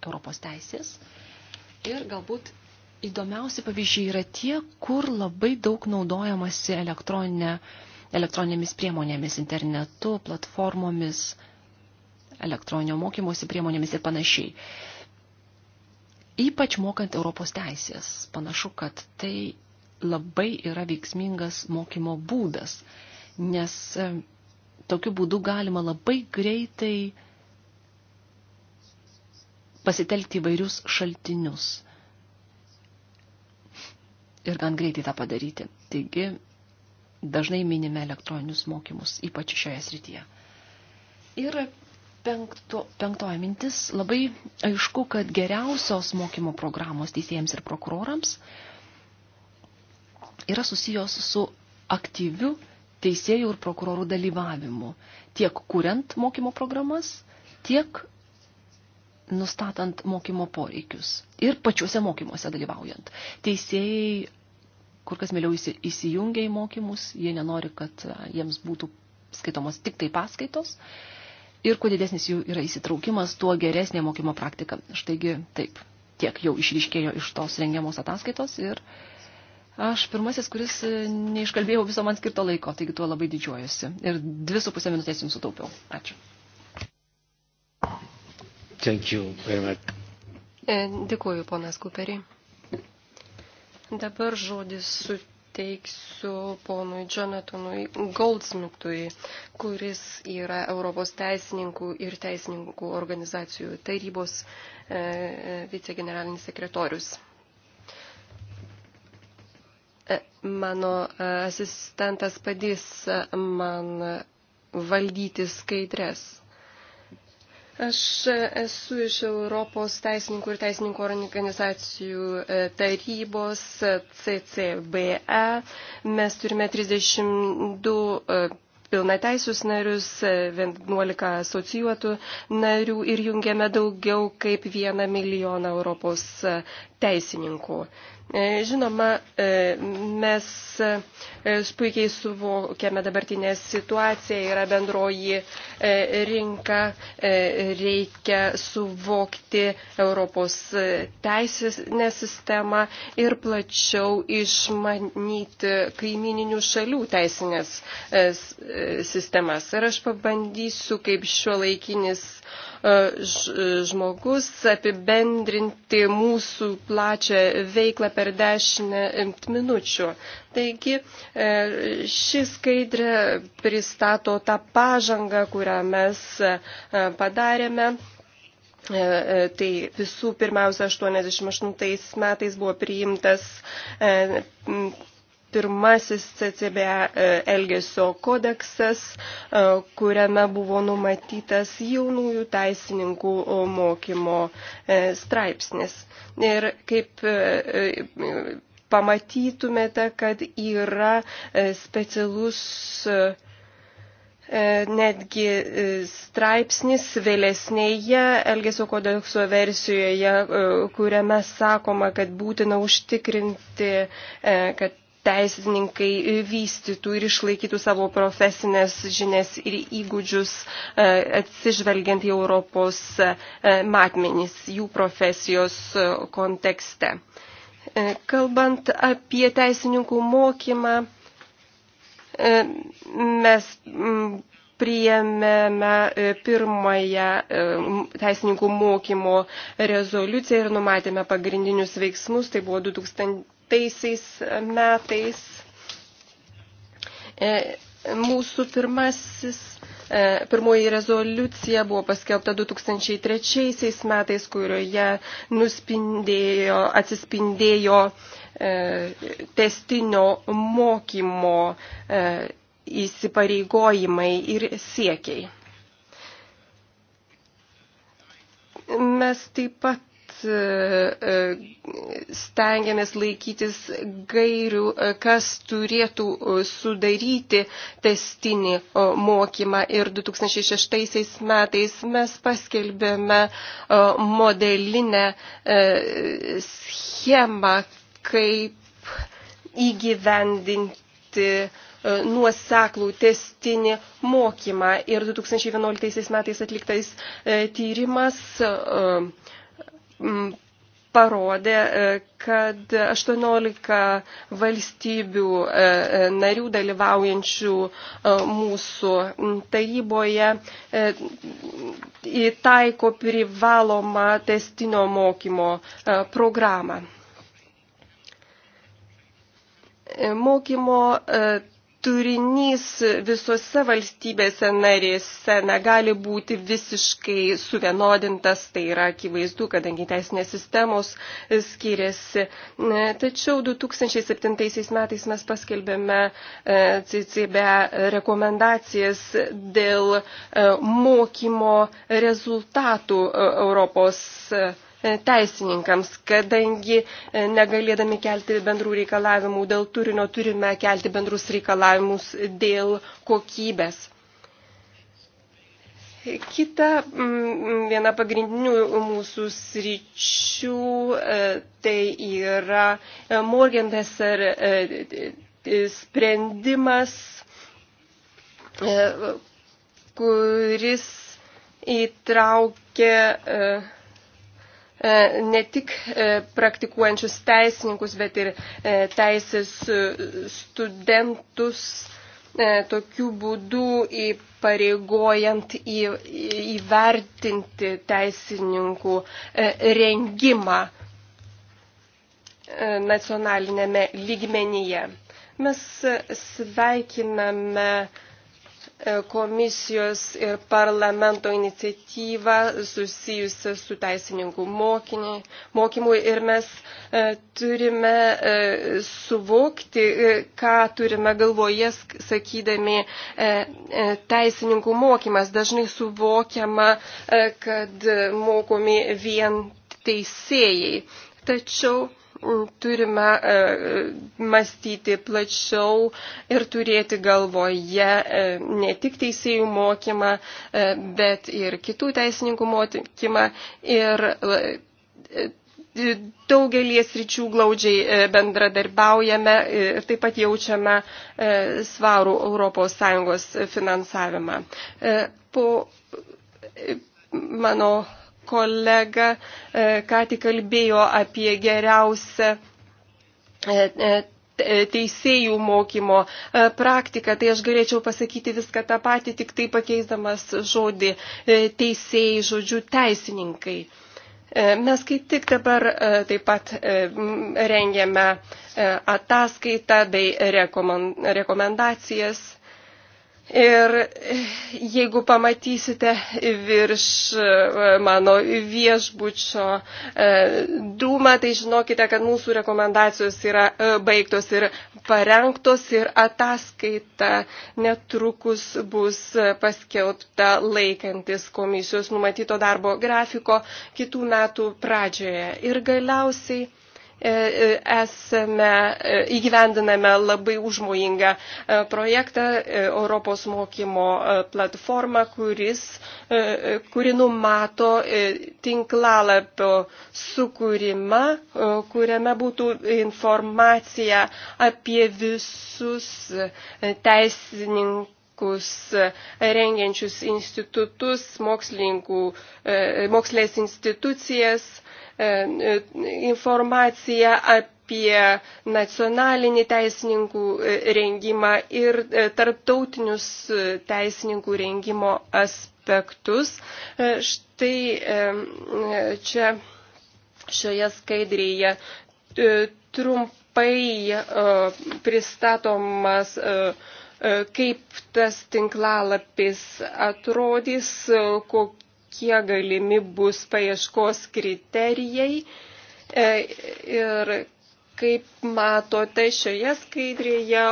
Europos teisės. Ir galbūt įdomiausi pavyzdžiai yra tie, kur labai daug naudojamasi elektroninėmis priemonėmis, internetu, platformomis, elektroninio mokymosi priemonėmis ir panašiai. Ypač mokant Europos teisės, panašu, kad tai labai yra veiksmingas mokymo būdas, nes e, tokiu būdu galima labai greitai pasitelkti įvairius šaltinius ir gan greitai tą padaryti. Taigi, dažnai minime elektroninius mokymus, ypač šioje srityje. Ir Penkto, penktoji mintis labai aišku, kad geriausios mokymo programos teisėjams ir prokurorams yra susijos su aktyviu teisėjų ir prokurorų dalyvavimu, tiek kuriant mokymo programas, tiek nustatant mokymo poreikius ir pačiuose mokymuose dalyvaujant. Teisėjai kur kas mėliau įsijungia į mokymus, jie nenori, kad jiems būtų skaitomos tik tai paskaitos, ir kuo didesnis jų yra įsitraukimas, tuo geresnė mokymo praktika. Štaigi taip, tiek jau išryškėjo iš tos rengiamos ataskaitos ir aš pirmasis, kuris e, neiškalbėjau viso man skirto laiko, taigi tuo labai didžiuojuosi. Ir dvi su pusė minutės jums sutaupiau. Ačiū. Thank you very much. E, dėkuoju, ponas Kuperi. Dabar žodis su suteiksiu ponui Jonathanui Goldsmithui, kuris yra Europos teisininkų ir teisininkų organizacijų tarybos e, e vicegeneralinis sekretorius. E, mano e, asistentas padės man valdyti skaidres. Aš esu iš Europos teisininkų ir teisininkų organizacijų e, tarybos CCBE. Mes turime 32 e, pilnateisius narius, 11 e, asocijuotų narių ir jungiame daugiau kaip 1 milijoną Europos teisininkų. E, žinoma, e, mes e, puikiai suvokiame dabartinę situaciją, yra bendroji rinka, reikia suvokti Europos teisinę sistemą ir plačiau išmanyti kaimininių šalių teisinės sistemas. Ir aš pabandysiu kaip šiuolaikinis laikinis E, e, žmogus apibendrinti mūsų plačią veiklą per 10 minučių. Taigi e, ši skaidrė pristato tą pažangą, kurią mes padarėme. Tai visų pirmiausia, 88 metais buvo priimtas pirmasis CCB e, e, elgesio kodeksas, e, kuriame buvo numatytas jaunųjų teisininkų mokymo straipsnis. Ir kaip pamatytumėte, kad yra specialus netgi straipsnis vėlesnėje Elgesio kodekso versijoje, kuriame sakoma, kad būtina užtikrinti, kad teisininkai vystytų ir išlaikytų savo profesinės žinias ir įgūdžius e, atsižvelgiant į Europos e, matmenys jų profesijos e, kontekste. Kalbant apie teisininkų mokymą, mes priėmėme pirmąją teisininkų mokymo rezoliuciją ir numatėme pagrindinius veiksmus. Tai buvo 2000 2013 metais e, mūsų pirmasis, e, pirmoji rezoliucija buvo paskelbta 2003 metais, kurioje nuspindėjo, atsispindėjo e, testinio mokymo įsipareigojimai ir siekiai. Mes taip pat E, e, stengiamės laikytis gairių, e, kas turėtų sudaryti testinį mokymą. Ir 2006 metais mes paskelbėme modelinę schemą, kaip įgyvendinti nuoseklų testinį mokymą. Ir 2011 metais atliktais tyrimas parodė, e, kad 18 valstybių e, e, narių dalyvaujančių mūsų taryboje įtaiko privalomą testinio mokymo programą. Mokymo turinys visose valstybėse narėse negali būti visiškai suvienodintas, tai yra akivaizdu, kadangi teisinės sistemos skiriasi. Tačiau 2007 metais mes paskelbėme e, CCB rekomendacijas dėl e, mokymo rezultatų e, Europos E, teisininkams, kadangi e, negalėdami kelti bendrų reikalavimų dėl turinio turime kelti bendrus reikalavimus dėl kokybės. Kita mm, viena pagrindinių mūsų sričių e, tai yra Morgendeser sprendimas, kuris įtraukė E, ne tik e, praktikuojančius teisininkus, bet ir e, teisės studentus tokiu būdu įpareigojant į, įvertinti teisininkų rengimą nacionalinėme lygmenyje. Mes sveikiname E, komisijos ir parlamento iniciatyvą susijusią su teisininkų mokymu ir mes e, turime e, suvokti, ką turime galvoje, sakydami teisininkų mokymas. Dažnai suvokiama, kad mokomi vien teisėjai. Tačiau turime e, mąstyti plačiau ir turėti galvoje e, ne tik teisėjų mokymą, e, bet ir kitų teisininkų mokymą ir daugelį sričių glaudžiai bendradarbiaujame ir taip pat jaučiame svarų ES finansavimą. Po mano kolega e, ką tik kalbėjo apie geriausią e, e, teisėjų mokymo praktiką, tai aš galėčiau pasakyti viską tą patį, tik tai pakeisdamas žodį teisėjai, žodžiu teisininkai. Mes kaip tik dabar taip pat rengiame ataskaitą bei rekomendacijas Ir jeigu pamatysite virš e, mano viešbučio e, dūmą, tai žinokite, kad mūsų rekomendacijos yra e, baigtos ir parengtos ir ataskaita netrukus bus paskelbta laikantis komisijos numatyto darbo grafiko kitų metų pradžioje. Ir galiausiai E, e, esame, e, įgyvendiname labai užmojingą projektą Europos mokymo platformą, kuris, kuri numato tinklalapio sukūrimą, kuriame būtų informacija apie visus teisininkus rengiančius institutus, mokslės institucijas, E, e, informaciją apie nacionalinį teisininkų e, rengimą ir tarptautinius teisininkų rengimo aspektus. Štai čia šioje skaidrėje trumpai pristatomas kaip tas tinklalapis atrodys, kokie kokie galimi bus paieškos kriterijai e, ir kaip matote šioje skaidrėje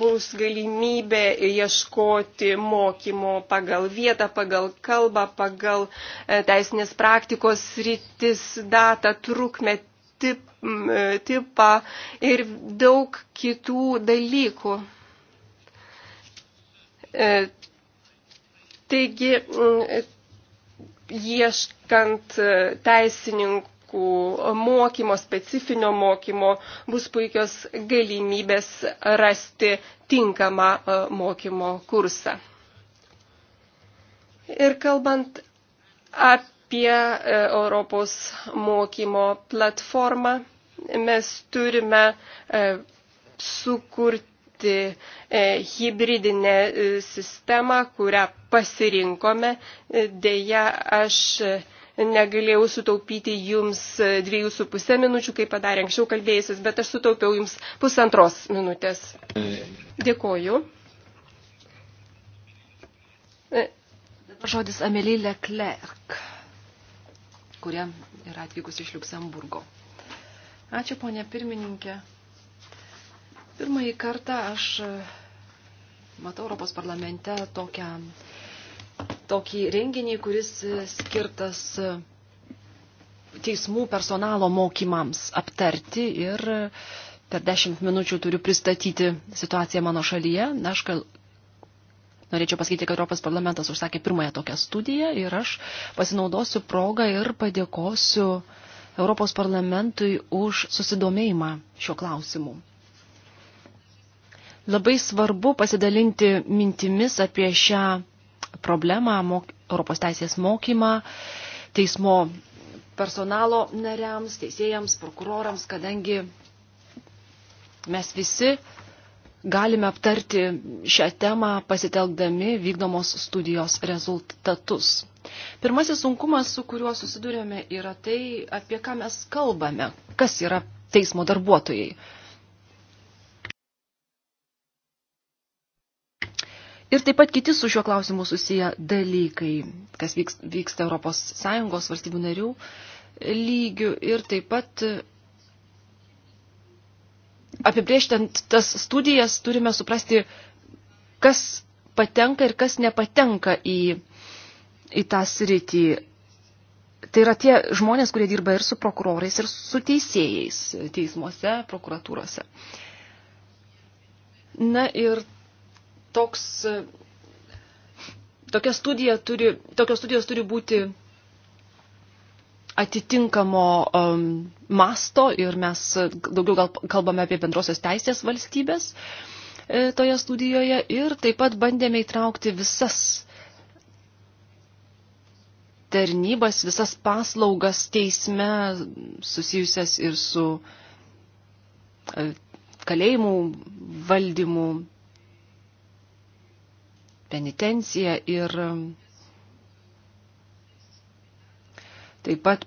bus galimybė ieškoti mokymo pagal vietą, pagal kalbą, pagal e, teisinės praktikos rytis, datą, trukmę, tip, e, tipą ir daug kitų dalykų. Taigi, ieškant e, teisininkų mokymo, specifinio mokymo, bus puikios galimybės rasti tinkamą e, mokymo kursą. Ir kalbant apie e, Europos mokymo platformą, mes turime sukurti pasirinkti e, hybridinę e, sistemą, kurią pasirinkome. E, Deja, aš negalėjau sutaupyti jums dviejų su pusę minučių, kaip padarė anksčiau kalbėjusis, bet aš sutaupiau jums pusantros minutės. Dėkoju. Dabar žodis Amelie Leclerc, kurie yra atvykusi iš Luksemburgo. Ačiū, ponė pirmininkė. Pirmąjį kartą aš e, matau Europos parlamente tokią, tokį renginį, kuris e, skirtas e, teismų personalo mokymams aptarti ir per dešimt minučių turiu pristatyti situaciją mano šalyje. Aš kal... norėčiau pasakyti, kad Europos parlamentas užsakė pirmąją tokią studiją ir aš pasinaudosiu progą ir padėkosiu Europos parlamentui už susidomėjimą šiuo klausimu Labai svarbu pasidalinti mintimis apie šią problemą, mok, Europos teisės mokymą, teismo personalo nariams, teisėjams, prokurorams, kadangi mes visi galime aptarti šią temą pasitelkdami vykdomos studijos rezultatus. Pirmasis sunkumas, su kuriuo susidurėme, yra tai, apie ką mes kalbame, kas yra teismo darbuotojai. Ir taip pat kiti su šiuo klausimu susiję dalykai, kas vyksta Europos Sąjungos valstybių narių lygių ir taip pat apibrėžtant tas studijas turime suprasti, kas patenka ir kas nepatenka į, į tą sritį. Tai yra tie žmonės, kurie dirba ir su prokurorais, ir su teisėjais teismuose, prokuratūrose. Na ir toks, tokia studija turi, tokios studijos turi būti atitinkamo um, masto ir mes daugiau gal kalbame apie bendrosios teisės valstybės e, toje studijoje ir taip pat bandėme įtraukti visas tarnybas, visas paslaugas teisme susijusias ir su e, kalėjimų valdymu, penitenciją ir taip pat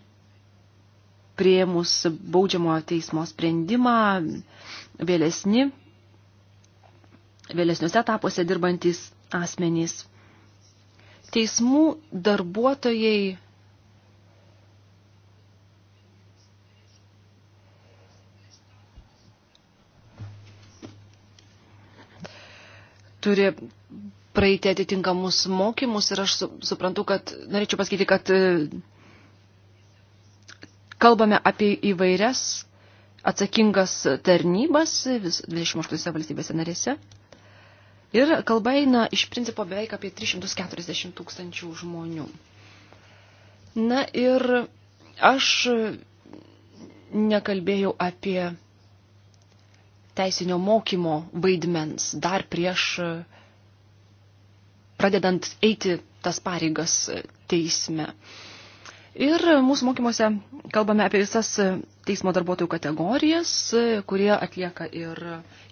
prieimus baudžiamojo teismo sprendimą vėlesni, vėlesniuose etapuose dirbantis asmenys. Teismų darbuotojai turi praeitį atitinkamus mokymus ir aš suprantu, kad norėčiau pasakyti, kad e, kalbame apie įvairias atsakingas tarnybas vis 28 valstybėse narėse. Ir kalba eina iš principo beveik apie 340 tūkstančių žmonių. Na ir aš nekalbėjau apie teisinio mokymo vaidmens dar prieš uh, pradedant eiti tas pareigas teisme. Ir mūsų mokymuose kalbame apie visas teismo darbuotojų kategorijas, kurie atlieka ir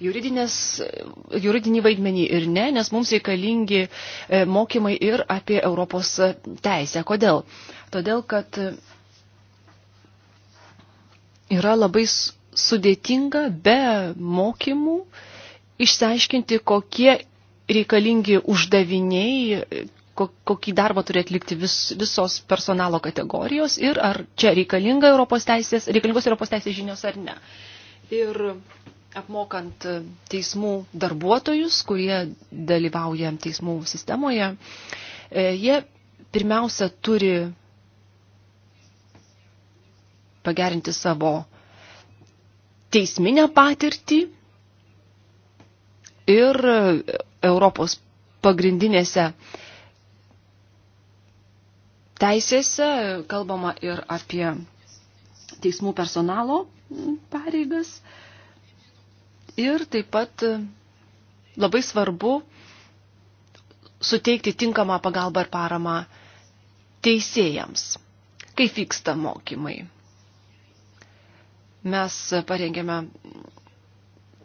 juridinį vaidmenį ir ne, nes mums reikalingi e, mokymai ir apie Europos teisę. Kodėl? Todėl, kad yra labai sudėtinga be mokymų išsiaiškinti, kokie reikalingi uždaviniai, kokį darbą turi atlikti vis, visos personalo kategorijos ir ar čia reikalinga Europos teisės, reikalingos Europos teisės žinios ar ne. Ir apmokant teismų darbuotojus, kurie dalyvauja teismų sistemoje, e, jie pirmiausia turi pagerinti savo teisminę patirtį ir Europos pagrindinėse teisėse, kalbama ir apie teismų personalo pareigas. Ir taip pat labai svarbu suteikti tinkamą pagalbą ir paramą teisėjams, kai vyksta mokymai. Mes parengėme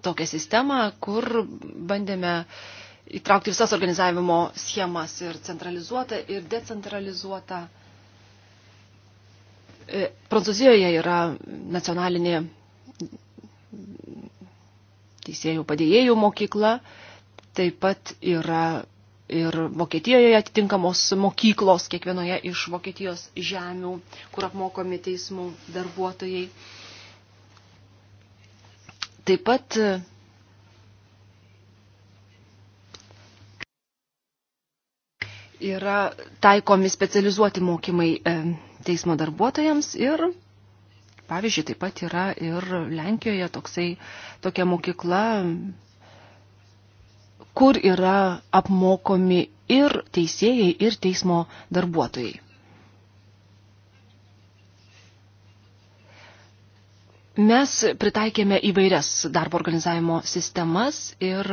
tokią sistemą, kur bandėme uh, įtraukti visas organizavimo schemas ir centralizuotą, ir decentralizuotą. E, Prancūzijoje yra nacionalinė teisėjų padėjėjų mokykla, taip pat yra ir Vokietijoje atitinkamos mokyklos kiekvienoje iš Vokietijos žemių, kur apmokomi teismų darbuotojai. Taip pat yra taikomi specializuoti mokymai e, teismo darbuotojams ir, pavyzdžiui, taip pat yra ir Lenkijoje toksai, tokia mokykla, kur yra apmokomi ir teisėjai, ir teismo darbuotojai. Mes pritaikėme įvairias darbo organizavimo sistemas ir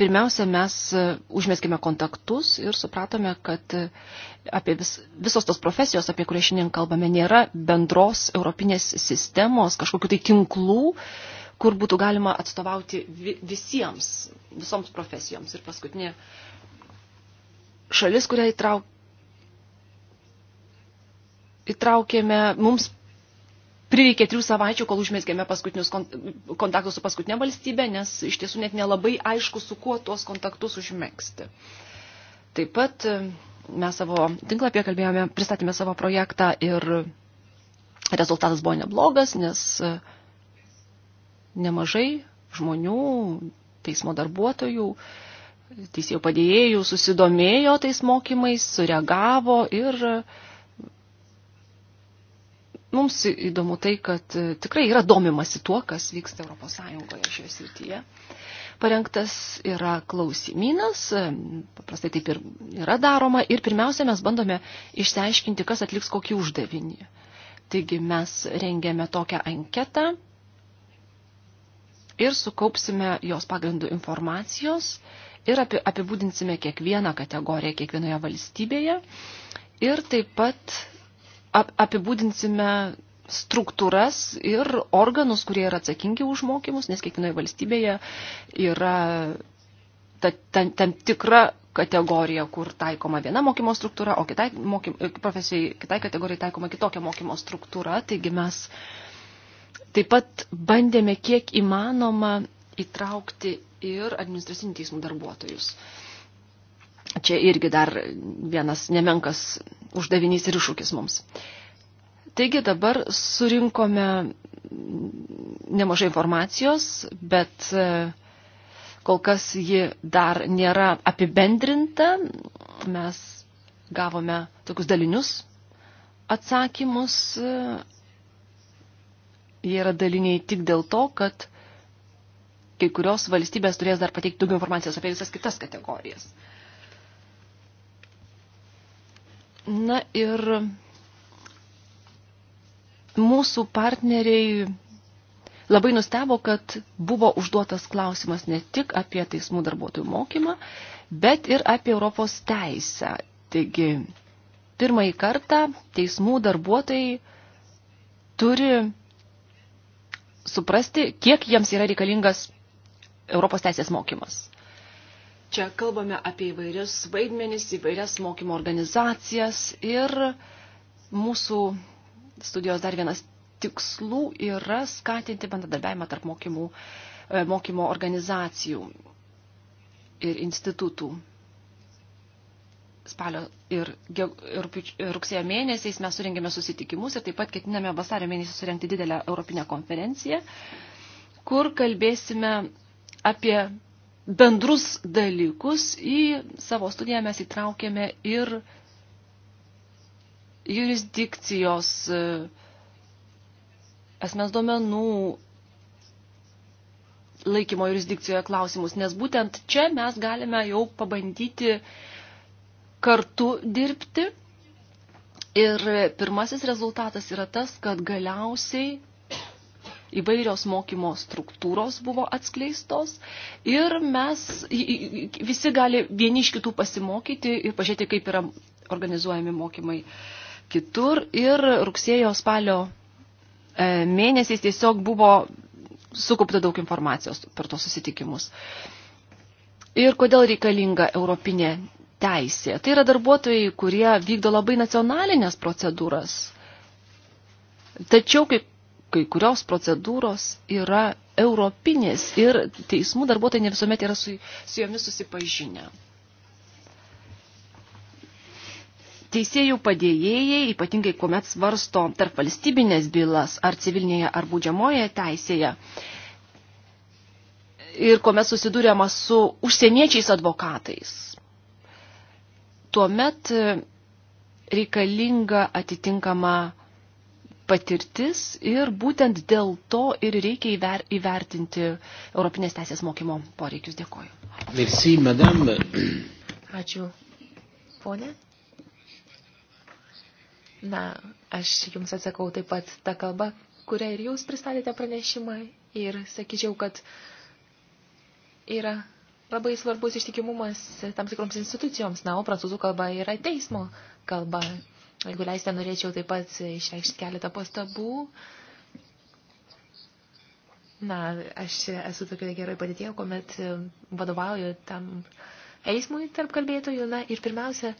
pirmiausia, mes e, užmėskime kontaktus ir supratome, kad e, apie vis, visos tos profesijos, apie kurias šiandien kalbame, nėra bendros europinės sistemos, kažkokiu tai tinklų, kur būtų galima atstovauti visiems, visoms profesijoms. Ir paskutinė šalis, kurią įtrauk... įtraukėme, mums prireikė trijų savaičių, kol užmėsgėme paskutinius kontaktus su paskutinė valstybė, nes iš tiesų net nelabai aišku, su kuo tuos kontaktus užmėgsti. Taip pat e, mes savo tinklapyje kalbėjome, pristatėme savo projektą ir rezultatas buvo neblogas, nes e, nemažai žmonių, teismo darbuotojų, teisėjų padėjėjų susidomėjo tais mokymais, sureagavo ir uh, Mums įdomu tai, kad e, tikrai yra domimasi tuo, kas vyksta ES šioje srityje. Parengtas yra klausimynas, e, paprastai taip ir yra daroma, ir pirmiausia mes bandome išsiaiškinti, kas atliks kokį uždavinį. Taigi mes rengėme tokią anketą ir sukaupsime jos pagrindų informacijos ir apibūdinsime kiekvieną kategoriją kiekvienoje valstybėje. Ir taip pat apibūdinsime struktūras ir organus, kurie yra atsakingi už mokymus, nes kiekvienoje valstybėje yra ta, ta, tam tikra kategorija, kur taikoma viena mokymo struktūra, o kitai, mokym, profesijai, kitai kategorijai taikoma kitokia mokymo struktūra. Taigi mes taip pat bandėme kiek įmanoma įtraukti ir administracinių teismų darbuotojus. Uh, Čia irgi dar vienas nemenkas uždavinys ir iššūkis mums. Taigi dabar surinkome nemažai informacijos, bet e, kol kas ji dar nėra apibendrinta. Mes gavome tokius dalinius atsakymus. E, jie yra daliniai tik dėl to, kad kai kurios valstybės turės dar pateikti daugiau informacijos apie visas kitas kategorijas. Uh, Na ir mūsų partneriai labai nustebo, kad buvo užduotas klausimas ne tik apie teismų darbuotojų mokymą, bet ir apie Europos teisę. Taigi, pirmąjį kartą teismų darbuotojai turi suprasti, kiek jiems yra reikalingas Europos teisės mokymas. Čia kalbame apie įvairius vaidmenis, įvairias mokymo organizacijas ir mūsų studijos dar vienas tikslų yra skatinti bendradarbiavimą tarp mokymų, e, mokymo organizacijų ir institutų. Spalio ir, ir, ir rugsėjo mėnesiais mes surengėme susitikimus ir taip pat ketiname vasario mėnesį surengti didelę europinę konferenciją, kur kalbėsime apie bendrus dalykus į savo studiją mes įtraukėme ir jurisdikcijos, e, asmens duomenų laikymo jurisdikcijoje klausimus, nes būtent čia mes galime jau pabandyti kartu dirbti. Ir pirmasis rezultatas yra tas, kad galiausiai įvairios mokymo struktūros buvo atskleistos ir mes visi gali vieni iš kitų pasimokyti ir pažiūrėti, kaip yra organizuojami mokymai kitur. Ir rugsėjo spalio e, mėnesiais tiesiog buvo sukaupta daug informacijos per tos susitikimus. Ir kodėl reikalinga europinė teisė? Tai yra darbuotojai, kurie vykdo labai nacionalinės procedūras. Tačiau, kaip kai kurios procedūros yra europinės ir teismų darbuotojai ne visuomet yra su, su jomis susipažinę. Teisėjų padėjėjai, ypatingai kuomet svarsto tarp valstybinės bylas ar civilinėje ar būdžiamoje teisėje, ir kuomet susidūrėma su užsieniečiais advokatais, tuomet reikalinga atitinkama patirtis ir būtent dėl to ir reikia įver, įvertinti Europinės teisės mokymo poreikius. Dėkoju. Merci, madame. Ačiū, ponė. Na, aš jums atsakau taip pat tą kalbą, kurią ir jūs pristatėte pranešimą ir sakyčiau, kad yra labai svarbus ištikimumas tam tikroms institucijoms, na, o prancūzų kalba yra teismo kalba Jeigu leisite, norėčiau taip pat išreikšti keletą pastabų. Na, aš esu tokioje geroje padėtėje, kuomet vadovauju tam eismui tarp kalbėtojų. Na, ir pirmiausia,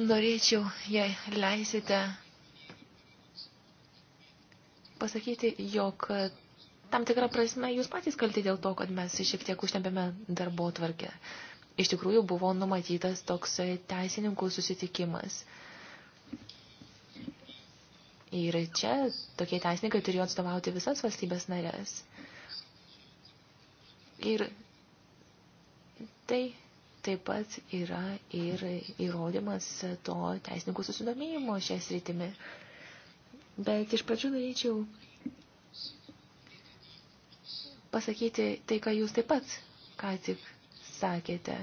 norėčiau, jei leisite, pasakyti, jog tam tikrą prasme jūs patys kalti dėl to, kad mes šiek tiek užtempėme darbo tvarkę. Iš tikrųjų buvo numatytas toks teisininkų susitikimas. Ir čia tokie teisininkai turėjo atstovauti visas valstybės narės. Ir tai taip pat yra ir įrodymas to teisininkų susidomėjimo šią sritimį. Bet iš pradžių norėčiau pasakyti tai, ką jūs taip pat ką tik sakėte.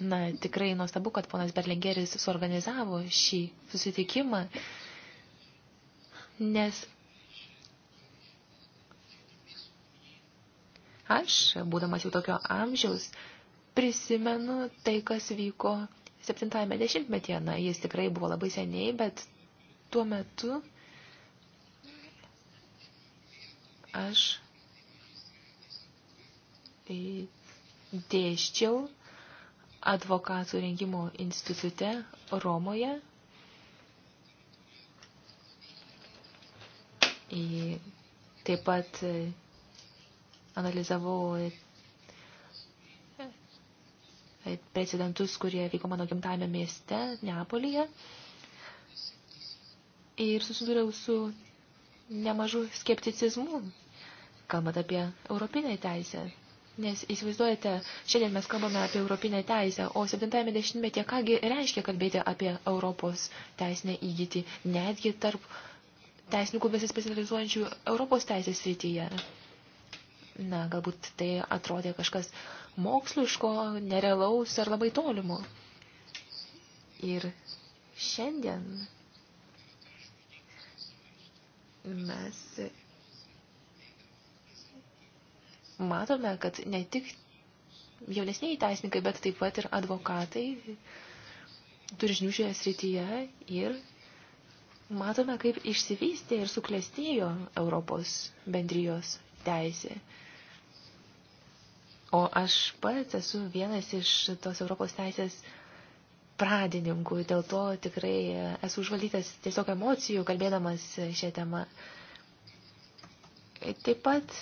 Na, tikrai nuostabu, kad ponas Berlingeris suorganizavo šį susitikimą, nes aš, būdamas jau tokio amžiaus, prisimenu tai, kas vyko 70-ame dešimtmetyje. Na, jis tikrai buvo labai seniai, bet tuo metu aš e, dėščiau advokatų rengimo institute Romoje. Į taip pat e, analizavau e, e, precedentus, kurie vyko mano gimtajame mieste, Neapolyje. Ir susidūriau su nemažu skepticizmu, kalbant apie europinę teisę. Nes įsivaizduojate, šiandien mes kalbame apie europinę teisę, o 70-ame dešimtmetyje kągi reiškia kalbėti apie Europos teisinę įgyti, netgi tarp teisininkų besispecializuojančių Europos teisės srityje. Na, galbūt tai atrodė kažkas moksliško, nerealaus ar labai tolimo. Ir šiandien mes matome, kad ne tik jaunesniai teisininkai, bet taip pat ir advokatai turi žinių šioje srityje ir matome, kaip išsivystė ir suklestėjo Europos bendrijos teisė. O aš pats esu vienas iš tos Europos teisės pradininkų, dėl to tikrai esu užvaldytas tiesiog emocijų, kalbėdamas šią temą. Taip pat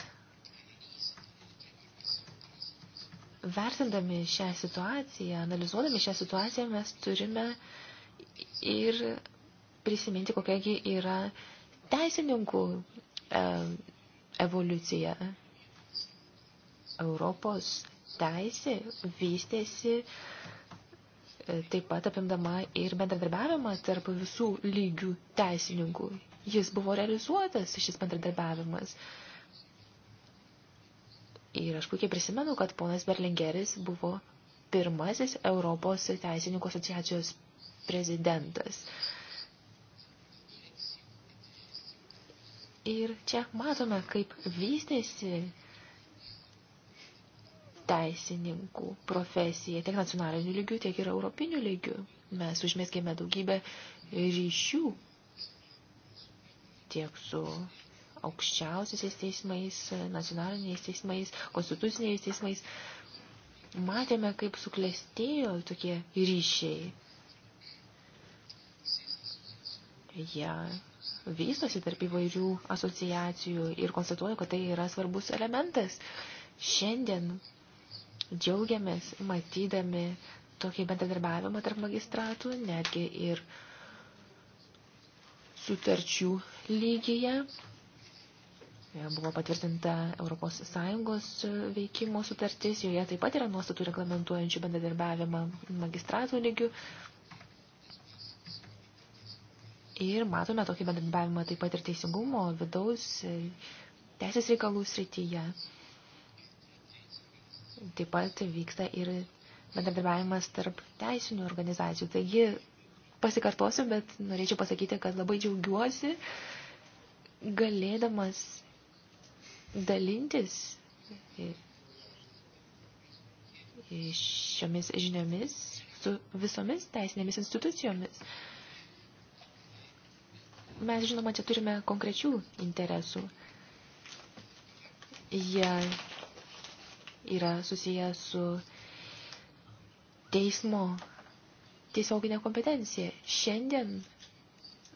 vertindami šią situaciją, analizuodami šią situaciją, mes turime ir prisiminti, kokiagi yra teisininkų e, evoliucija. Europos teisė vystėsi e, taip pat apimdama ir bendradarbiavimą tarp visų lygių teisininkų. Jis buvo realizuotas, šis bendradarbiavimas. E, Ir aš puikiai prisimenu, kad ponas Berlingeris buvo pirmasis Europos teisininkų asociacijos prezidentas. Ir čia matome, kaip vystėsi teisininkų profesija tiek nacionaliniu lygiu, tiek ir europiniu lygiu. Mes užmėskėme daugybę ryšių tiek su aukščiausiaisiais teismais, nacionaliniais teismais, konstituciniais teismais, matėme, kaip suklestėjo tokie ryšiai. Jie ja vystosi tarp įvairių asociacijų ir konstatuoju, kad tai yra svarbus elementas. Šiandien džiaugiamės matydami tokį bendradarbiavimą tarp magistratų, netgi ir sutarčių lygyje. E, buvo patvirtinta ES e, veikimo sutartis, joje taip pat yra nuostatų reglamentuojančių bendradarbiavimą magistratų lygių. Ir matome tokį bendradarbiavimą taip pat ir teisingumo, vidaus, e, teisės reikalų srityje. Taip pat vyksta ir bendradarbiavimas tarp teisinių organizacijų. Taigi, pasikartosiu, bet norėčiau pasakyti, kad labai džiaugiuosi galėdamas dalintis šiomis žiniomis su visomis teisinėmis institucijomis. Mes, žinoma, čia turime konkrečių interesų. Jie yra susiję su teismo tiesioginė kompetencija. Šiandien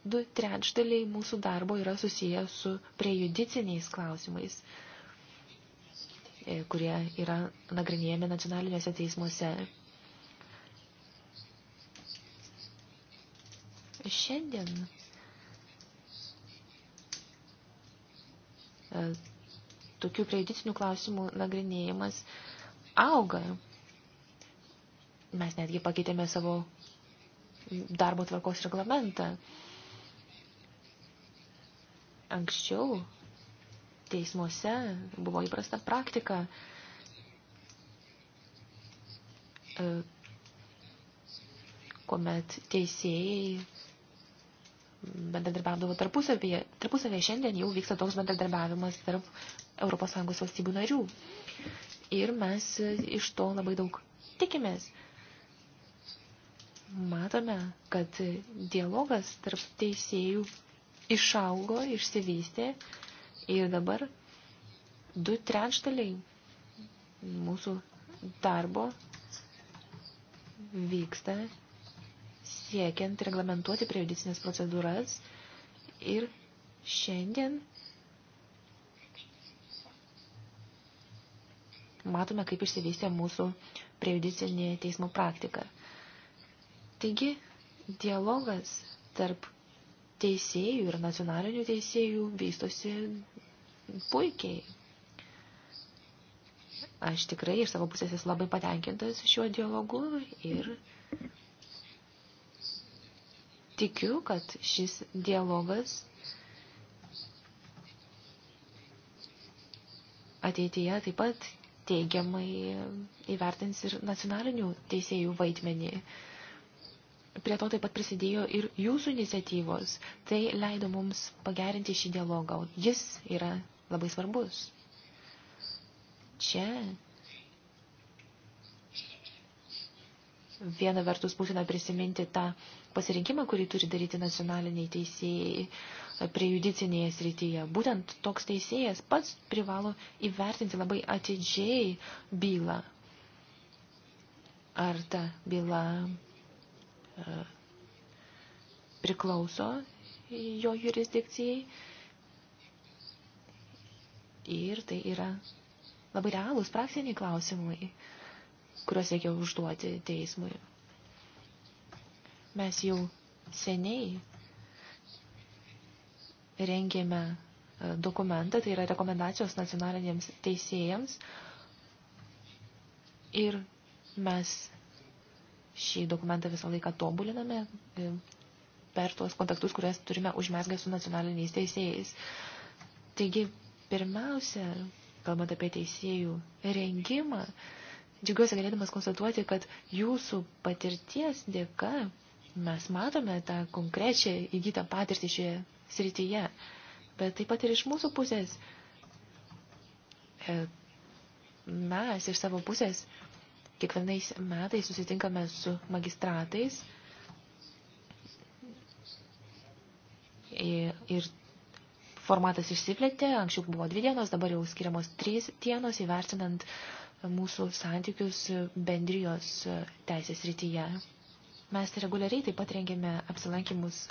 du trečdaliai mūsų darbo yra susiję su prejudiciniais klausimais, e, kurie yra nagrinėjami nacionaliniuose teismuose. Šiandien e, tokių prejudicinių klausimų nagrinėjimas auga. Mes netgi pakeitėme savo darbo tvarkos reglamentą. Anksčiau teismuose buvo įprasta praktika e, kuomet teisėjai bendradarbiavdavo tarpusavėje. Tarpusavėje šiandien jau vyksta toks bendradarbiavimas tarp ES valstybių narių. Ir mes iš to labai daug tikimės. Matome, kad dialogas tarp teisėjų išaugo, išsivystė ir dabar du trečdaliai mūsų darbo vyksta siekiant reglamentuoti prejudicinės procedūras ir šiandien matome, kaip išsivystė mūsų prejudicinė teismų praktika. Taigi, dialogas tarp teisėjų ir nacionalinių teisėjų vystosi puikiai. Aš tikrai iš savo pusės esu labai patenkintas šiuo dialogu ir tikiu, kad šis dialogas ateityje taip pat teigiamai įvertins ir nacionalinių teisėjų vaidmenį prie to taip pat prisidėjo ir jūsų iniciatyvos. Tai leido mums pagerinti šį dialogą. Jis yra labai svarbus. Čia viena vertus būtina prisiminti tą pasirinkimą, kurį turi daryti nacionaliniai teisėjai prejudicinėje srityje. Būtent toks teisėjas pats privalo įvertinti labai atidžiai bylą. Ar ta byla priklauso jo jurisdikcijai. Ir tai yra labai realūs praktiniai klausimai, kuriuos reikia užduoti teismui. Mes jau seniai rengėme e, dokumentą, tai yra rekomendacijos nacionaliniams teisėjams. Ir mes šį dokumentą visą laiką tobuliname e, per tuos kontaktus, kurias turime užmesgę su nacionaliniais teisėjais. Taigi, pirmiausia, kalbant apie teisėjų rengimą, džiugiuosi galėdamas konstatuoti, kad jūsų patirties dėka mes matome tą konkrečią įgytą patirtį šioje srityje, bet taip pat ir iš mūsų pusės e, mes iš savo pusės Kiekvienais metais susitinkame su magistratais ir formatas išsiplėtė, anksčiau buvo dvi dienos, dabar jau skiriamos trys dienos įvertinant mūsų santykius bendrijos teisės rytyje. Mes reguliariai taip pat rengėme apsilankimus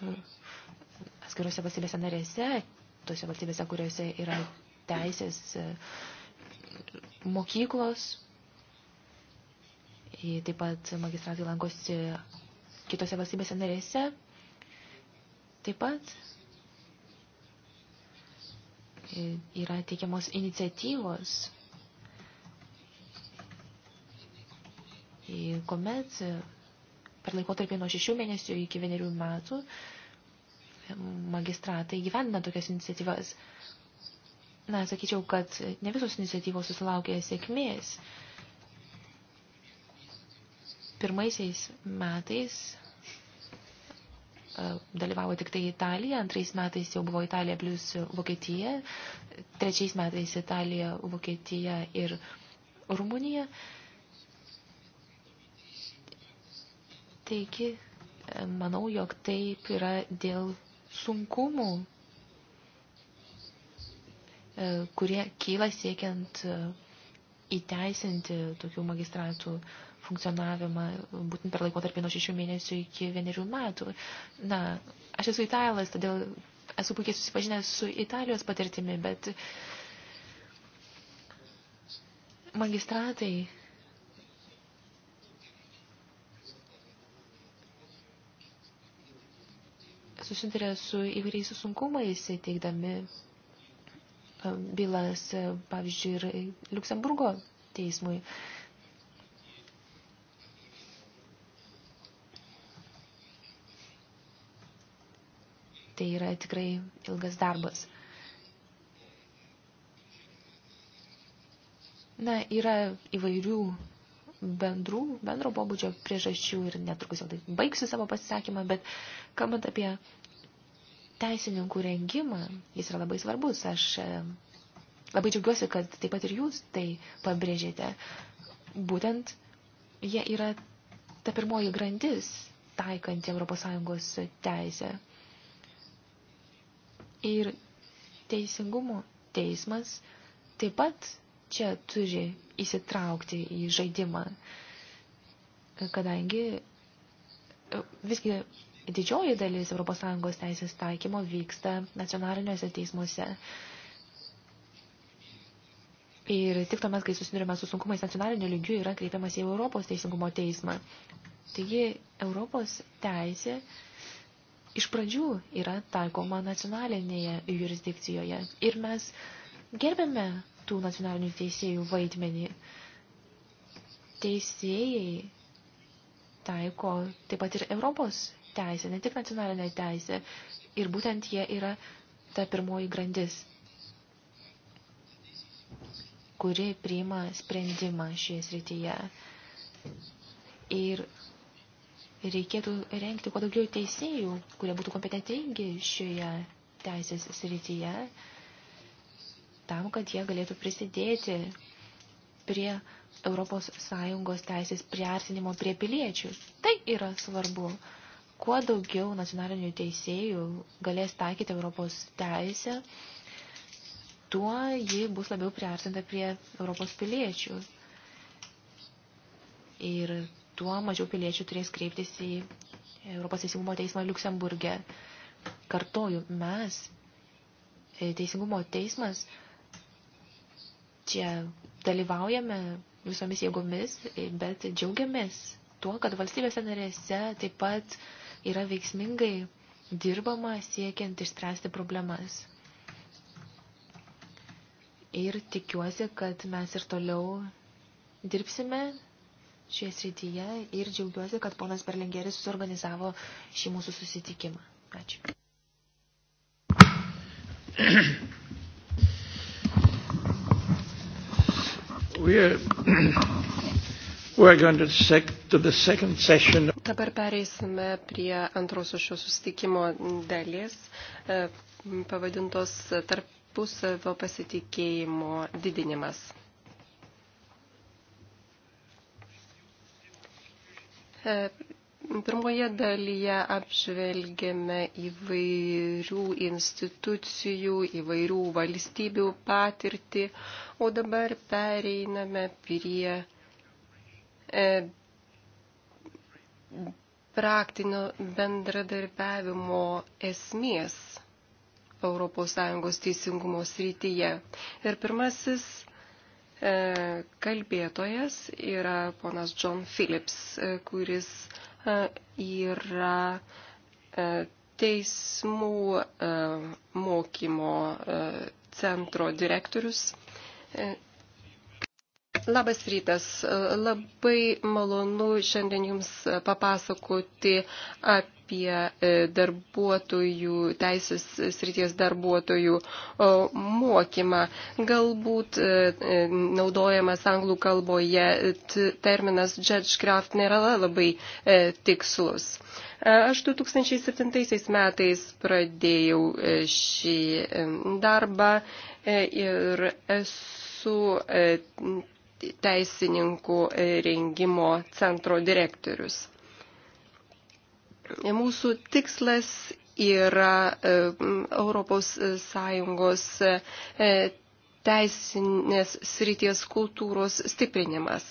atskiruose valstybėse narėse, tose valstybėse, kuriuose yra teisės mokyklos, Taip pat magistratai lankosi kitose valstybėse narėse. Taip pat yra teikiamos iniciatyvos, kuomet per laikotarpį nuo šešių mėnesių iki vienerių metų magistratai gyvendina tokias iniciatyvas. Na, sakyčiau, kad ne visos iniciatyvos susilaukė sėkmės. Pirmaisiais metais e, dalyvavo tik tai Italija, antrais metais jau buvo Italija plus Vokietija, trečiais metais Italija, Vokietija ir Rumunija. Taigi, e, manau, jog taip yra dėl sunkumų, e, kurie kyla siekiant įteisinti tokių magistratų uh, funkcionavimą būtent per laikotarpį nuo šešių mėnesių iki vienerių metų. Na, aš esu italas, todėl esu puikiai susipažinęs su Italijos patirtimi, bet magistratai susiduria su įvairiais sunkumais teikdami e, bylas, e, pavyzdžiui, ir Luksemburgo teismui. tai yra tikrai ilgas darbas. Na, yra įvairių bendrų, bendro pobūdžio priežasčių ir netrukus jau tai baigsiu savo pasisakymą, bet kalbant apie teisininkų rengimą, jis yra labai svarbus. Aš e, labai džiaugiuosi, kad taip pat ir jūs tai pabrėžėte. Būtent jie yra ta pirmoji grandis taikanti ES teisę. Ir teisingumo teismas taip pat čia turi įsitraukti į žaidimą, kadangi e, visgi didžioji dalis ES teisės taikymo vyksta nacionaliniuose teismuose. Ir tik tuomet, kai susidurime su sunkumais nacionaliniu lygiu, yra kreipiamas į Europos teisingumo teismą. Taigi, Europos teisė uh, iš pradžių yra taikoma nacionalinėje jurisdikcijoje ir mes gerbėme tų nacionalinių teisėjų vaidmenį. Teisėjai taiko taip pat ir Europos teisę, ne tik nacionalinę teisę ir būtent jie yra ta pirmoji grandis, kuri priima sprendimą šioje srityje. Ir reikėtų renkti kuo daugiau teisėjų, kurie būtų kompetentingi šioje teisės srityje, tam, kad jie galėtų prisidėti prie Europos Sąjungos teisės priartinimo prie piliečių. Tai yra svarbu. Kuo daugiau nacionalinių teisėjų galės taikyti Europos teisę, tuo ji bus labiau priartinta prie Europos piliečių. Ir tuo mažiau piliečių turės kreiptis į Europos teisingumo teismą Luksemburgė. Kartoju, mes, e, teisingumo teismas, čia dalyvaujame visomis jėgomis, e, bet džiaugiamės tuo, kad valstybėse narėse taip pat yra veiksmingai dirbama siekiant išspręsti problemas. Ir tikiuosi, kad mes ir toliau dirbsime šioje srityje ir džiaugiuosi, kad ponas Berlingeris susorganizavo šį mūsų susitikimą. Ačiū. We're, we're going to, sec, to the second session. Dabar pereisime prie antrosios šio susitikimo dalies, e, pavadintos tarpusavio pasitikėjimo didinimas. E, pirmoje dalyje apžvelgėme įvairių institucijų, įvairių valstybių patirtį, o dabar pereiname prie e, praktinio bendradarbiavimo esmės ES teisingumo srityje. Ir pirmasis E, kalbėtojas yra ponas John Phillips, e, kuris e, yra teismų mokymo centro direktorius Labas rytas. Labai malonu šiandien Jums papasakoti apie e, darbuotojų, teisės srities darbuotojų mokymą. Galbūt e, e, naudojamas anglų kalboje terminas judgecraft nėra labai tikslus. Aš 2007 metais pradėjau šį darbą ir esu teisininkų e, rengimo centro direktorius. E, mūsų tikslas yra ES e, teisinės srities kultūros stiprinimas.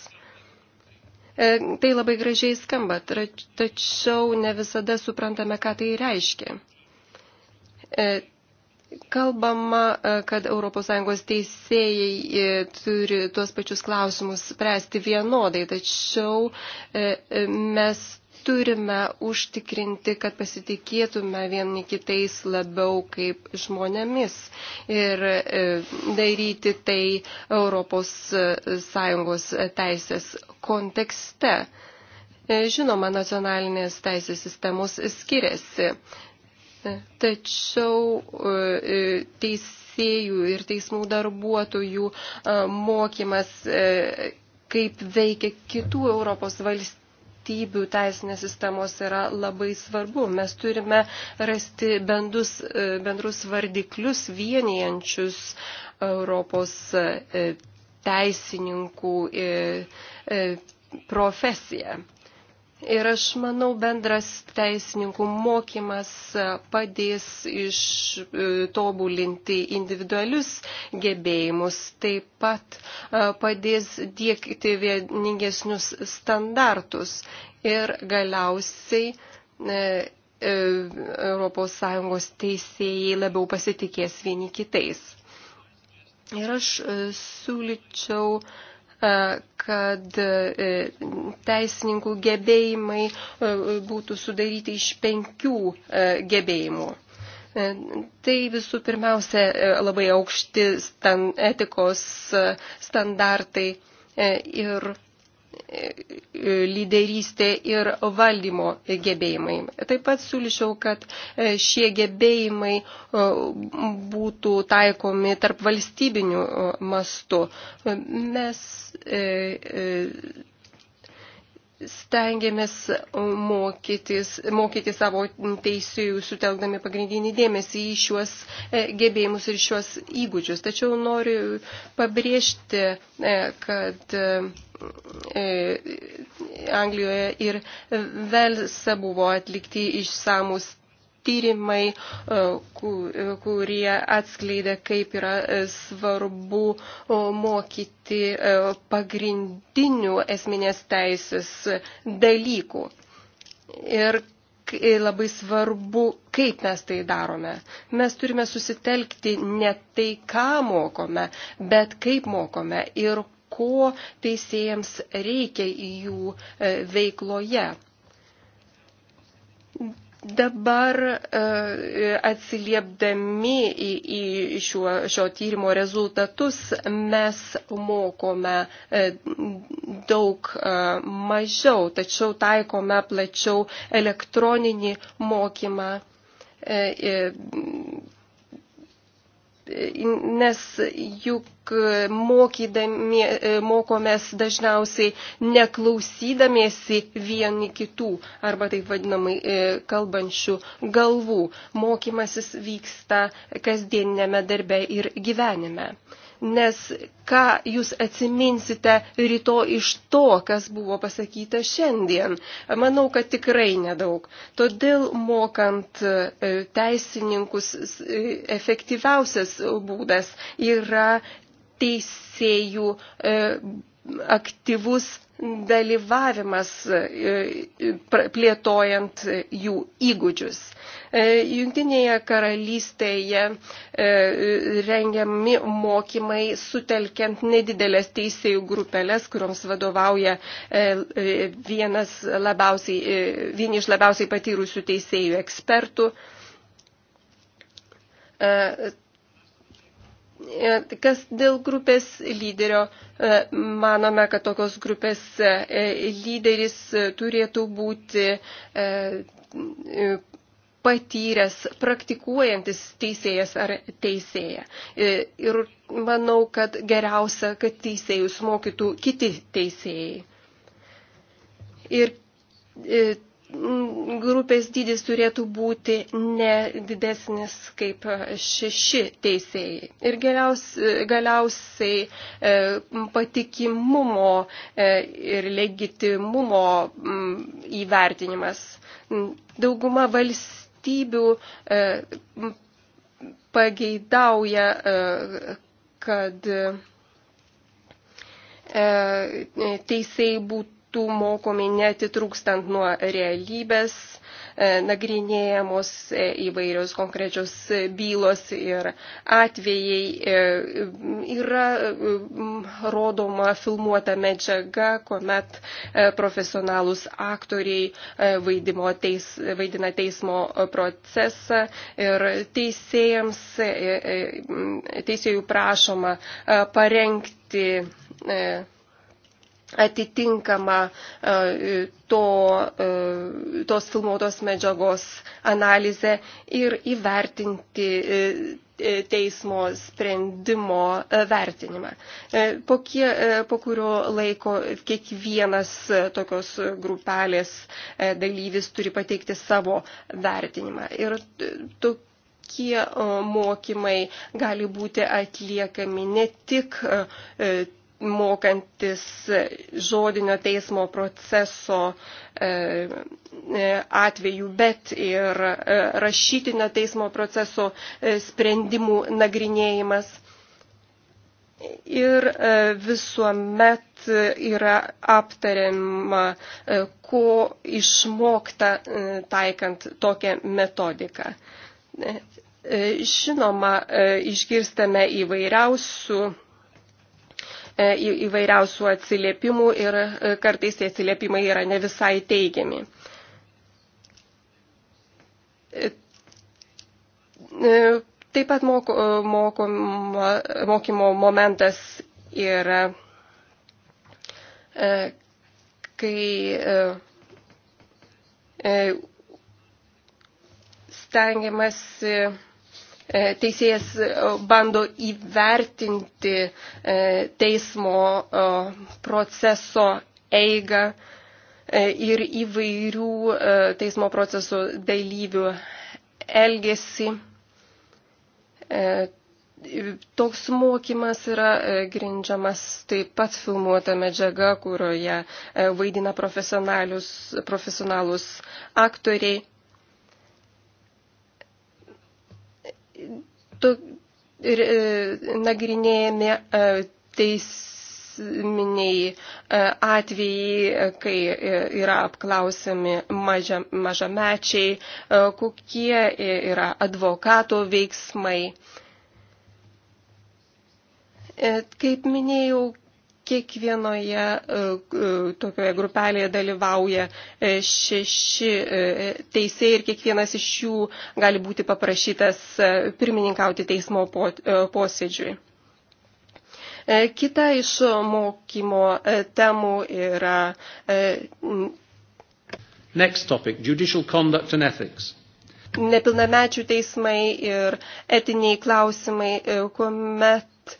Tai labai gražiai skamba, tačiau ne visada suprantame, ką tai reiškia Kalbama, e, kad ES teisėjai e, turi tuos pačius klausimus spręsti vienodai, tačiau e, mes turime užtikrinti, kad pasitikėtume vieni kitais labiau kaip žmonėmis ir daryti tai ES teisės kontekste. Žinoma, nacionalinės teisės sistemos skiriasi. Tačiau e, e, teisėjų ir teismų darbuotojų e, mokymas, kaip veikia kitų Europos valstybių teisinės sistemos yra labai svarbu. Mes turime rasti bendrus, bendrus vardiklius vienijančius Europos teisininkų profesiją. Ir aš manau, bendras teisininkų mokymas padės ištobulinti e, individualius gebėjimus, taip pat e, padės dėkti vieningesnius standartus ir galiausiai ES e, teisėjai labiau pasitikės vieni kitais. Ir aš siūlyčiau uh, E, kad e, teisininkų gebėjimai e, būtų sudaryti iš penkių gebėjimų. Tai visų pirmiausia labai aukšti stan, etikos standartai ir E, lyderystė ir valdymo gebėjimai. Taip pat siūlyčiau, kad e, šie gebėjimai e, būtų taikomi tarp valstybinių mastų. Mes stengiamės mokytis, mokyti savo teisėjų, sutelkdami pagrindinį dėmesį į šiuos e, gebėjimus ir šiuos įgūdžius. Tačiau noriu pabrėžti, e, kad e, Anglijoje ir Velse buvo atlikti išsamus tyrimai, e, e, kurie atskleidė, kaip yra e, svarbu mokyti pagrindinių esminės teisės dalykų. Ir labai svarbu, kaip mes tai darome. Mes turime susitelkti ne tai, ką mokome, bet kaip mokome ir ko teisėjams reikia jų veikloje Dabar e, atsiliepdami į, į šiuo, šio tyrimo rezultatus mes mokome e, daug e, mažiau, tačiau taikome plačiau elektroninį mokymą nes juk mokydami, e, mokomės dažniausiai neklausydamiesi vieni kitų arba taip vadinamai e, kalbančių galvų. Mokymasis vyksta kasdieninėme darbe ir gyvenime nes ką jūs atsiminsite ryto iš to, kas buvo pasakyta šiandien? Manau, kad tikrai nedaug. Todėl mokant e, teisininkus e, efektyviausias būdas yra teisėjų e, aktyvus dalyvavimas e, plėtojant jų įgūdžius. E, Junktinėje karalystėje e, rengiami mokymai sutelkiant nedidelės teisėjų grupelės, kurioms vadovauja vienas labiausiai, vieni iš labiausiai patyrusių teisėjų ekspertų E, kas dėl grupės lyderio, e, manome, kad tokios grupės e, lyderis turėtų būti patyręs, praktikuojantis teisėjas ar teisėja. Ir manau, kad geriausia, kad teisėjus mokytų kiti teisėjai. Ir Mm, grupės dydis turėtų būti ne didesnis kaip šeši teisėjai. Ir galiausiai, galiausiai e, patikimumo e, ir legitimumo mm, įvertinimas. Mm, dauguma valstybių e, pageidauja, kad teisėjai būtų faktų mokomi netitrūkstant nuo realybės, e, nagrinėjamos e, įvairios konkrečios e, bylos ir atvejai. Yra rodoma filmuota medžiaga, kuomet profesionalus aktoriai vaidimo teis, vaidina teismo procesą ir teisėjams, teisėjų prašoma parengti atitinkamą e, to, e, tos filmuotos medžiagos analizę ir įvertinti e, teismo sprendimo vertinimą. Po, kie, po kurio laiko kiekvienas tokios grupelės dalyvis turi pateikti savo vertinimą. Ir tokie mokymai gali būti atliekami ne tik mokantis žodinio teismo proceso e, e, atveju, bet ir e, rašytinio teismo proceso sprendimų nagrinėjimas. Ir visuomet yra aptariama, ko išmokta taikant tokią metodiką. Žinoma, išgirstame įvairiausių E, įvairiausių atsiliepimų ir e, kartais tie atsiliepimai yra ne visai teigiami. E, taip pat moko, moko, mokymo momentas yra, kai stengiamasi E, teisėjas e, bando įvertinti e, teismo proceso eigą ir įvairių teismo proceso dalyvių elgesį. Toks mokymas yra grindžiamas taip pat filmuota medžiaga, kurioje vaidina profesionalus aktoriai to, ir, e, nagrinėjami e, teisminiai e, atvejai, kai yra apklausiami maža, mažamečiai, kokie yra advokato veiksmai. Kaip minėjau, kiekvienoje e, e, tokioje grupelėje dalyvauja e, šeši teisėjai ir kiekvienas iš jų gali būti paprašytas pirmininkauti teismo posėdžiui. Kita iš mokymo temų yra. Next topic, judicial conduct and ethics nepilnamečių teismai ir etiniai klausimai, kuomet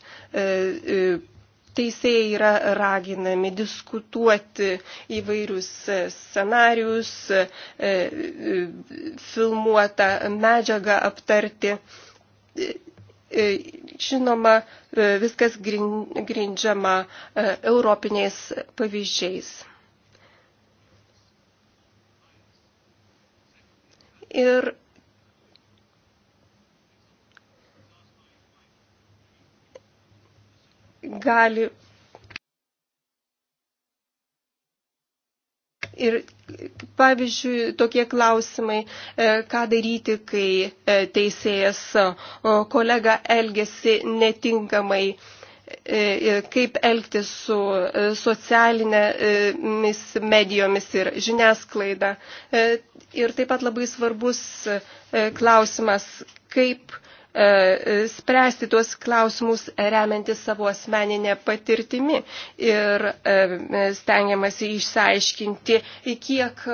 teisėjai yra raginami diskutuoti įvairius scenarius, e, e, filmuotą medžiagą aptarti. E, žinoma, viskas grindžiama europiniais pavyzdžiais. Ir gali. Ir pavyzdžiui, tokie klausimai, e, ką daryti, kai e, teisėjas kolega elgesi netinkamai e, kaip elgtis su socialinėmis medijomis ir žiniasklaida. Ir taip pat labai svarbus klausimas, kaip E, e, spręsti tuos klausimus remiantis savo asmeninę patirtimi ir e, stengiamasi išsiaiškinti, kiek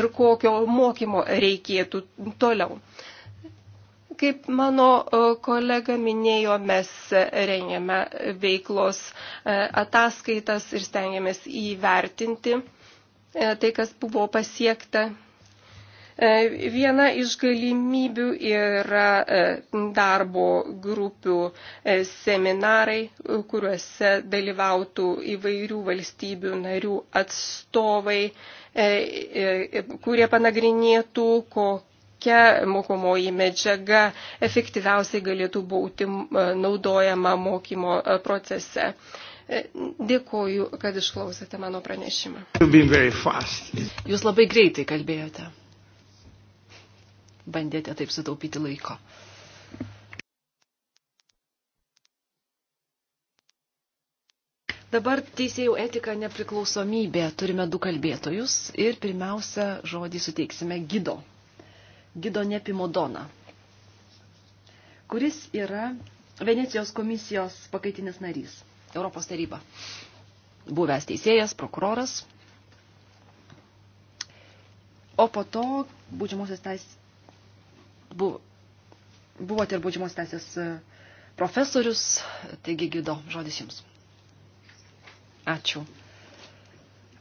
ir kokio mokymo reikėtų toliau. Kaip mano kolega minėjo, mes rengiame veiklos ataskaitas ir stengiamės įvertinti tai, kas buvo pasiekta E, viena iš galimybių yra e, darbo grupių e, seminarai, kuriuose dalyvautų įvairių valstybių narių atstovai, kurie panagrinėtų, kokia mokomoji medžiaga efektyviausiai galėtų būti naudojama mokymo procese. Dėkuoju, kad išklausėte mano pranešimą. Jūs labai greitai kalbėjote bandėte taip sutaupyti laiko. Dabar teisėjų etika nepriklausomybė. Turime du kalbėtojus ir pirmiausia žodį suteiksime Gido. Gido Nepimodona, kuris yra Venecijos komisijos pakaitinis narys, Europos taryba. Buvęs teisėjas, prokuroras. O po to būdžiamosios teisės buvo, buvote ir baudžiamos teisės e, profesorius, taigi gydo, žodis jums. Ačiū.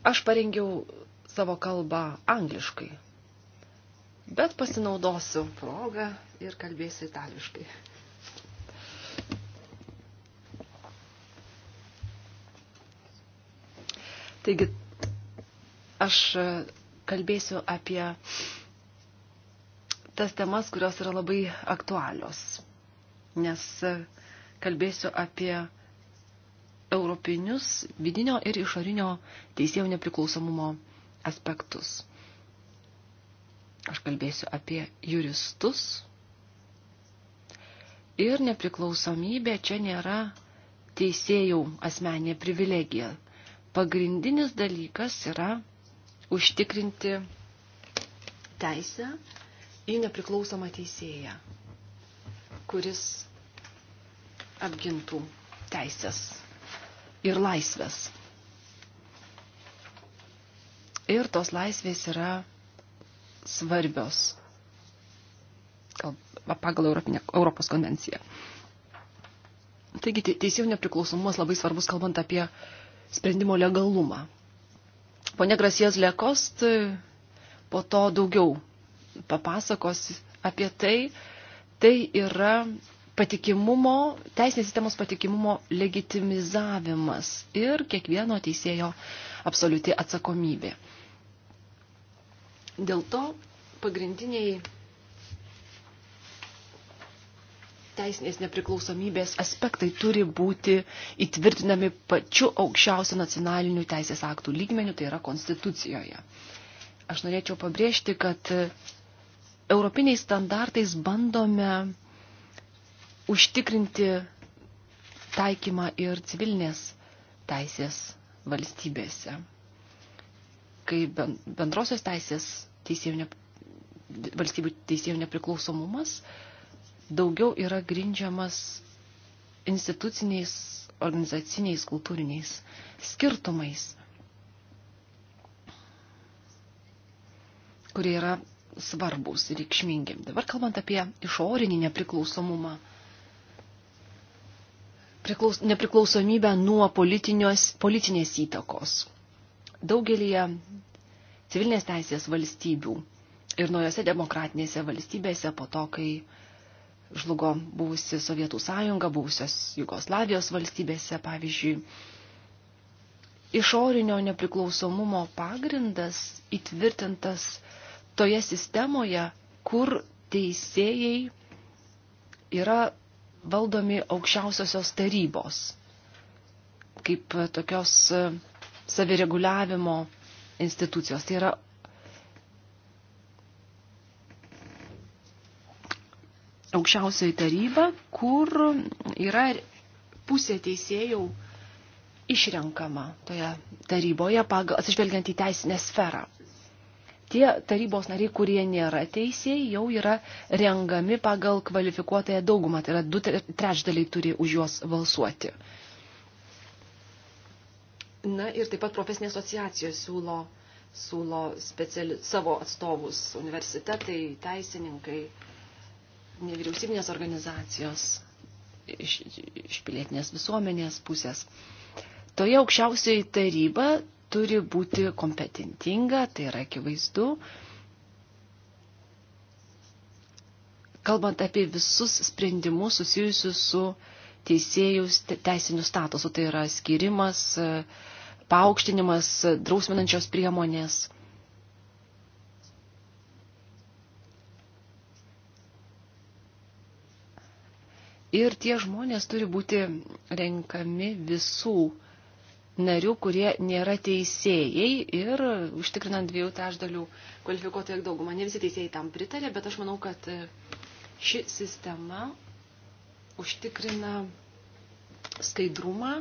Aš parengiau savo kalbą angliškai, bet pasinaudosiu progą ir kalbėsiu itališkai. Taigi, aš e, kalbėsiu apie tas temas, kurios yra labai aktualios, nes e, kalbėsiu apie europinius vidinio ir išorinio teisėjų nepriklausomumo aspektus. Aš kalbėsiu apie juristus ir nepriklausomybė čia nėra teisėjų asmeninė privilegija. Pagrindinis dalykas yra užtikrinti teisę į nepriklausomą teisėją, kuris apgintų teisės ir laisvės. Ir tos laisvės yra svarbios pagal Europinę, Europos konvenciją. Taigi teisėjų nepriklausomumas labai svarbus, kalbant apie sprendimo legalumą. Pone Grasijas Lekost po to daugiau papasakos apie tai, tai yra patikimumo, teisinės sistemos patikimumo legitimizavimas ir kiekvieno teisėjo absoliuti atsakomybė. Dėl to pagrindiniai teisinės nepriklausomybės aspektai turi būti įtvirtinami pačiu aukščiausiu nacionaliniu teisės aktų lygmeniu, tai yra konstitucijoje. Aš norėčiau pabrėžti, kad europiniais standartais bandome užtikrinti taikymą ir civilinės teisės valstybėse. Kai bendrosios teisės teisėjų ne, valstybių teisėjų nepriklausomumas daugiau yra grindžiamas instituciniais, organizaciniais, kultūriniais skirtumais, kurie yra svarbus ir reikšmingi. Dabar kalbant apie išorinį nepriklausomumą, priklaus, nepriklausomybę nuo politinės įtakos. Daugelįje civilinės teisės valstybių ir naujose demokratinėse valstybėse po to, kai žlugo buvusi Sovietų sąjunga, buvusios Jugoslavijos valstybėse, pavyzdžiui, išorinio nepriklausomumo pagrindas įtvirtintas toje sistemoje, kur teisėjai yra valdomi aukščiausiosios tarybos, kaip tokios e, savireguliavimo institucijos. Tai yra aukščiausioji taryba, kur yra pusė teisėjų išrenkama toje taryboje, pagal, atsižvelgiant į teisinę sferą tie tarybos nariai, kurie nėra teisėjai, jau yra rengami pagal kvalifikuotąją daugumą, tai yra du trečdaliai turi už juos valsuoti. Na ir taip pat profesinė asociacija siūlo, siūlo speciali, savo atstovus universitetai, teisininkai, nevyriausybinės organizacijos iš, iš pilietinės visuomenės pusės. Toje aukščiausioji taryba turi būti kompetentinga, tai yra akivaizdu. Kalbant apie visus sprendimus susijusius su teisėjų teisiniu statusu, tai yra skirimas, paaukštinimas, drausminančios priemonės. Ir tie žmonės turi būti renkami visų uh, narių, kurie nėra teisėjai ir užtikrinant dviejų trešdalių kvalifikuotą daugumą. Ne visi teisėjai tam pritarė, bet aš manau, kad e, ši sistema užtikrina skaidrumą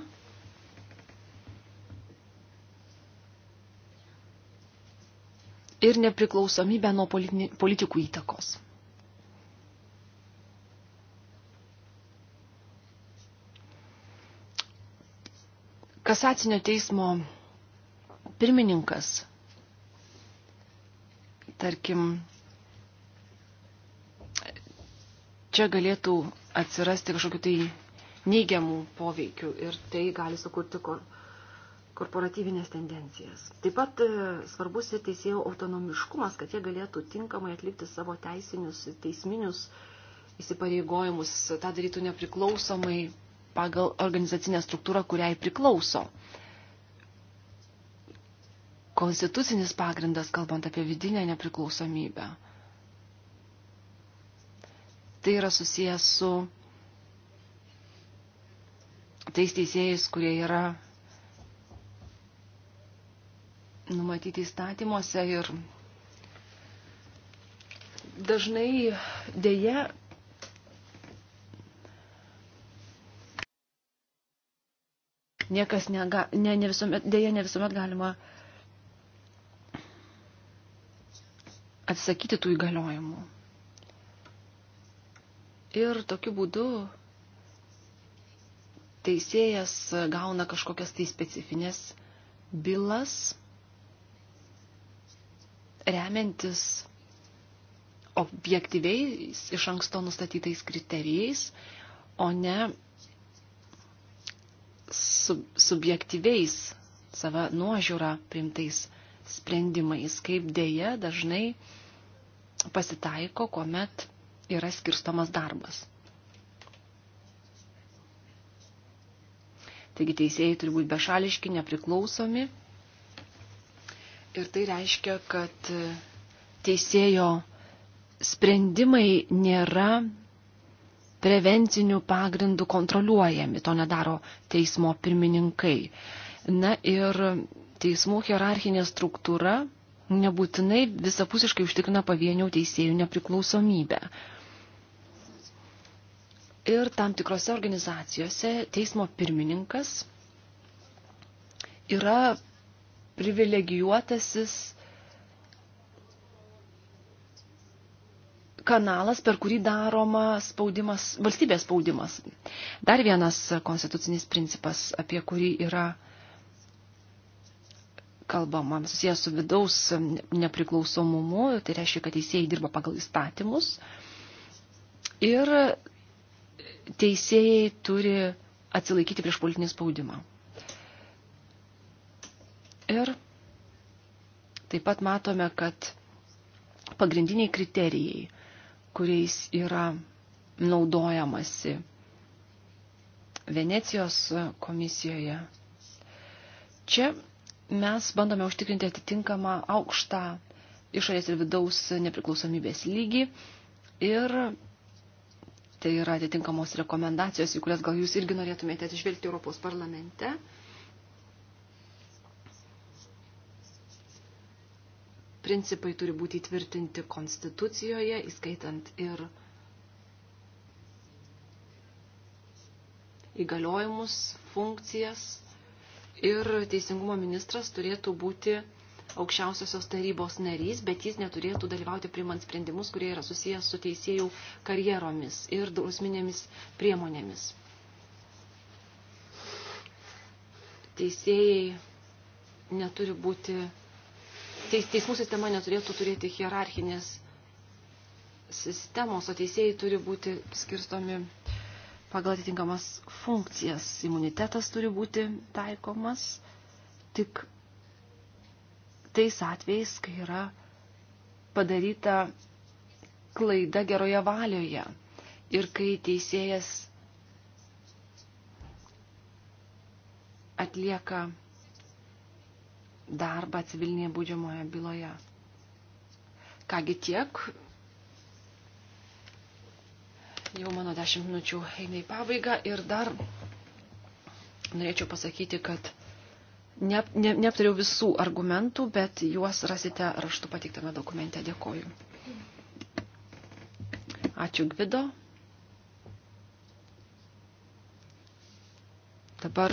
ir nepriklausomybę nuo politikų įtakos. kasacinio teismo pirmininkas, tarkim, čia galėtų atsirasti kažkokiu tai neigiamų poveikių ir tai gali sukurti kor korporatyvinės tendencijas. Taip pat e, svarbus ir teisėjų autonomiškumas, kad jie galėtų tinkamai atlikti savo teisinius, teisminius įsipareigojimus, tą darytų nepriklausomai pagal organizacinę struktūrą, kuriai priklauso. Konstitucinis pagrindas, kalbant apie vidinę nepriklausomybę, tai yra susijęs su tais teisėjais, kurie yra numatyti įstatymuose ir dažnai dėje niekas nega, ne, ne visuomet, dėja ne visuomet galima atsisakyti tų įgaliojimų. Ir tokiu būdu teisėjas gauna kažkokias tai specifines bylas, remiantis objektyviais iš anksto nustatytais kriterijais, o ne sub subjektyviais savo nuožiūrą primtais sprendimais, kaip dėja dažnai pasitaiko, kuomet yra skirstomas darbas. Taigi teisėjai turi būti bešališki, nepriklausomi. Ir tai reiškia, kad teisėjo sprendimai nėra prevencinių pagrindų kontroliuojami, to nedaro teismo pirmininkai. Na ir teismų hierarchinė struktūra nebūtinai visapusiškai užtikrina pavienių teisėjų nepriklausomybę. Ir tam tikrose organizacijose teismo pirmininkas yra privilegijuotasis kanalas, per kurį daroma spaudimas, valstybės spaudimas. Dar vienas konstitucinis principas, apie kurį yra kalbama, susijęs su vidaus nepriklausomumu, tai reiškia, kad teisėjai dirba pagal įstatymus ir teisėjai turi atsilaikyti prieš politinį spaudimą. Ir taip pat matome, kad pagrindiniai kriterijai kuriais yra naudojamasi Venecijos komisijoje. Čia mes bandome užtikrinti atitinkamą aukštą išorės ir vidaus nepriklausomybės lygį ir tai yra atitinkamos rekomendacijos, į kurias gal jūs irgi norėtumėte atsižvelgti Europos parlamente. principai turi būti įtvirtinti konstitucijoje, įskaitant ir įgaliojimus, funkcijas ir teisingumo ministras turėtų būti aukščiausiosios tarybos narys, bet jis neturėtų dalyvauti priimant sprendimus, kurie yra susijęs su teisėjų karjeromis ir drausminėmis priemonėmis. Teisėjai neturi būti teismų sistema neturėtų turėti hierarchinės sistemos, o teisėjai turi būti skirstomi pagal atitinkamas funkcijas. Imunitetas turi būti taikomas tik tais atvejais, kai yra padaryta klaida geroje valioje ir kai teisėjas atlieka darbą civilinėje būdžiamoje byloje. Kągi tiek. Jau mano dešimt minučių eina į pabaigą ir dar norėčiau pasakyti, kad ne, ne, neaptariau visų argumentų, bet juos rasite raštu pateiktame dokumente. Dėkoju. Ačiū Gvido. Dabar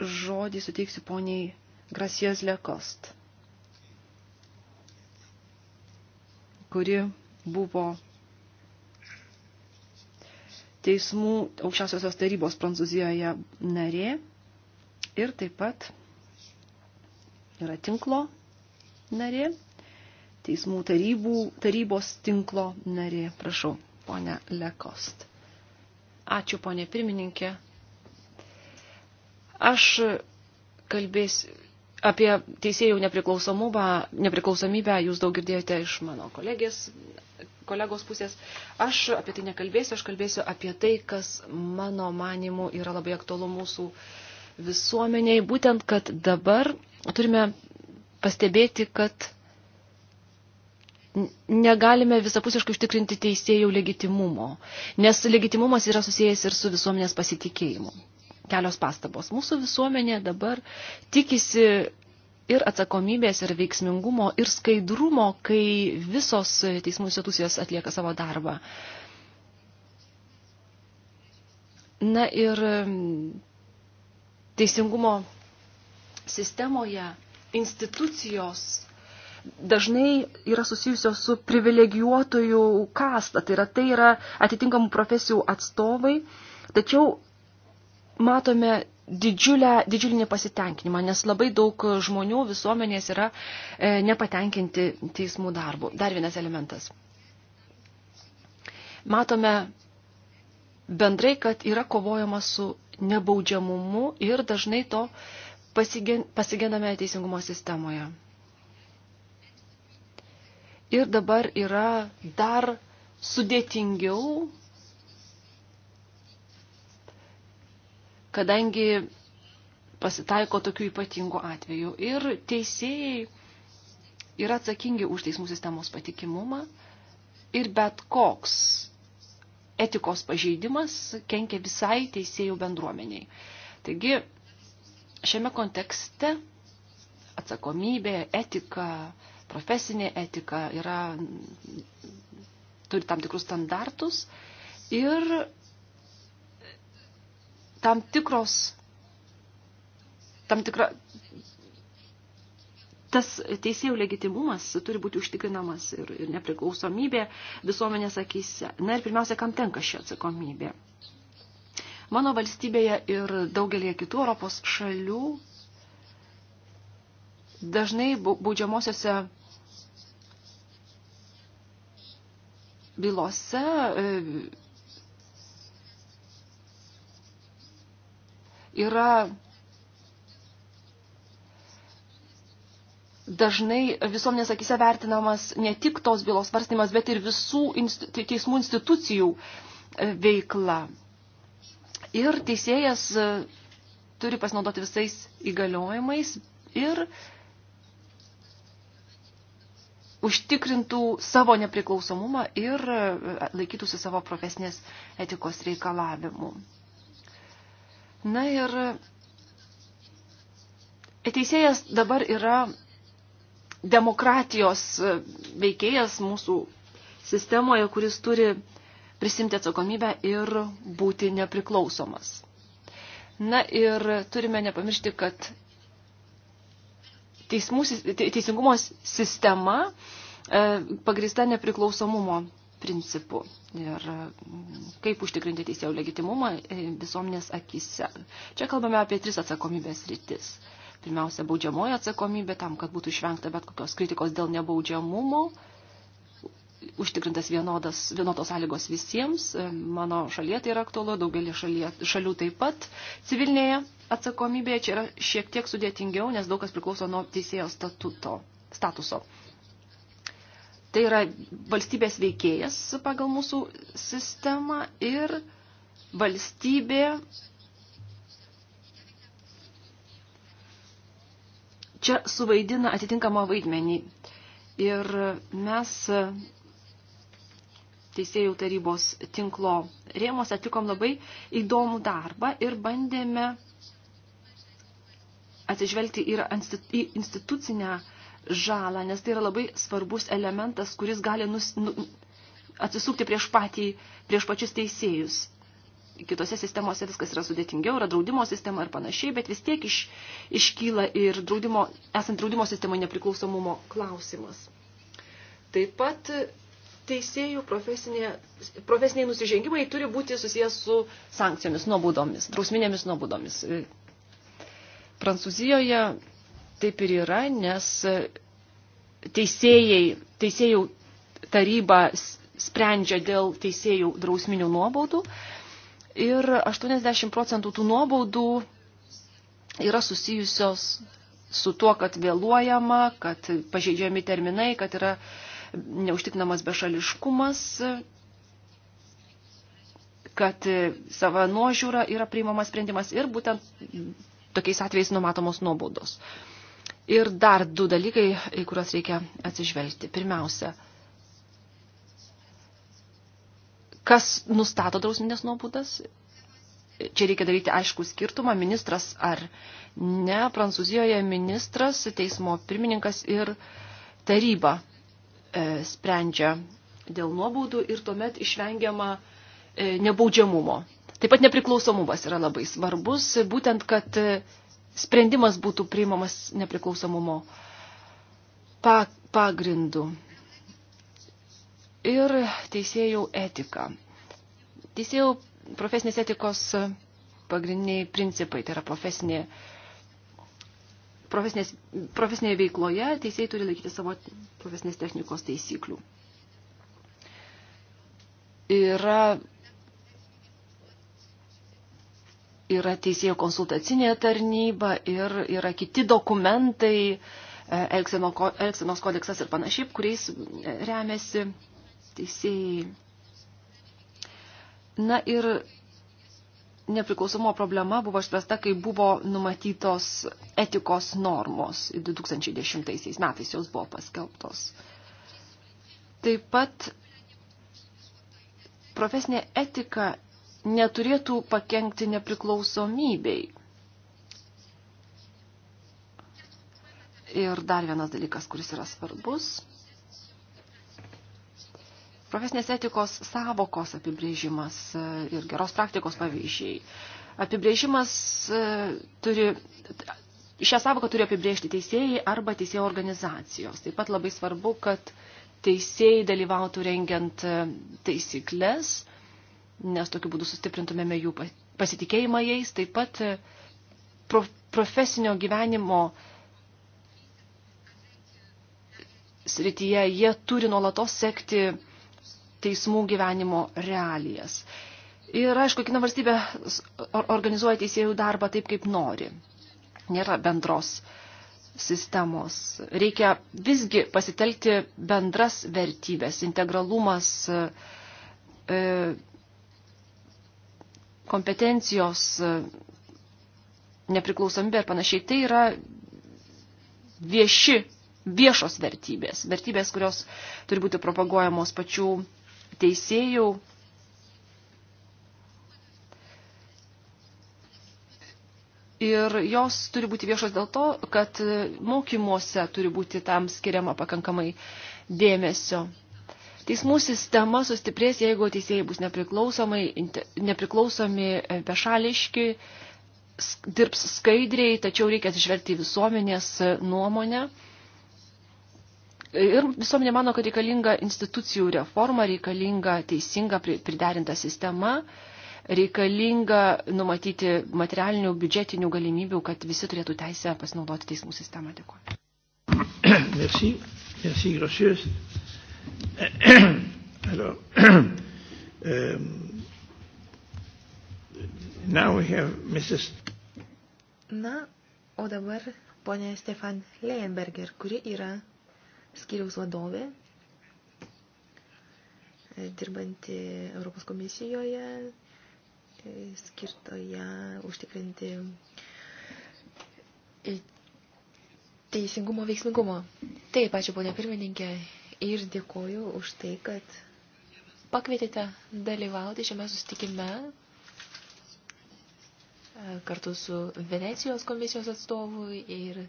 žodį suteiksiu poniai Gracias Lekost, kuri buvo teismų aukščiausiosios tarybos Prancūzijoje narė ir taip pat yra tinklo narė, teismų tarybų, tarybos tinklo narė. Prašau, ponia Lekost. Ačiū, ponė pirmininkė. Aš kalbėsiu, Apie teisėjų nepriklausomybę jūs daug girdėjote iš mano kolegės, kolegos pusės. Aš apie tai nekalbėsiu, aš kalbėsiu apie tai, kas mano manimu yra labai aktualu mūsų visuomeniai. Būtent, kad dabar turime pastebėti, kad negalime visapusiškai užtikrinti teisėjų legitimumo, nes legitimumas yra susijęs ir su visuomenės pasitikėjimu kelios pastabos. Mūsų visuomenė dabar tikisi ir atsakomybės, ir veiksmingumo, ir skaidrumo, kai visos teismų institucijos atlieka savo darbą. Na ir teisingumo sistemoje institucijos dažnai yra susijusios su privilegijuotojų kasta, tai yra, tai yra atitinkamų profesijų atstovai, tačiau matome didžiulę, didžiulį nepasitenkinimą, nes labai daug žmonių visuomenės yra e, nepatenkinti teismų darbu. Dar vienas elementas. Matome bendrai, kad yra kovojama su nebaudžiamumu ir dažnai to pasigendame teisingumo sistemoje. Ir dabar yra dar sudėtingiau kadangi pasitaiko tokių ypatingų atvejų. Ir teisėjai yra atsakingi už teismų sistemos patikimumą ir bet koks etikos pažeidimas kenkia visai teisėjų bendruomeniai. Taigi, šiame kontekste atsakomybė, etika, profesinė etika yra, turi tam tikrus standartus ir tam tikros, tam tikra, tas teisėjų legitimumas turi būti užtikrinamas ir, ir nepriklausomybė visuomenės akise. Na ir pirmiausia, kam tenka ši atsakomybė? Mano valstybėje ir daugelėje kitų Europos šalių dažnai baudžiamosiose bylose e, yra dažnai visuomenės akise vertinamas ne tik tos bylos svarstymas, bet ir visų inst teismų institucijų e, veikla. Ir teisėjas e, turi pasinaudoti visais įgaliojimais ir užtikrintų savo nepriklausomumą ir e, laikytųsi savo profesinės etikos reikalavimų. Na ir teisėjas dabar yra demokratijos veikėjas mūsų sistemoje, kuris turi prisimti atsakomybę ir būti nepriklausomas. Na ir turime nepamiršti, kad teismų, teisingumo sistema e, pagrįsta nepriklausomumo principų ir mm, kaip užtikrinti teisėjų legitimumą e, visuomenės akise. Čia kalbame apie tris atsakomybės rytis. Pirmiausia, baudžiamoji atsakomybė tam, kad būtų išvengta bet kokios kritikos dėl nebaudžiamumo, užtikrintas vienodas, vienodos sąlygos visiems. E, mano šalyje tai yra aktualu, daugelį šalyje, šalių taip pat. Civilinėje atsakomybėje čia yra šiek tiek sudėtingiau, nes daug kas priklauso nuo teisėjo statuto, statuso. Tai yra valstybės veikėjas pagal mūsų sistemą ir valstybė čia suvaidina atitinkamą vaidmenį. Ir mes Teisėjų tarybos tinklo rėmos atlikom labai įdomų darbą ir bandėme atsižvelgti ir į institucinę žalą, nes tai yra labai svarbus elementas, kuris gali nus, nu, atsisukti prieš, patį, prieš pačius teisėjus. Kitose sistemose viskas yra sudėtingiau, yra draudimo sistema ir panašiai, bet vis tiek iš, iškyla ir draudimo, esant draudimo sistemo nepriklausomumo klausimas. Taip pat teisėjų profesinė, profesiniai nusižengimai turi būti susijęs su sankcijomis, nuobudomis, drausminėmis nuobudomis. Prancūzijoje taip ir yra, nes teisėjai, teisėjų taryba sprendžia dėl teisėjų drausminių nuobaudų ir 80 procentų tų nuobaudų yra susijusios su tuo, kad vėluojama, kad pažeidžiami terminai, kad yra neužtikrinamas bešališkumas, kad savo nuožiūra yra priimamas sprendimas ir būtent tokiais atvejais numatomos nuobaudos. Ir dar du dalykai, į kuriuos reikia atsižvelgti. Pirmiausia, kas nustato drausminės nuobudas? Čia reikia daryti aišku skirtumą, ministras ar ne. Prancūzijoje ministras, teismo pirmininkas ir taryba e, sprendžia dėl nuobaudų ir tuomet išvengiama e, nebaudžiamumo. Taip pat nepriklausomumas yra labai svarbus, būtent, kad sprendimas būtų priimamas nepriklausomumo pagrindu. Ir teisėjų etika. Teisėjų profesinės etikos pagrindiniai principai, tai yra profesinė, profesinės, profesinėje veikloje teisėjai turi laikyti savo profesinės technikos taisyklių. Yra yra teisėjų konsultacinė tarnyba ir yra kiti dokumentai, e, Elksenos kodeksas ir panašiai, kuriais e, remiasi teisėjai. Na ir nepriklausomo problema buvo išspręsta, kai buvo numatytos etikos normos. 2010 metais jos buvo paskelbtos. Taip pat profesinė etika neturėtų pakengti nepriklausomybei. Ir dar vienas dalykas, kuris yra svarbus. Profesinės etikos savokos apibrėžimas e, ir geros praktikos pavyzdžiai. Apibrėžimas e, turi, šią savoką turi apibrėžti teisėjai arba teisėjų organizacijos. Taip pat labai svarbu, kad teisėjai dalyvautų rengiant e, taisyklės nes tokiu būdu sustiprintumėme jų pasitikėjimą jais, taip pat e, pro, profesinio gyvenimo srityje jie turi nuolatos sekti teismų gyvenimo realijas. Ir aišku, kiekviena valstybė organizuoja teisėjų darbą taip, kaip nori. Nėra bendros sistemos. Reikia visgi pasitelkti bendras vertybės, integralumas, e, e kompetencijos e, nepriklausomybė ir panašiai, tai yra vieši, viešos vertybės. Vertybės, kurios turi būti propaguojamos pačių teisėjų. Ir jos turi būti viešos dėl to, kad mokymuose turi būti tam skiriama pakankamai dėmesio. Teismų sistema sustiprės, jeigu teisėjai bus nepriklausomi, e, bešališki, dirbs skaidriai, tačiau reikia atsižvelgti visuomenės e, nuomonę. Ir visuomenė mano, kad reikalinga institucijų reforma, reikalinga teisinga priderinta sistema, reikalinga numatyti materialinių biudžetinių galimybių, kad visi turėtų teisę pasinaudoti teismų sistemą. Dėkuoju. Merci. Merci, gracias. Hello. um, now we have Mrs. Na, o dabar ponė Stefan Leenberger, kuri yra skiriaus vadovė, e, dirbanti Europos komisijoje, e, skirtoje užtikrinti teisingumo veiksmingumo. Taip, ačiū ponė pirmininkė, ir dėkoju už tai, kad pakvietėte dalyvauti šiame sustikime e, kartu su Venecijos komisijos atstovu ir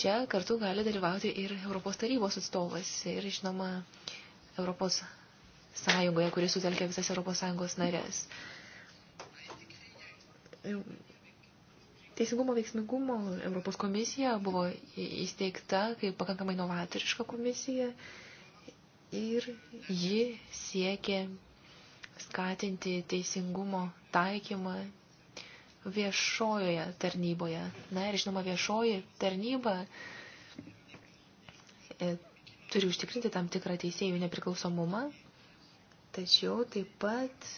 čia kartu gali dalyvauti ir Europos tarybos atstovas ir, žinoma, Europos sąjungoje, kuris sutelkia visas Europos sąjungos narės. Teisingumo veiksmingumo Europos komisija buvo įsteigta kaip pakankamai novatoriška komisija ir ji siekė skatinti teisingumo taikymą viešojoje tarnyboje. Na ir žinoma, viešoji tarnyba e, turi užtikrinti tam tikrą teisėjų nepriklausomumą, tačiau taip pat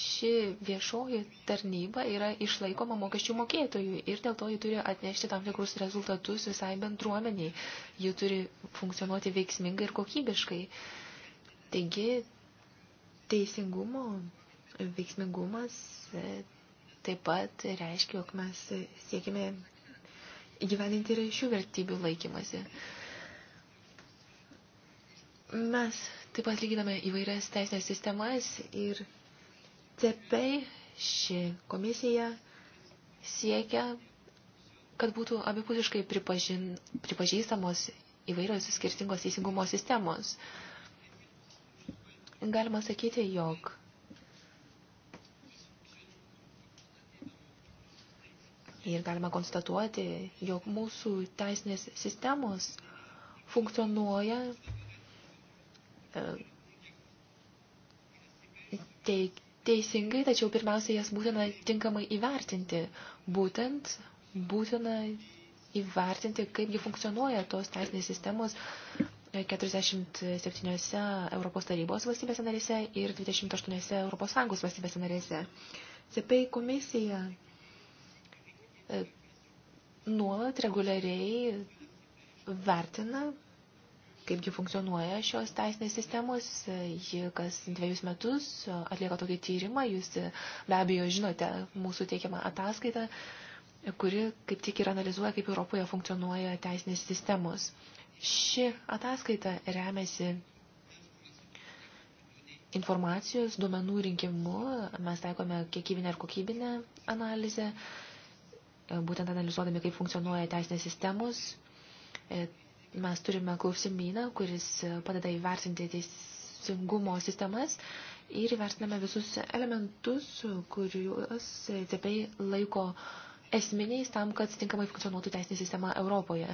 ši viešoji tarnyba yra išlaikoma mokesčių mokėtojų ir dėl to ji turi atnešti tam tikrus rezultatus visai bendruomeniai. Ji turi funkcionuoti veiksmingai ir kokybiškai. Taigi, teisingumo veiksmingumas e, taip pat reiškia, jog mes siekime gyveninti ir šių vertybių laikymasi. Mes taip pat lyginame įvairias teisinės sistemas ir CEPEI ši komisija siekia, kad būtų abipusiškai pripažin, pripažįstamos įvairios skirtingos teisingumo sistemos. Galima sakyti, jog ir galima konstatuoti, jog mūsų teisinės sistemos funkcionuoja e, teik, teisingai, tačiau pirmiausia, jas būtina tinkamai įvertinti. Būtent būtina įvertinti, kaipgi funkcionuoja tos teisinės sistemos 47 Europos tarybos valstybėse narėse ir 28 Europos Sąjungos valstybėse narėse. CPI komisija e, nuolat reguliariai vertina kaipgi funkcionuoja šios teisinės sistemos. Ji kas dviejus metus atlieka tokį tyrimą. Jūs be abejo žinote mūsų teikiamą ataskaitą, kuri kaip tik ir analizuoja, kaip Europoje funkcionuoja teisinės sistemos. Ši ataskaita remiasi informacijos, duomenų rinkimu. Mes taikome kiekybinę ir kokybinę analizę, būtent analizuodami, kaip funkcionuoja teisinės sistemos Mes turime klausimyną, kuris padeda įvertinti teisingumo sistemas ir įvertiname visus elementus, kuriuos CPI laiko esminiais tam, kad tinkamai funkcionuotų teisinė sistema Europoje.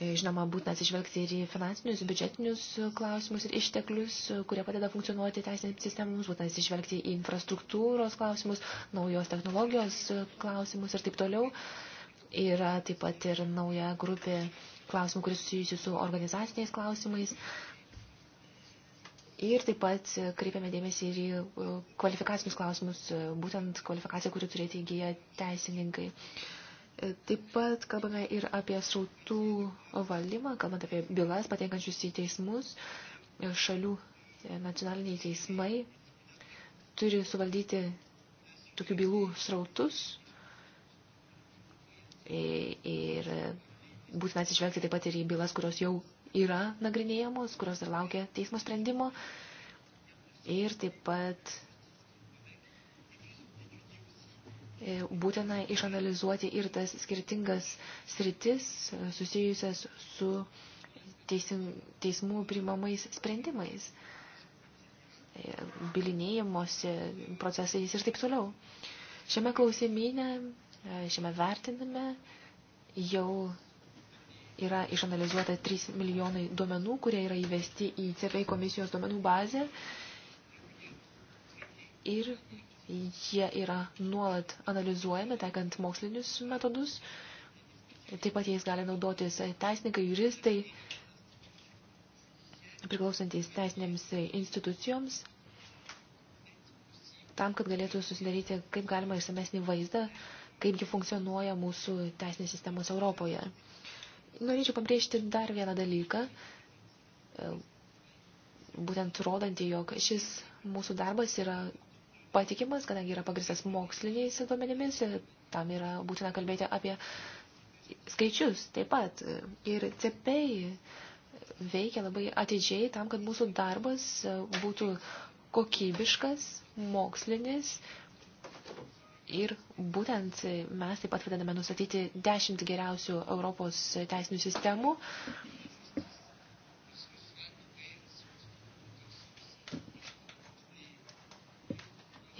Žinoma, būtina atsižvelgti ir į finansinius, biudžetinius klausimus ir išteklius, kurie padeda funkcionuoti teisinėms sistemoms, būtina atsižvelgti į infrastruktūros klausimus, naujos technologijos klausimus ir taip toliau. Yra taip pat ir nauja grupė klausimų, kuris susijusi su organizaciniais klausimais. Ir taip pat kreipiame dėmesį ir į e, kvalifikacinius klausimus, e, būtent kvalifikaciją, kuri turėti įgyję teisininkai. E, taip pat kalbame ir apie srautų valdymą, kalbant apie bylas patenkančius į teismus, šalių nacionaliniai teismai turi suvaldyti tokių bylų srautus ir būsime atsižvelgti taip pat ir į bylas, kurios jau yra nagrinėjamos, kurios dar laukia teismo sprendimo. Ir taip pat e, būtina išanalizuoti ir tas skirtingas sritis e, susijusias su teisim, teismų primamais sprendimais, e, bilinėjimuose, procesais ir taip toliau. Šiame klausimyne E, šiame vertinime jau yra išanalizuota 3 milijonai duomenų, kurie yra įvesti į CPI komisijos duomenų bazę ir jie yra nuolat analizuojami, taikant mokslinius metodus. Taip pat jais gali naudotis teisininkai, juristai, priklausantys teisinėms institucijoms, tam, kad galėtų susidaryti kaip galima išsamesnį vaizdą kaipgi funkcionuoja mūsų teisinės sistemos Europoje. Norėčiau pabrėžti dar vieną dalyką, e, būtent rodantį, jog šis mūsų darbas yra patikimas, kadangi yra pagristas moksliniais duomenimis, e, tam yra būtina kalbėti apie skaičius taip pat. Ir CPI veikia labai atidžiai tam, kad mūsų darbas e, būtų kokybiškas, mokslinis, Ir būtent mes taip pat vadiname nustatyti dešimt geriausių Europos teisinių sistemų.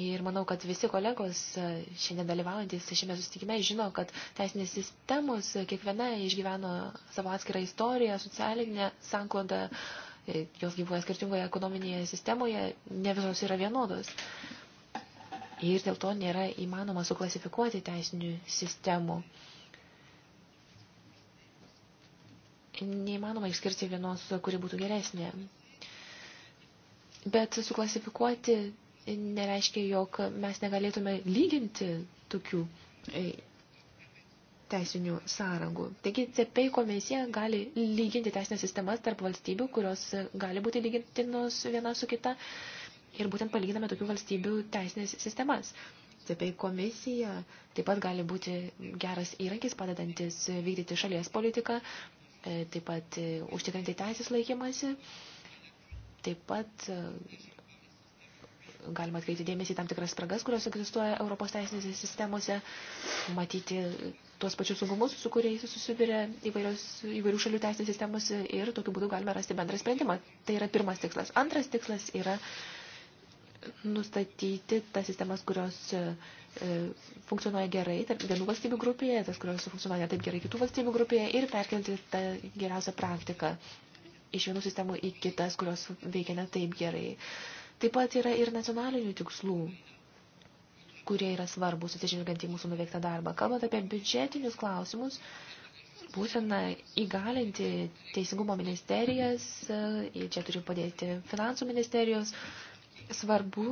Ir manau, kad visi kolegos šiandien dalyvaujantis šiame susitikime žino, kad teisinės sistemos kiekviena išgyveno savo atskirą istoriją, socialinę sanklodą, jos gyvuoja skirtingoje ekonominėje sistemoje, ne visos yra vienodos ir dėl to nėra įmanoma suklasifikuoti teisinių sistemų. Neįmanoma išskirti vienos, kuri būtų geresnė. Bet suklasifikuoti nereiškia, jog mes negalėtume lyginti tokių e, teisinių sąrangų. Taigi CPI komisija gali lyginti teisinės sistemas tarp valstybių, kurios gali būti lygintinos viena su kita. Uh, ir būtent palyginame tokių valstybių teisinės sistemas. Taip, komisija taip pat gali būti geras įrankis padedantis vykdyti šalies politiką, e, taip pat e, užtikrinti teisės laikymasi, taip pat e, galima atkreipti dėmesį į tam tikras spragas, kurios egzistuoja Europos teisinėse sistemose, matyti tuos pačius sunkumus, su kuriais susiduria įvairios, įvairių šalių teisinės sistemos ir tokiu būdu galime rasti bendrą sprendimą. Tai yra pirmas tikslas. Antras tikslas yra nustatyti tas sistemas, kurios e, e, funkcionuoja gerai vienų valstybių grupėje, tas, kurios funkcionuoja taip gerai kitų valstybių grupėje ir perkelti tą geriausią praktiką iš vienų sistemų į kitas, kurios veikia ne taip gerai. Taip pat yra ir nacionalinių tikslų, kurie yra svarbus atsižvelgiant į mūsų nuveiktą darbą. Kalbant apie biudžetinius klausimus, būtina įgalinti teisingumo ministerijas, e, čia turiu padėti finansų ministerijos, svarbu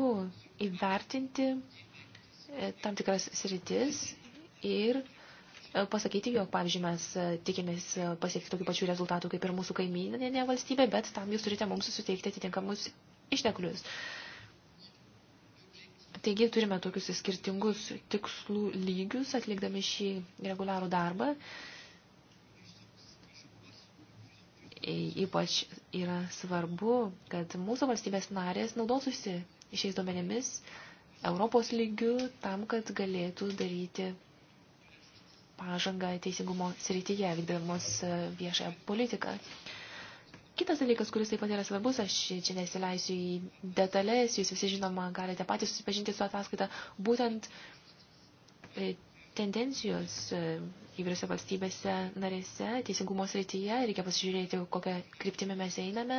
įvertinti e, tam tikras sritis ir e, pasakyti, jog, pavyzdžiui, mes e, tikimės pasiekti tokių pačių rezultatų kaip ir mūsų kaimyninė valstybė, bet tam jūs turite mums suteikti atitinkamus išteklius. Taigi turime tokius skirtingus tikslų lygius, atlikdami šį reguliarų darbą. E, ypač yra svarbu, kad mūsų valstybės narės naudosusi šiais duomenimis Europos lygių tam, kad galėtų daryti pažangą teisingumo srityje, vykdamos e, viešąją politiką. Kitas dalykas, kuris taip pat yra svarbus, aš čia nesileisiu į detalės, jūs visi žinoma galite patys susipažinti su ataskaita, būtent e, tendencijos e, įvairiose valstybėse narėse, teisingumo srityje, reikia pasižiūrėti, kokią kryptimį mes einame,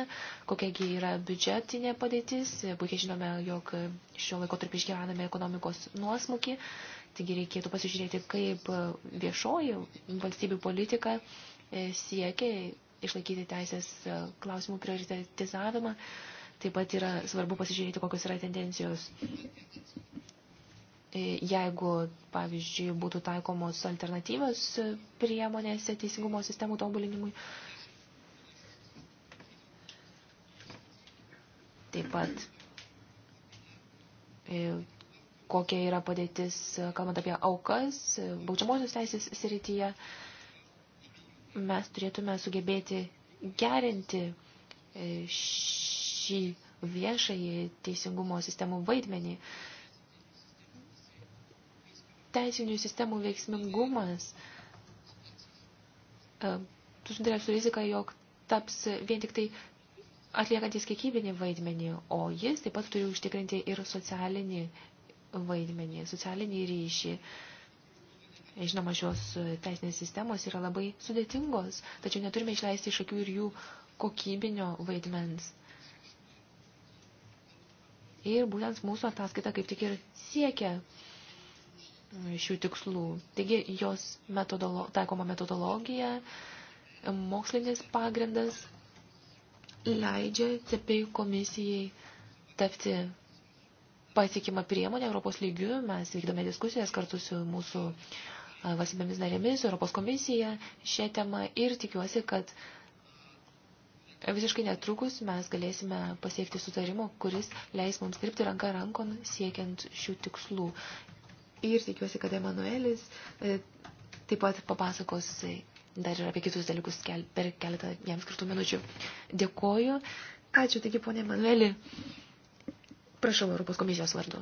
kokiagi yra biudžetinė padėtis, puikiai žinome, jog šio laiko tarp išgyvename ekonomikos nuosmukį, taigi reikėtų pasižiūrėti, kaip viešoji valstybių politika e, siekia išlaikyti teisės e, klausimų prioritetizavimą, taip pat yra svarbu pasižiūrėti, kokios yra tendencijos E, jeigu, pavyzdžiui, būtų taikomos alternatyvios priemonėse teisingumo sistemų tobulinimui. Taip pat, e, kokia yra padėtis, kalbant apie aukas, e, baudžiamosios teisės srityje, mes turėtume sugebėti gerinti šį viešąjį teisingumo sistemų vaidmenį teisinių sistemų veiksmingumas e, susiduria su rizika, jog taps vien tik tai atliekantis kiekybinį vaidmenį, o jis taip pat turi užtikrinti ir socialinį vaidmenį, socialinį ryšį. Žinoma, šios teisinės sistemos yra labai sudėtingos, tačiau neturime išleisti iš akių ir jų kokybinio vaidmens. Ir būtent mūsų ataskaita kaip tik ir siekia šių tikslų. Taigi jos metodolo, taikoma metodologija, mokslinis pagrindas leidžia CPI komisijai tapti patikimą priemonę Europos lygių. Mes vykdome diskusijas kartu su mūsų valstybėmis narėmis, Europos komisija šią temą ir tikiuosi, kad visiškai netrukus mes galėsime pasiekti sutarimo, kuris leis mums dirbti ranką rankon siekiant šių tikslų ir tikiuosi, kad Emanuelis e, taip pat papasakos e, dar ir apie kitus dalykus kel, per keletą jam skirtų minučių. Dėkoju. Ačiū, taigi, ponė Emanueli. Prašau, Europos komisijos vardu.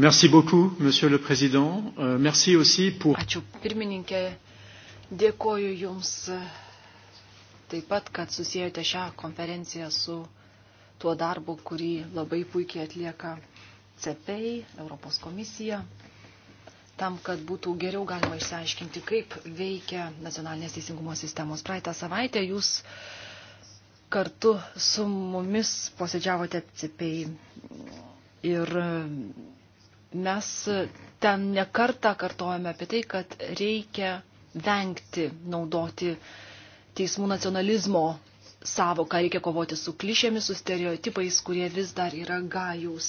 Merci beaucoup, monsieur le président. Euh, merci aussi pour... Ačiū, pirmininkė. Dėkoju Jums e, taip pat, kad susijote šią konferenciją su tuo darbu, kurį labai puikiai atlieka CPI, Europos komisija, tam, kad būtų geriau galima išsiaiškinti, kaip veikia nacionalinės teisingumo sistemos. Praeitą savaitę jūs kartu su mumis posėdžiavote CPI ir mes ten nekartą kartojame apie tai, kad reikia vengti naudoti teismų nacionalizmo savoką, reikia kovoti su klišėmis, su stereotipais, kurie vis dar yra gajus.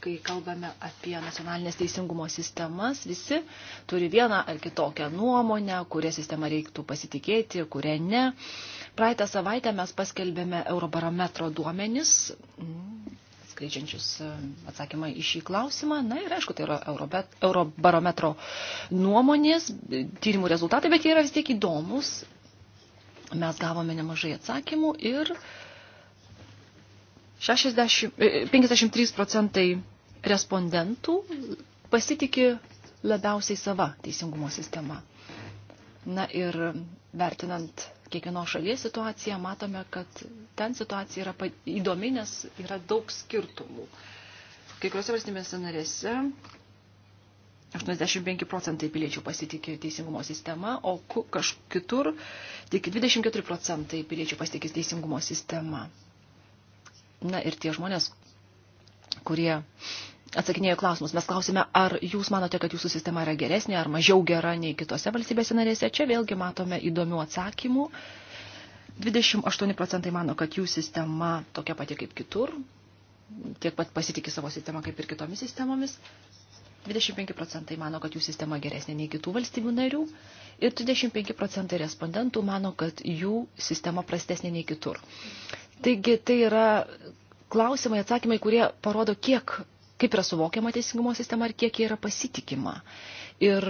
Kai kalbame apie nacionalinės teisingumo sistemas, visi turi vieną ar kitokią nuomonę, kurią sistemą reiktų pasitikėti, kurią ne. Praeitą savaitę mes paskelbėme Eurobarometro duomenis, mm, skleidžiančius e, atsakymą į šį klausimą. Na ir aišku, tai yra Eurobarometro nuomonės, tyrimų rezultatai, bet jie yra vis tiek įdomus Mes gavome nemažai atsakymų ir 60, 53 e, procentai respondentų pasitikė labiausiai sava teisingumo sistema. Na ir vertinant kiekvienos šalies situaciją, matome, kad ten situacija yra įdomi, nes yra daug skirtumų. Kai kuriuose valstybėse narėse 85 procentai piliečių pasitikė teisingumo sistema, o kažkur kitur tik 24 procentai piliečių pasitikė teisingumo sistema. Na ir tie žmonės, kurie atsakinėjo klausimus. Mes klausime, ar jūs manote, kad jūsų sistema yra geresnė ar mažiau gera nei kitose valstybėse narėse. Čia vėlgi matome įdomių atsakymų. 28 procentai mano, kad jų sistema tokia pati kaip kitur, tiek pat pasitikė savo sistemą kaip ir kitomis sistemomis. 25 procentai mano, kad jų sistema geresnė nei kitų valstybių narių ir 35 procentai respondentų mano, kad jų sistema prastesnė nei kitur. Taigi tai yra klausimai, atsakymai, kurie parodo, kiek, kaip yra suvokiama teisingumo sistema ir kiek jie yra pasitikima. Ir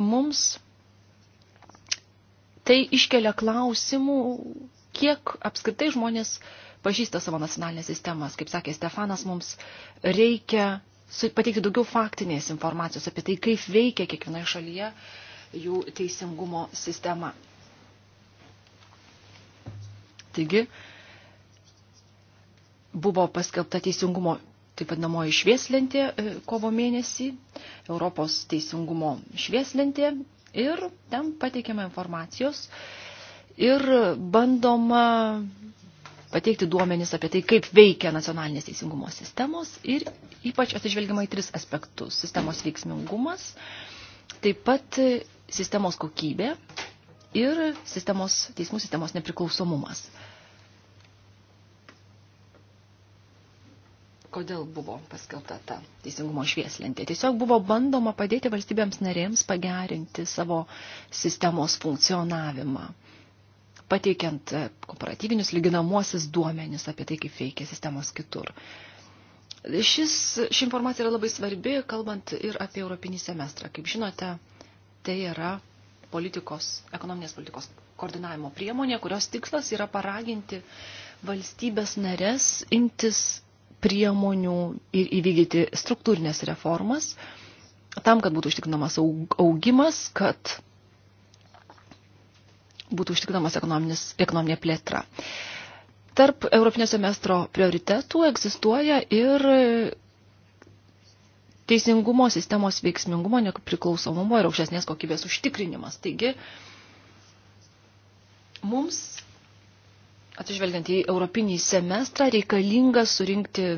mums tai iškelia klausimų, kiek apskritai žmonės pažįsta savo nacionalinės sistemas. Kaip sakė Stefanas, mums reikia pateikti daugiau faktinės informacijos apie tai, kaip veikia kiekvienoje šalyje jų teisingumo sistema. Taigi, buvo paskelbta teisingumo, taip vadinamoji švieslentė e, kovo mėnesį, Europos teisingumo švieslentė ir ten pateikiama informacijos ir bandoma pateikti duomenis apie tai, kaip veikia nacionalinės teisingumo sistemos ir ypač atsižvelgiama į tris aspektus – sistemos veiksmingumas, taip pat sistemos kokybė ir sistemos, teismų sistemos nepriklausomumas. kodėl buvo paskelbta ta teisingumo švieslentė. Tiesiog buvo bandoma padėti valstybėms narėms pagerinti savo sistemos funkcionavimą pateikiant e, komparatyvinius lyginamosius duomenis apie tai, kaip veikia sistemos kitur. Šis, ši informacija yra labai svarbi, kalbant ir apie europinį semestrą. Kaip žinote, tai yra politikos, ekonominės politikos koordinavimo priemonė, kurios tikslas yra paraginti valstybės narės imtis priemonių ir įvykdyti struktūrinės reformas tam, kad būtų užtikrinamas augimas, kad būtų užtikrinamas ekonominė plėtra. Tarp Europinio semestro prioritetų egzistuoja ir teisingumo sistemos veiksmingumo, nepriklausomumo ir aukštesnės kokybės užtikrinimas. Taigi, mums, atsižvelgiant į Europinį semestrą, reikalinga surinkti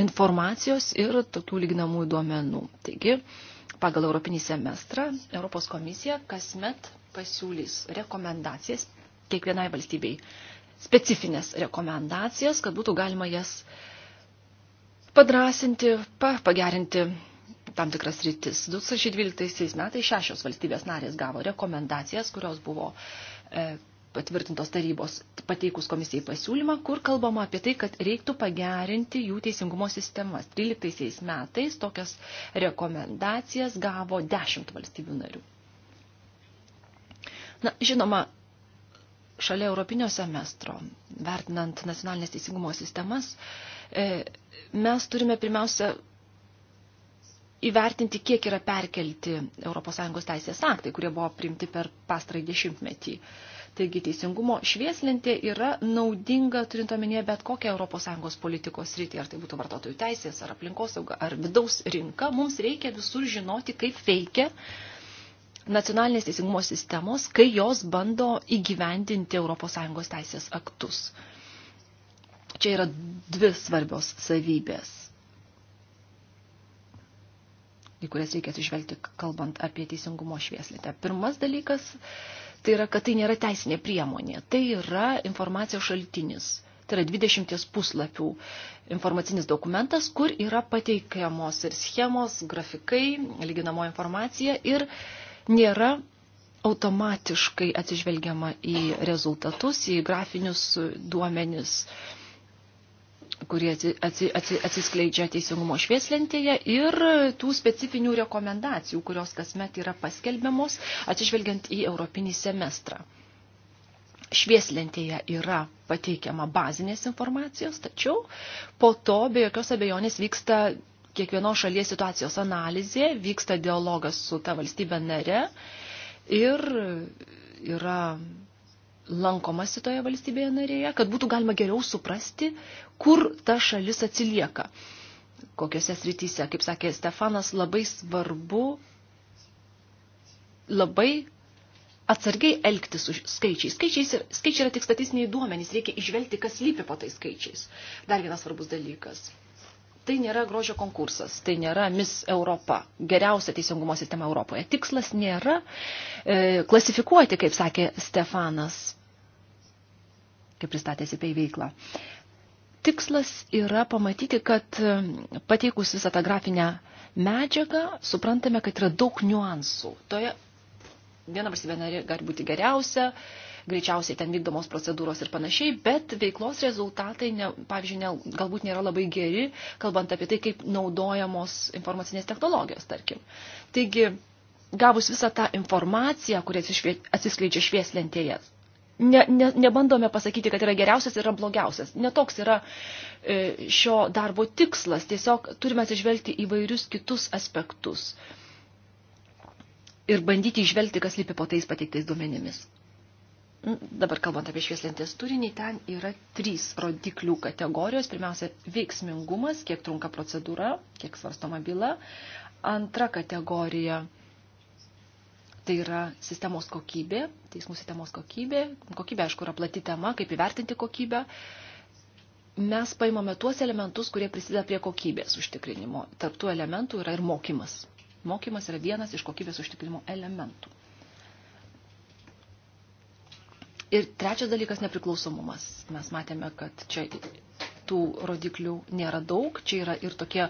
informacijos ir tokių lyginamųjų duomenų. Taigi, pagal Europinį semestrą Europos komisija kasmet pasiūlys rekomendacijas kiekvienai valstybei, specifines rekomendacijas, kad būtų galima jas padrasinti, pa, pagerinti tam tikras rytis. 2012 metais šešios valstybės narės gavo rekomendacijas, kurios buvo e, patvirtintos tarybos pateikus komisijai pasiūlymą, kur kalbama apie tai, kad reiktų pagerinti jų teisingumo sistemas. 13 metais tokias rekomendacijas gavo 10 valstybių narių. Na, žinoma, šalia europinio semestro, vertinant nacionalinės teisingumo sistemas, e, mes turime pirmiausia įvertinti, kiek yra perkelti ES teisės aktai, kurie buvo priimti per pastarąjį dešimtmetį. Taigi teisingumo švieslintė yra naudinga, turint omenyje, bet kokią ES politikos rytį, ar tai būtų vartotojų teisės, ar aplinkosauga, ar vidaus rinka, mums reikia visur žinoti, kaip veikia nacionalinės teisingumo sistemos, kai jos bando įgyvendinti ES teisės aktus. Čia yra dvi svarbios savybės, į kurias reikia atsižvelgti, kalbant apie teisingumo švieslitę. Pirmas dalykas tai yra, kad tai nėra teisinė priemonė, tai yra informacijos šaltinis tai yra 20 puslapių informacinis dokumentas, kur yra pateikiamos ir schemos, grafikai, lyginamoji informacija ir nėra automatiškai atsižvelgiama į rezultatus, į grafinius duomenis, kurie atsiskleidžia teisingumo švieslentėje ir tų specifinių rekomendacijų, kurios kasmet yra paskelbiamos, atsižvelgiant į europinį semestrą. Švieslentėje yra pateikiama bazinės informacijos, tačiau po to be jokios abejonės vyksta kiekvienos šalies situacijos analizė, vyksta dialogas su ta valstybė nare ir yra lankomasi toje valstybėje narėje, kad būtų galima geriau suprasti, kur ta šalis atsilieka, kokiose srityse. Kaip sakė Stefanas, labai svarbu, labai atsargiai elgtis su skaičiais. Skaičiais, skaičiai yra tik statistiniai duomenys, reikia išvelgti, kas lypi po tais skaičiais. Dar vienas svarbus dalykas – tai nėra grožio konkursas, tai nėra Miss Europa, geriausia teisingumo sistema Europoje. Tikslas nėra e, klasifikuoti, kaip sakė Stefanas, kaip pristatėsi apie veiklą. Tikslas yra pamatyti, kad e, pateikus visą tą grafinę medžiagą, suprantame, kad yra daug niuansų. Toje viena valstybė narė gali būti geriausia, e, greičiausiai ten vykdomos procedūros ir panašiai, bet veiklos rezultatai, ne, pavyzdžiui, ne, galbūt nėra labai geri, kalbant apie tai, kaip naudojamos informacinės technologijos, tarkim. Taigi, gavus visą tą informaciją, kurie atsiskleidžia švieslentėje, ne, ne, nebandome pasakyti, kad yra geriausias ir yra blogiausias. Netoks yra e, šio darbo tikslas. Tiesiog turime atsižvelgti įvairius kitus aspektus ir bandyti išvelgti, kas lypi po tais pateiktais duomenimis. Nu, dabar kalbant apie švieslentės turinį, ten yra trys rodiklių kategorijos. Pirmiausia, veiksmingumas, kiek trunka procedūra, kiek svarstoma byla. Antra kategorija tai yra sistemos kokybė, teismų sistemos kokybė. Kokybė, aišku, yra plati tema, kaip įvertinti kokybę. Mes paimame tuos elementus, kurie prisideda prie kokybės užtikrinimo. Tarptų elementų yra ir mokymas. Mokymas yra vienas iš kokybės užtikrinimo elementų. Ir trečias dalykas - nepriklausomumas. Mes matėme, kad čia tų rodiklių nėra daug, čia yra ir tokie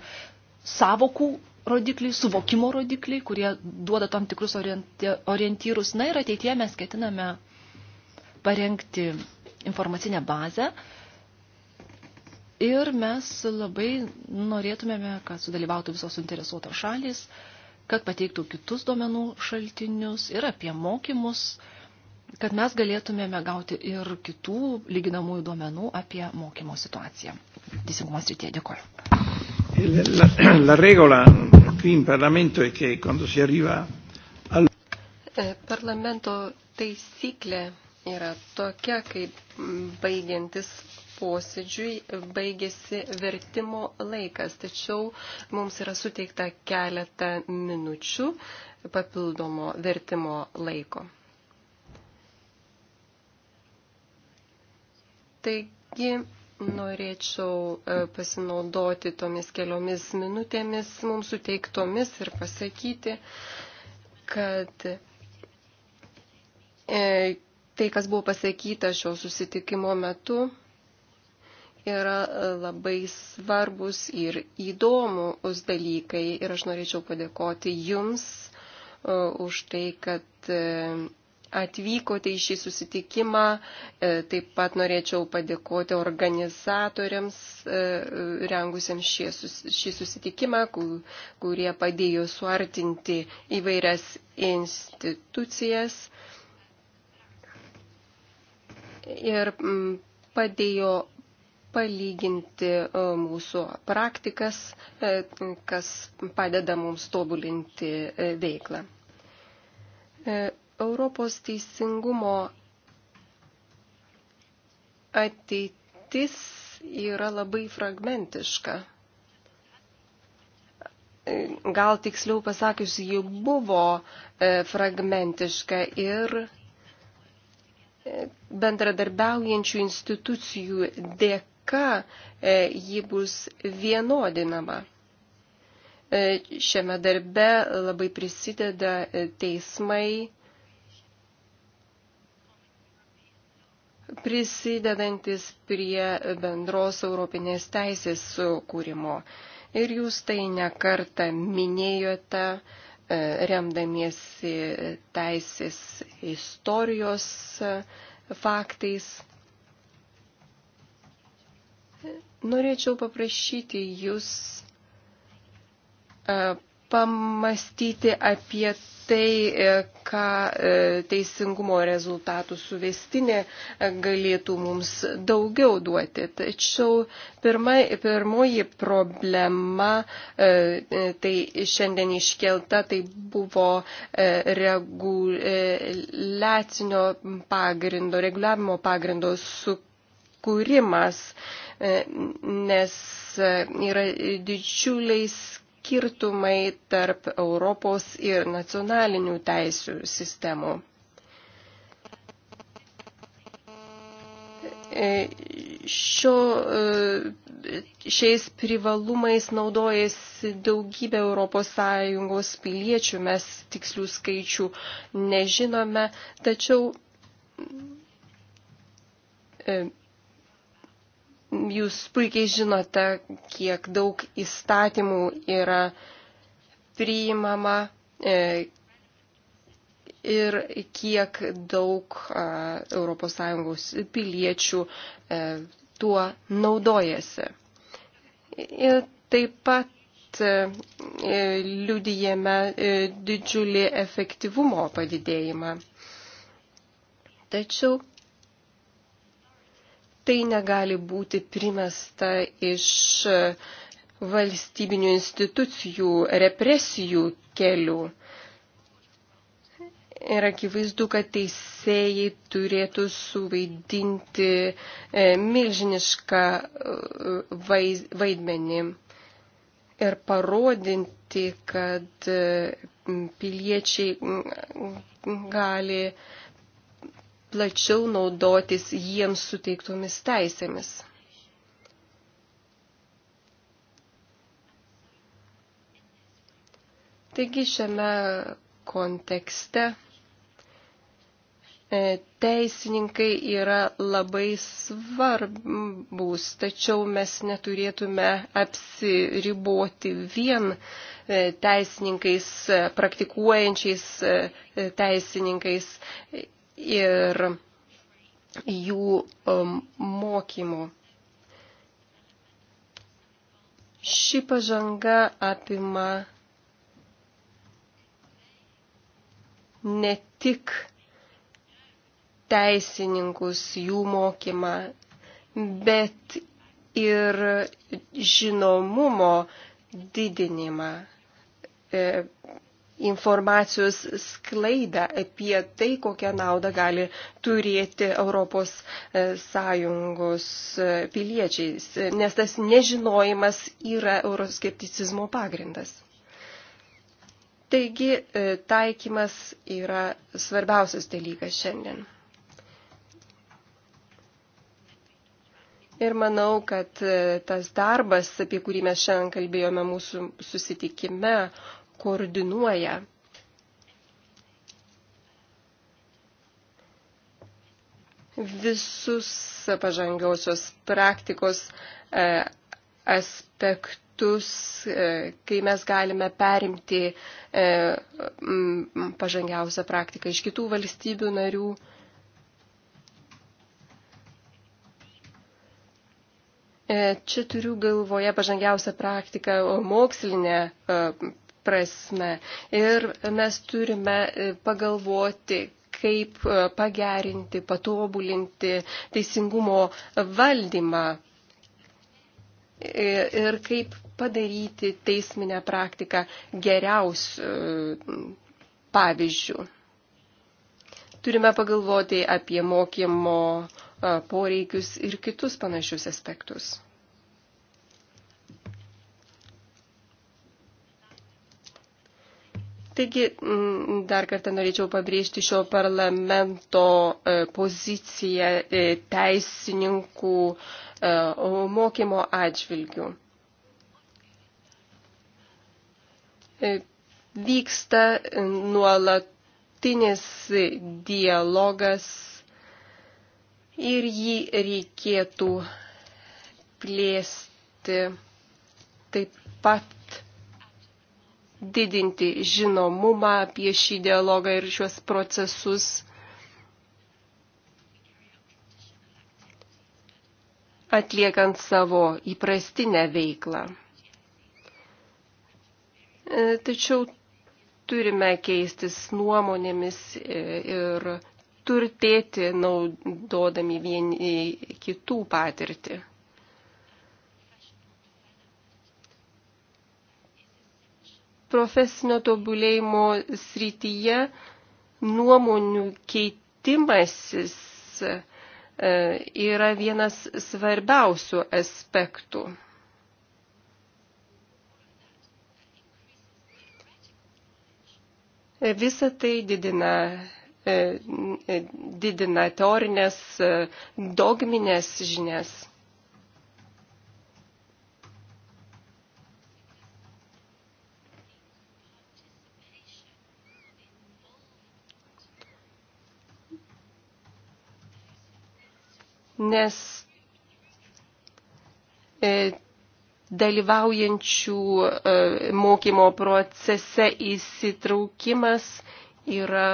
savokų rodikliai, suvokimo rodikliai, kurie duoda tam tikrus orientyrus. Na ir ateitie mes ketiname parengti informacinę bazę. Ir mes labai norėtumėme, kad sudalyvautų visos suinteresuotos šalis, kad pateiktų kitus duomenų šaltinius ir apie mokymus, uh, kad mes galėtumėme gauti ir kitų lyginamųjų duomenų apie mokymo situaciją. Teisingumo srityje dėkoju. La, la regola qui in Parlamento è che quando si arriva al... E, Parlamento taisyklė yra tokia, kaip baigiantis posėdžiui baigėsi vertimo laikas, tačiau mums yra suteikta keletą minučių papildomo vertimo laiko. Taigi norėčiau e, pasinaudoti tomis keliomis minutėmis mums suteiktomis ir pasakyti, kad e, tai, kas buvo pasakyta šio susitikimo metu, yra e, labai svarbus ir įdomus dalykai. Ir aš norėčiau padėkoti Jums už tai, kad atvykote į šį susitikimą. E, taip pat norėčiau padėkoti organizatoriams, e, rengusiems šį susitikimą, kurie padėjo suartinti įvairias institucijas ir padėjo palyginti e, mūsų praktikas, kas padeda mums tobulinti veiklą. Europos teisingumo ateitis yra labai fragmentiška. Gal tiksliau pasakius, ji buvo e, fragmentiška ir e, bendradarbiaujančių institucijų dėka e, ji bus vienodinama. Šiame darbe labai prisideda teismai prisidedantis prie bendros europinės teisės sukūrimo. Ir jūs tai nekarta minėjote, e, remdamiesi teisės istorijos e, faktais. Norėčiau paprašyti jūs e, pamastyti apie tai, e, ką e, teisingumo rezultatų suvestinė e, galėtų mums daugiau duoti. Tačiau pirma, pirmoji problema, tai šiandien iškelta, tai buvo reguliacinio pagrindo, reguliavimo pagrindo sukūrimas, nes yra didžiuliais skirtumai tarp Europos ir nacionalinių teisių sistemų. E, šio, e, šiais privalumais naudojasi daugybė ES piliečių, mes tikslių skaičių nežinome, tačiau e, Jūs puikiai žinote, kiek daug įstatymų yra priimama e, ir kiek daug ES piliečių e, tuo naudojasi. Ir taip pat e, liudijame didžiulį efektyvumo padidėjimą. Tačiau tai negali būti primesta iš valstybinių institucijų represijų kelių. Ir akivaizdu, kad teisėjai turėtų suvaidinti e, milžinišką e, vaidmenį ir parodinti, kad e, piliečiai gali plačiau naudotis jiems suteiktomis teisėmis. Taigi šiame kontekste e, teisininkai yra labai svarbus, tačiau mes neturėtume apsiriboti vien e, teisininkais, praktikuojančiais e, teisininkais ir jų um, mokymo. Ši pažanga apima ne tik teisininkus, jų mokymą, bet ir žinomumo didinimą e, informacijos sklaidą apie tai, kokią naudą gali turėti Europos e, Sąjungos e, piliečiais, nes tas nežinojimas yra euroskepticizmo pagrindas. Taigi e, taikymas yra svarbiausias dalykas šiandien. Ir manau, kad tas darbas, apie kurį mes šiandien kalbėjome mūsų susitikime, koordinuoja visus pažangiosios praktikos e, aspektus, e, kai mes galime perimti e, pažangiausią praktiką iš kitų valstybių narių. Čia turiu galvoje pažangiausią praktiką, mokslinę prasme. Ir mes turime e, pagalvoti, kaip e, pagerinti, patobulinti teisingumo valdymą e, ir kaip padaryti teisminę praktiką geriausių pavyzdžių. Turime pagalvoti apie mokymo poreikius ir kitus panašius aspektus. Taigi, mm, dar kartą norėčiau pabrėžti šio parlamento e, poziciją e, teisininkų e, mokymo atžvilgių. Vyksta nuolatinis dialogas ir jį reikėtų plėsti taip pat didinti žinomumą apie šį dialogą ir šiuos procesus. atliekant savo įprastinę veiklą. E, tačiau turime keistis nuomonėmis e, ir turtėti naudodami vieni kitų patirtį. profesinio tobulėjimo srityje nuomonių keitimasis e, yra vienas svarbiausių aspektų. Visa tai didina, e, e, didina teorinės, dogminės žinias. nes e, dalyvaujančių e, mokymo procese įsitraukimas yra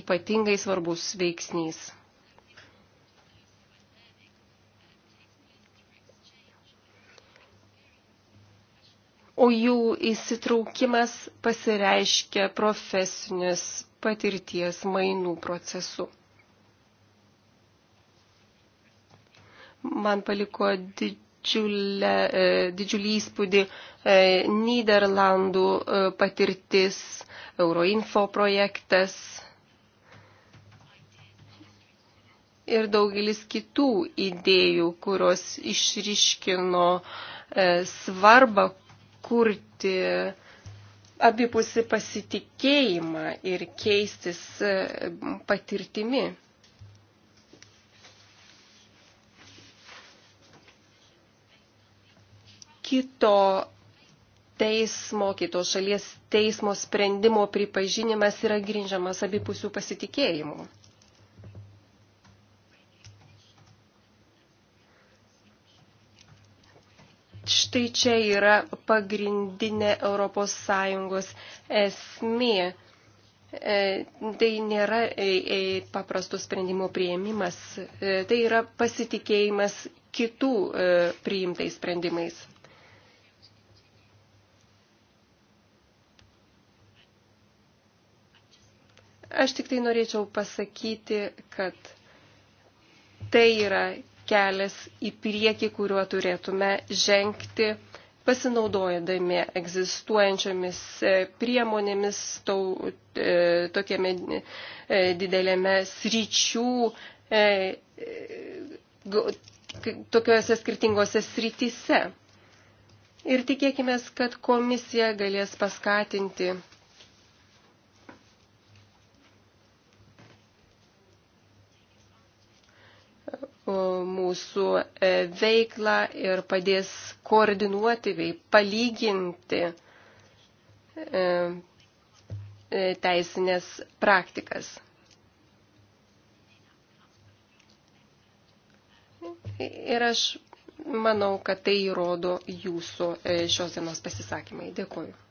ypatingai svarbus veiksnys. O jų įsitraukimas pasireiškia profesinės patirties mainų procesu. man paliko didžiulę, e, didžiulį įspūdį e, Niderlandų e, patirtis, Euroinfo projektas ir daugelis kitų idėjų, kurios išriškino svarbą kurti abipusi pasitikėjimą ir keistis patirtimi. kito teismo, kitos šalies teismo sprendimo pripažinimas yra grindžiamas abipusių pasitikėjimų. Štai čia yra pagrindinė ES esmė. E, tai nėra e, e, paprastų sprendimų prieimimas, tai yra pasitikėjimas kitų priimtais sprendimais. Aš tik tai norėčiau pasakyti, kad tai yra kelias į priekį, kuriuo turėtume žengti, pasinaudojami egzistuojančiomis e, priemonėmis tau, e, tokiame e, didelėme sryčių, e, e tokiuose skirtingose srityse. Ir tikėkime, kad komisija galės paskatinti E, mūsų e, veiklą ir padės koordinuoti bei palyginti e, teisinės praktikas. Ir aš manau, kad tai įrodo jūsų šios dienos pasisakymai. Dėkuoju.